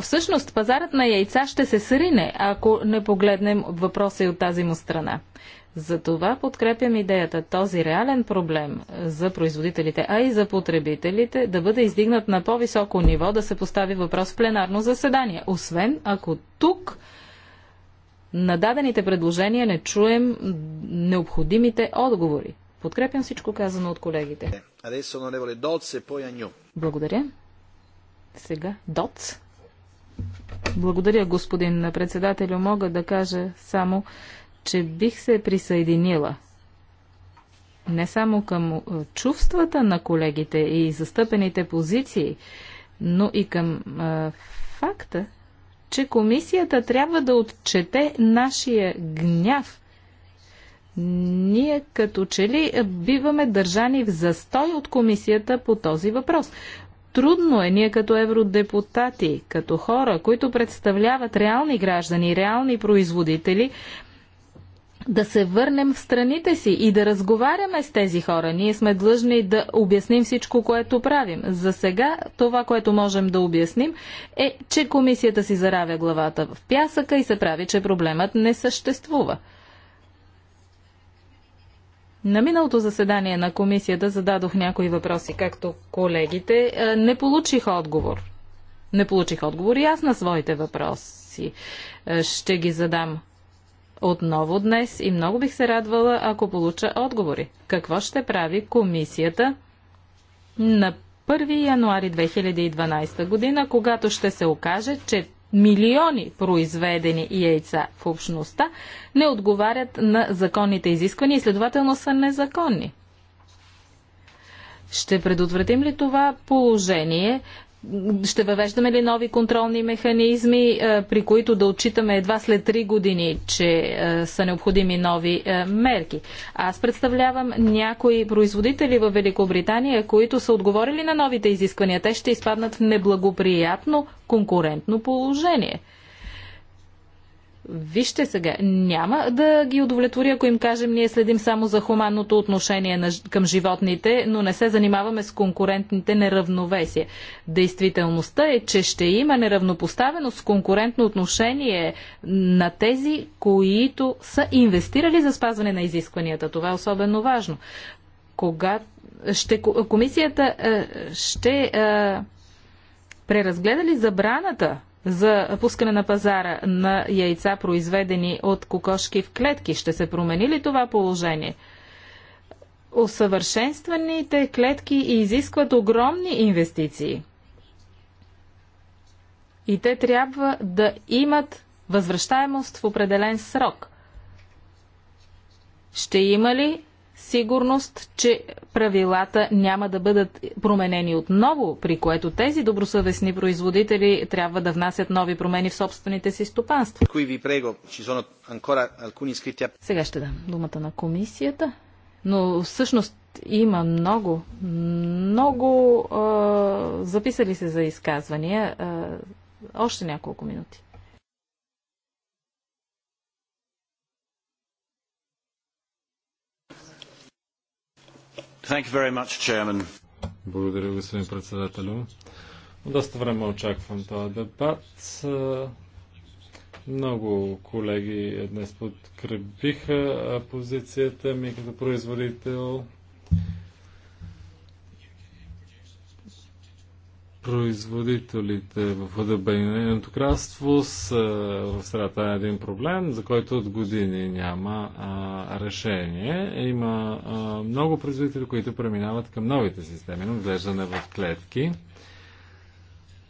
всъщност пазарът на яйца ще се срине, ако не погледнем въпроса и от тази му страна. Затова подкрепям идеята този реален проблем за производителите, а и за потребителите да бъде издигнат на по-високо ниво, да се постави въпрос в пленарно заседание. Освен ако тук на дадените предложения не чуем необходимите отговори. Подкрепям всичко казано от колегите. Благодаря. Сега Доц. Благодаря, господин председателю. Мога да кажа само, че бих се присъединила не само към чувствата на колегите и застъпените позиции, но и към а, факта, че комисията трябва да отчете нашия гняв. Ние като че ли биваме държани в застой от комисията по този въпрос. Трудно е ние като евродепутати, като хора, които представляват реални граждани, реални производители, да се върнем в страните си и да разговаряме с тези хора. Ние сме длъжни да обясним всичко, което правим. За сега това, което можем да обясним е, че комисията си заравя главата в пясъка и се прави, че проблемът не съществува. На миналото заседание на комисията зададох някои въпроси, както колегите. Е, не получих отговор. Не получих отговор и аз на своите въпроси. Е, ще ги задам отново днес и много бих се радвала, ако получа отговори. Какво ще прави комисията на 1 януари 2012 година, когато ще се окаже, че милиони произведени яйца в общността, не отговарят на законните изисквания и следователно са незаконни. Ще предотвратим ли това положение ще въвеждаме ли нови контролни механизми, е, при които да отчитаме едва след 3 години, че е, са необходими нови е, мерки? Аз представлявам някои производители в Великобритания, които са отговорили на новите изисквания. Те ще изпаднат в неблагоприятно конкурентно положение – Вижте сега, няма да ги удовлетвори, ако им кажем, ние следим само за хуманното отношение на, към животните, но не се занимаваме с конкурентните неравновесия. Действителността е, че ще има неравнопоставеност с конкурентно отношение на тези, които са инвестирали за спазване на изискванията. Това е особено важно. Кога ще, комисията е, ще е, преразгледа ли забраната за пускане на пазара на яйца, произведени от кокошки в клетки. Ще се промени ли това положение? Усъвършенстваните клетки изискват огромни инвестиции. И те трябва да имат възвръщаемост в определен срок. Ще има ли сигурност, че правилата няма да бъдат променени отново, при което тези добросъвестни производители трябва да внасят нови промени в собствените си стопанства. Сега ще дам думата на комисията, но всъщност има много, много е, записали се за изказвания. Е, още няколко минути. Благодаря, господин председател. Доста време очаквам този дебат. Много колеги днес подкрепиха позицията ми като производител производителите в нейното кралство са в средата на един проблем, за който от години няма а, решение. Има а, много производители, които преминават към новите системи на отглеждане в клетки.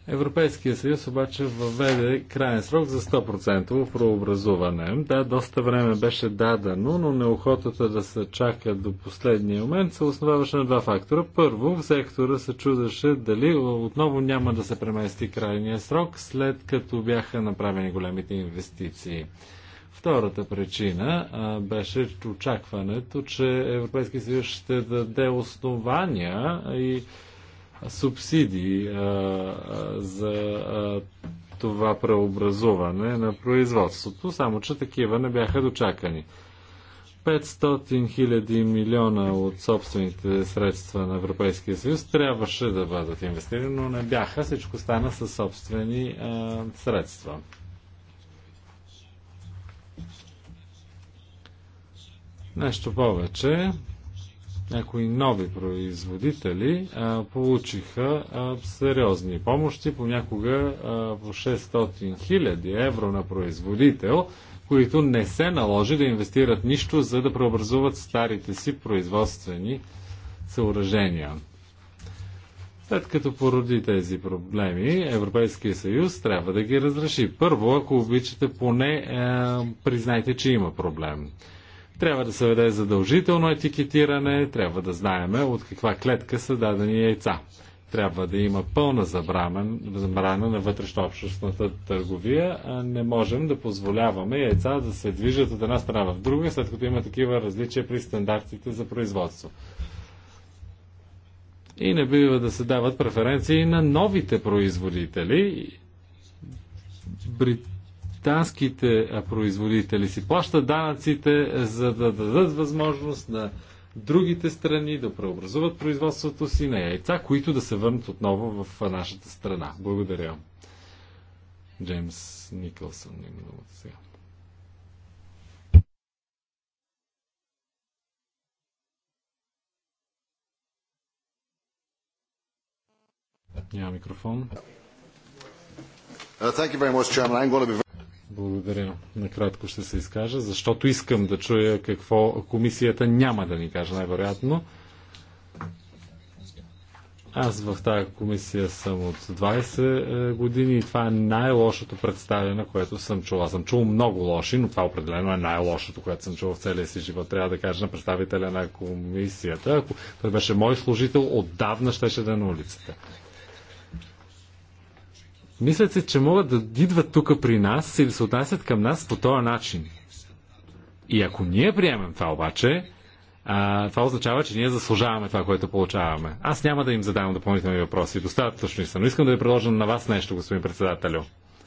Европейския съюз обаче въведе крайен срок за 100% прообразуване. Да, доста време беше дадено, но неохотата да се чака до последния момент се основаваше на два фактора. Първо, в сектора се чудеше дали отново няма да се премести крайния срок, след като бяха направени големите инвестиции. Втората причина а, беше очакването, че Европейския съюз ще даде основания и субсидии а, за а, това преобразуване на производството, само че такива не бяха дочакани. 500 хиляди милиона от собствените средства на Европейския съюз трябваше да бъдат инвестирани, но не бяха. Всичко стана със собствени а, средства. Нещо повече някои нови производители а, получиха а, сериозни помощи, понякога а, по 600 хиляди евро на производител, които не се наложи да инвестират нищо, за да преобразуват старите си производствени съоръжения. След като породи тези проблеми, Европейския съюз трябва да ги разреши. Първо, ако обичате, поне е, признайте, че има проблем. Трябва да се веде задължително етикетиране, трябва да знаеме от каква клетка са дадени яйца. Трябва да има пълна забрана, забрана на вътрешнообщностната търговия. Не можем да позволяваме яйца да се движат от една страна в друга, след като има такива различия при стандартите за производство и не бива да се дават преференции на новите производители. Брит британските производители си плащат данъците, е, за да дадат възможност на другите страни да преобразуват производството си на яйца, които да се върнат отново в нашата страна. Благодаря. Джеймс Никълсън има думата сега. Няма микрофон. Uh, much, be... Благодаря. Накратко ще се изкажа, защото искам да чуя какво комисията няма да ни каже, най-вероятно. Аз в тази комисия съм от 20 е, години и това е най-лошото представяне, което съм чул. Аз съм чул много лоши, но това определено е най-лошото, което съм чул в целия си живот. Трябва да кажа на представителя на комисията. Ако той беше мой служител, отдавна щеше да е на улицата мислят се, че могат да идват тук при нас и да се отнасят към нас по този начин. И ако ние приемем това обаче, а, това означава, че ние заслужаваме това, което получаваме. Аз няма да им задавам допълнителни въпроси. Достатъчно са. Но искам да ви предложа на вас нещо, господин председателю.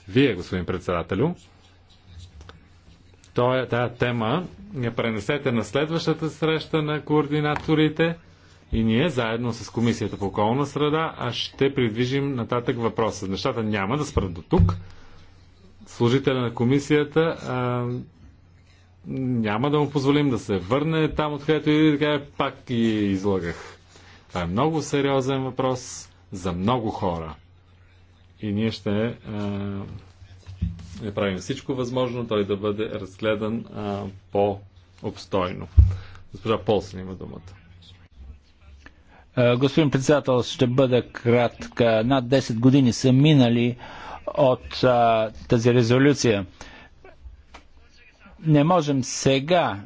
Вие, господин председателю, е, тая тема я пренесете на следващата среща на координаторите – и ние, заедно с Комисията по околна среда, а ще придвижим нататък въпроса. Нещата няма да спрат до тук. Служителя на комисията а, няма да му позволим да се върне там, откъдето и така пак и излагах. Това е много сериозен въпрос за много хора. И ние ще а, правим всичко възможно той да бъде разгледан а, по-обстойно. Госпожа Полсен има думата. Е, господин председател, ще бъда кратка. Над 10 години са минали от а, тази резолюция. Не можем сега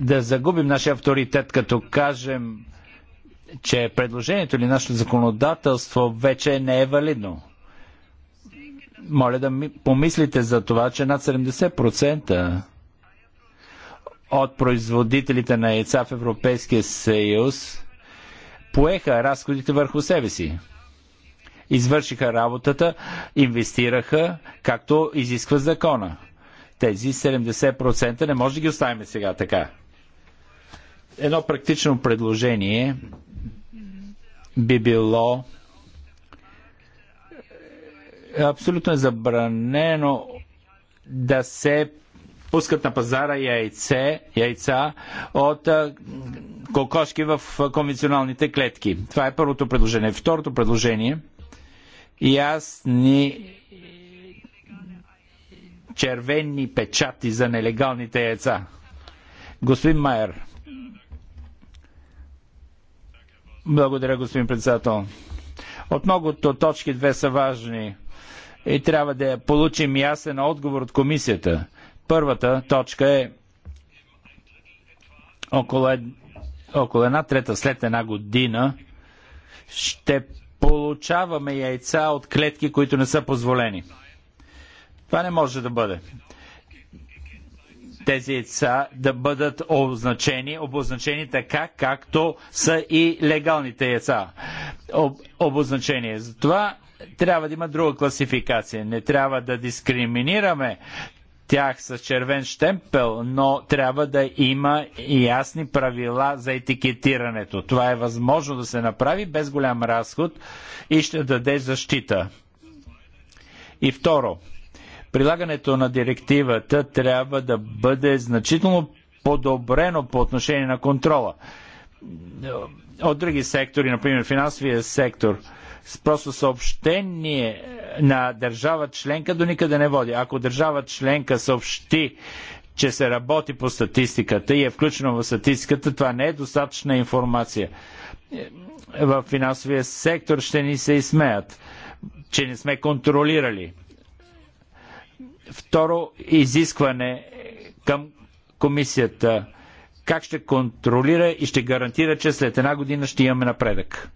да загубим нашия авторитет, като кажем, че предложението или нашето законодателство вече не е валидно. Моля да ми помислите за това, че над 70% от производителите на яйца в Европейския съюз поеха разходите върху себе си. Извършиха работата, инвестираха, както изисква закона. Тези 70% не може да ги оставим сега така. Едно практично предложение би било абсолютно забранено да се пускат на пазара яйце, яйца от кокошки в конвенционалните клетки. Това е първото предложение. Второто предложение ясни червени печати за нелегалните яйца. Господин Майер. Благодаря, господин председател. От многото точки две са важни и трябва да получим ясен отговор от комисията Първата точка е около, ед... около една трета след една година ще получаваме яйца от клетки, които не са позволени. Това не може да бъде. Тези яйца да бъдат обозначени, обозначени така, както са и легалните яйца. Об, обозначение. Затова трябва да има друга класификация. Не трябва да дискриминираме тях с червен штемпел, но трябва да има и ясни правила за етикетирането. Това е възможно да се направи без голям разход и ще даде защита. И второ, прилагането на директивата трябва да бъде значително подобрено по отношение на контрола. От други сектори, например финансовия сектор, просто съобщение е, на държава членка до никъде не води. Ако държава членка съобщи, че се работи по статистиката и е включено в статистиката, това не е достатъчна информация. Е, в финансовия сектор ще ни се изсмеят, че не сме контролирали. Второ изискване е, към комисията. Как ще контролира и ще гарантира, че след една година ще имаме напредък?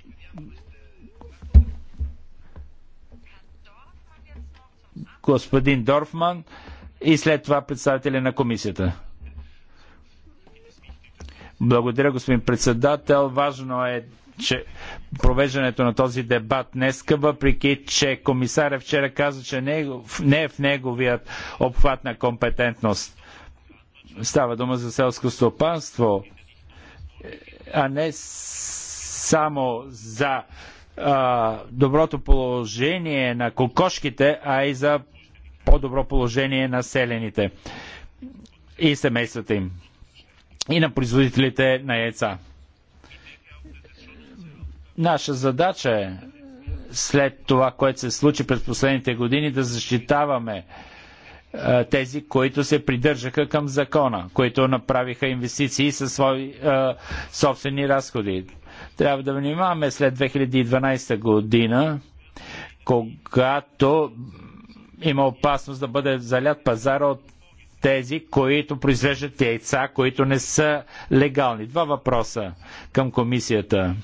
господин Дорфман и след това представителя на комисията. Благодаря, господин председател. Важно е, че провеждането на този дебат днеска, въпреки че комисаря вчера каза, че е не е в неговият обхват на компетентност. Става дума за селско стопанство, а не само за а, доброто положение на кокошките, а и за по-добро положение на селените и семействата им и на производителите на яйца. Наша задача е след това, което се случи през последните години, да защитаваме а, тези, които се придържаха към закона, които направиха инвестиции със свои а, собствени разходи. Трябва да внимаваме след 2012 година, когато има опасност да бъде залят пазара от тези, които произвеждат яйца, които не са легални. Два въпроса към комисията.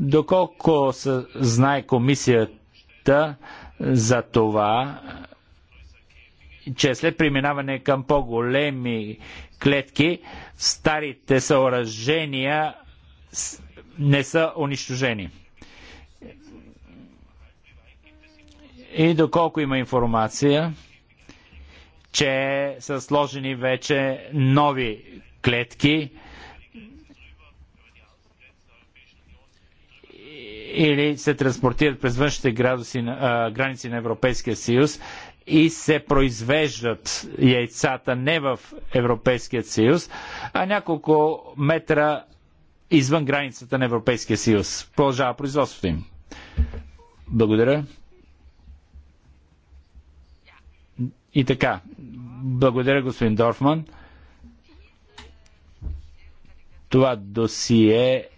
Доколко знае комисията за това, че след преминаване към по-големи клетки, старите съоръжения не са унищожени. И доколко има информация, че са сложени вече нови клетки или се транспортират през външните граници на Европейския съюз и се произвеждат яйцата не в Европейския съюз, а няколко метра извън границата на Европейския съюз. Продължава производството им. Благодаря. И така, благодаря господин Дорфман. Това досие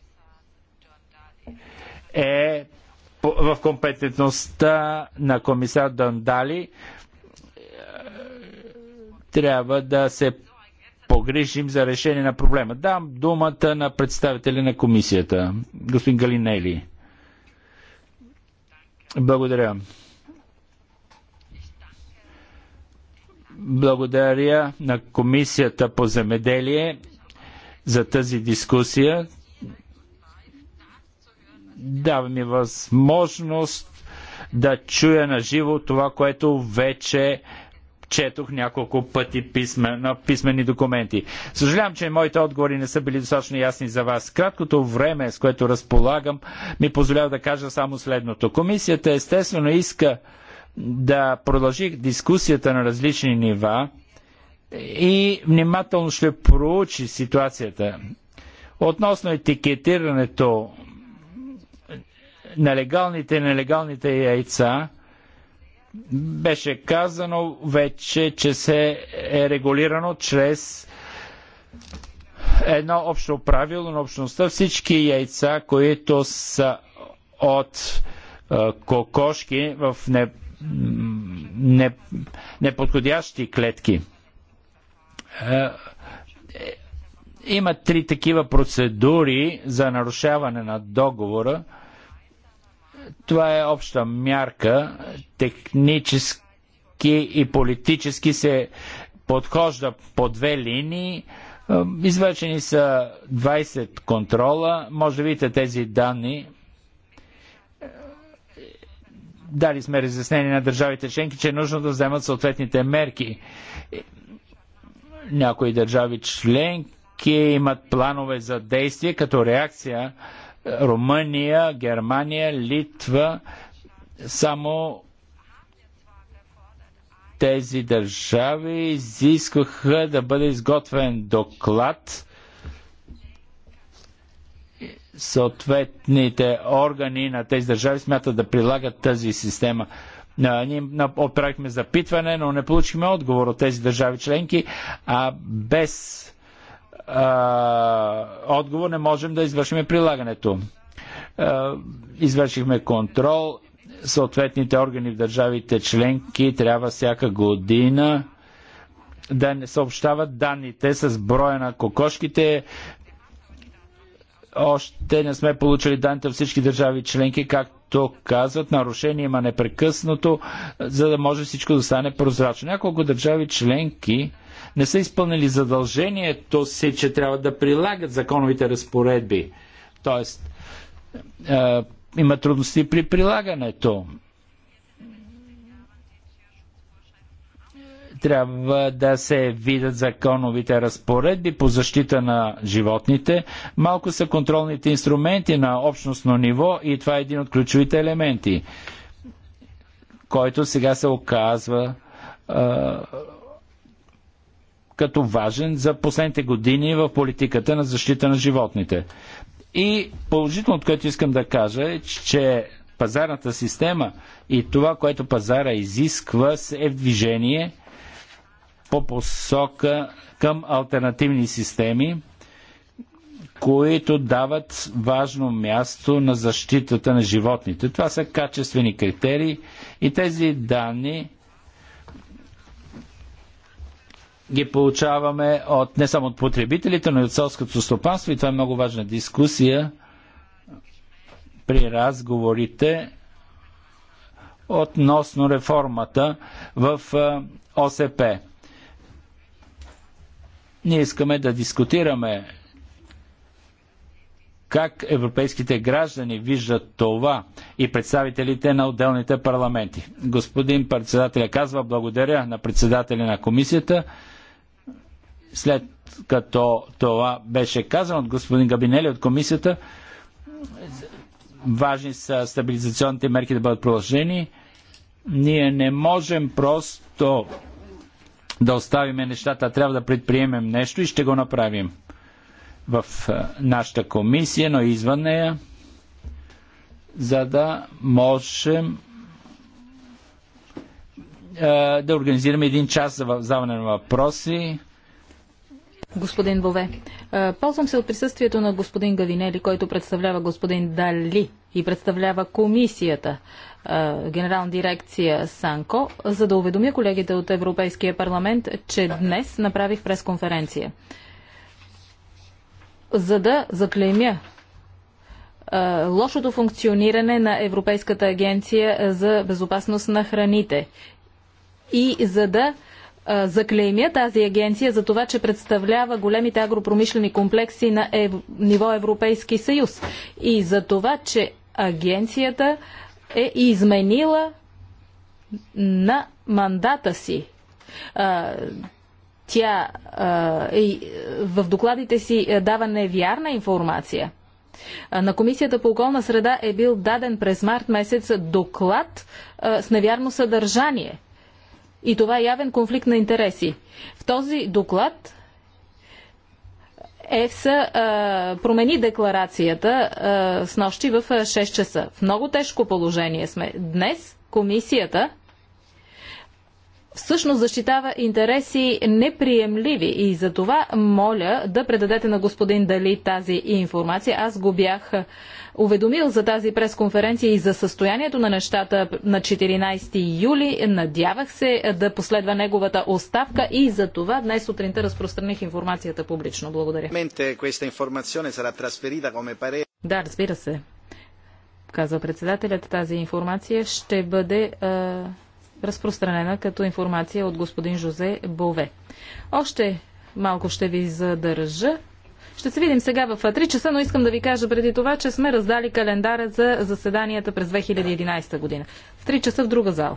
е в компетентността на комисар Дандали трябва да се погрижим за решение на проблема. Дам думата на представители на комисията, господин Галинели. Благодаря. Благодаря на Комисията по земеделие за тази дискусия. Дава ми възможност да чуя на живо това, което вече четох няколко пъти писмена, писмени документи. Съжалявам, че моите отговори не са били достатъчно ясни за вас. Краткото време, с което разполагам, ми позволява да кажа само следното. Комисията естествено иска да продължи дискусията на различни нива и внимателно ще проучи ситуацията. Относно етикетирането на легалните и нелегалните яйца, беше казано вече, че се е регулирано чрез едно общо правило на общността. Всички яйца, които са от кокошки в не, не, неподходящи клетки. Е, има три такива процедури за нарушаване на договора – това е обща мярка. Технически и политически се подхожда по две линии. Извършени са 20 контрола. Може да видите тези данни. Дали сме разяснение на държавите членки, че е нужно да вземат съответните мерки. Някои държави членки имат планове за действие като реакция Румъния, Германия, Литва, само тези държави изискваха да бъде изготвен доклад. Съответните органи на тези държави смятат да прилагат тази система. Ние отправихме запитване, но не получихме отговор от тези държави членки, а без а, отговор не можем да извършим прилагането. А, извършихме контрол, съответните органи в държавите членки трябва всяка година да не съобщават данните с броя на кокошките. Още не сме получили данните от всички държави членки, както казват, нарушение има непрекъснато, за да може всичко да стане прозрачно. Няколко държави членки не са изпълнили задължението си, че трябва да прилагат законовите разпоредби. Тоест, е, има трудности при прилагането. трябва да се видят законовите разпоредби по защита на животните. Малко са контролните инструменти на общностно ниво и това е един от ключовите елементи, който сега се оказва е, като важен за последните години в политиката на защита на животните. И положително, от което искам да кажа е, че пазарната система и това, което пазара изисква, е в движение по посока към альтернативни системи, които дават важно място на защитата на животните. Това са качествени критерии и тези данни ги получаваме от, не само от потребителите, но и от селското стопанство. И това е много важна дискусия при разговорите относно реформата в ОСП. Ние искаме да дискутираме как европейските граждани виждат това и представителите на отделните парламенти. Господин председателя казва благодаря на председателя на комисията. След като това беше казано от господин Габинели от комисията, важни са стабилизационните мерки да бъдат продължени. Ние не можем просто да оставиме нещата, трябва да предприемем нещо и ще го направим в нашата комисия, но извън нея, за да можем е, да организираме един час за задаване на въпроси. Господин Бове, е, ползвам се от присъствието на господин Гавинели, който представлява господин Дали и представлява комисията, е, генерална дирекция Санко, за да уведомя колегите от Европейския парламент, че днес направих пресконференция. За да заклеймя е, лошото функциониране на Европейската агенция за безопасност на храните и за да заклеймя тази агенция за това, че представлява големите агропромишлени комплекси на ев... ниво Европейски съюз и за това, че агенцията е изменила на мандата си. А, тя а, и, е, в докладите си е, дава невярна информация. На Комисията по околна среда е бил даден през март месец доклад а, с невярно съдържание – и това е явен конфликт на интереси. В този доклад ЕФСА а, промени декларацията а, с нощи в 6 часа. В много тежко положение сме. Днес комисията всъщност защитава интереси неприемливи и за това моля да предадете на господин Дали тази информация. Аз го бях уведомил за тази пресконференция и за състоянието на нещата на 14 юли. Надявах се да последва неговата оставка и за това днес сутринта разпространих информацията публично. Благодаря. Да, разбира се. Казва председателят, тази информация ще бъде а, е, разпространена като информация от господин Жозе Бове. Още малко ще ви задържа. Ще се видим сега в 3 часа, но искам да ви кажа преди това, че сме раздали календара за заседанията през 2011 година. В 3 часа в друга зала.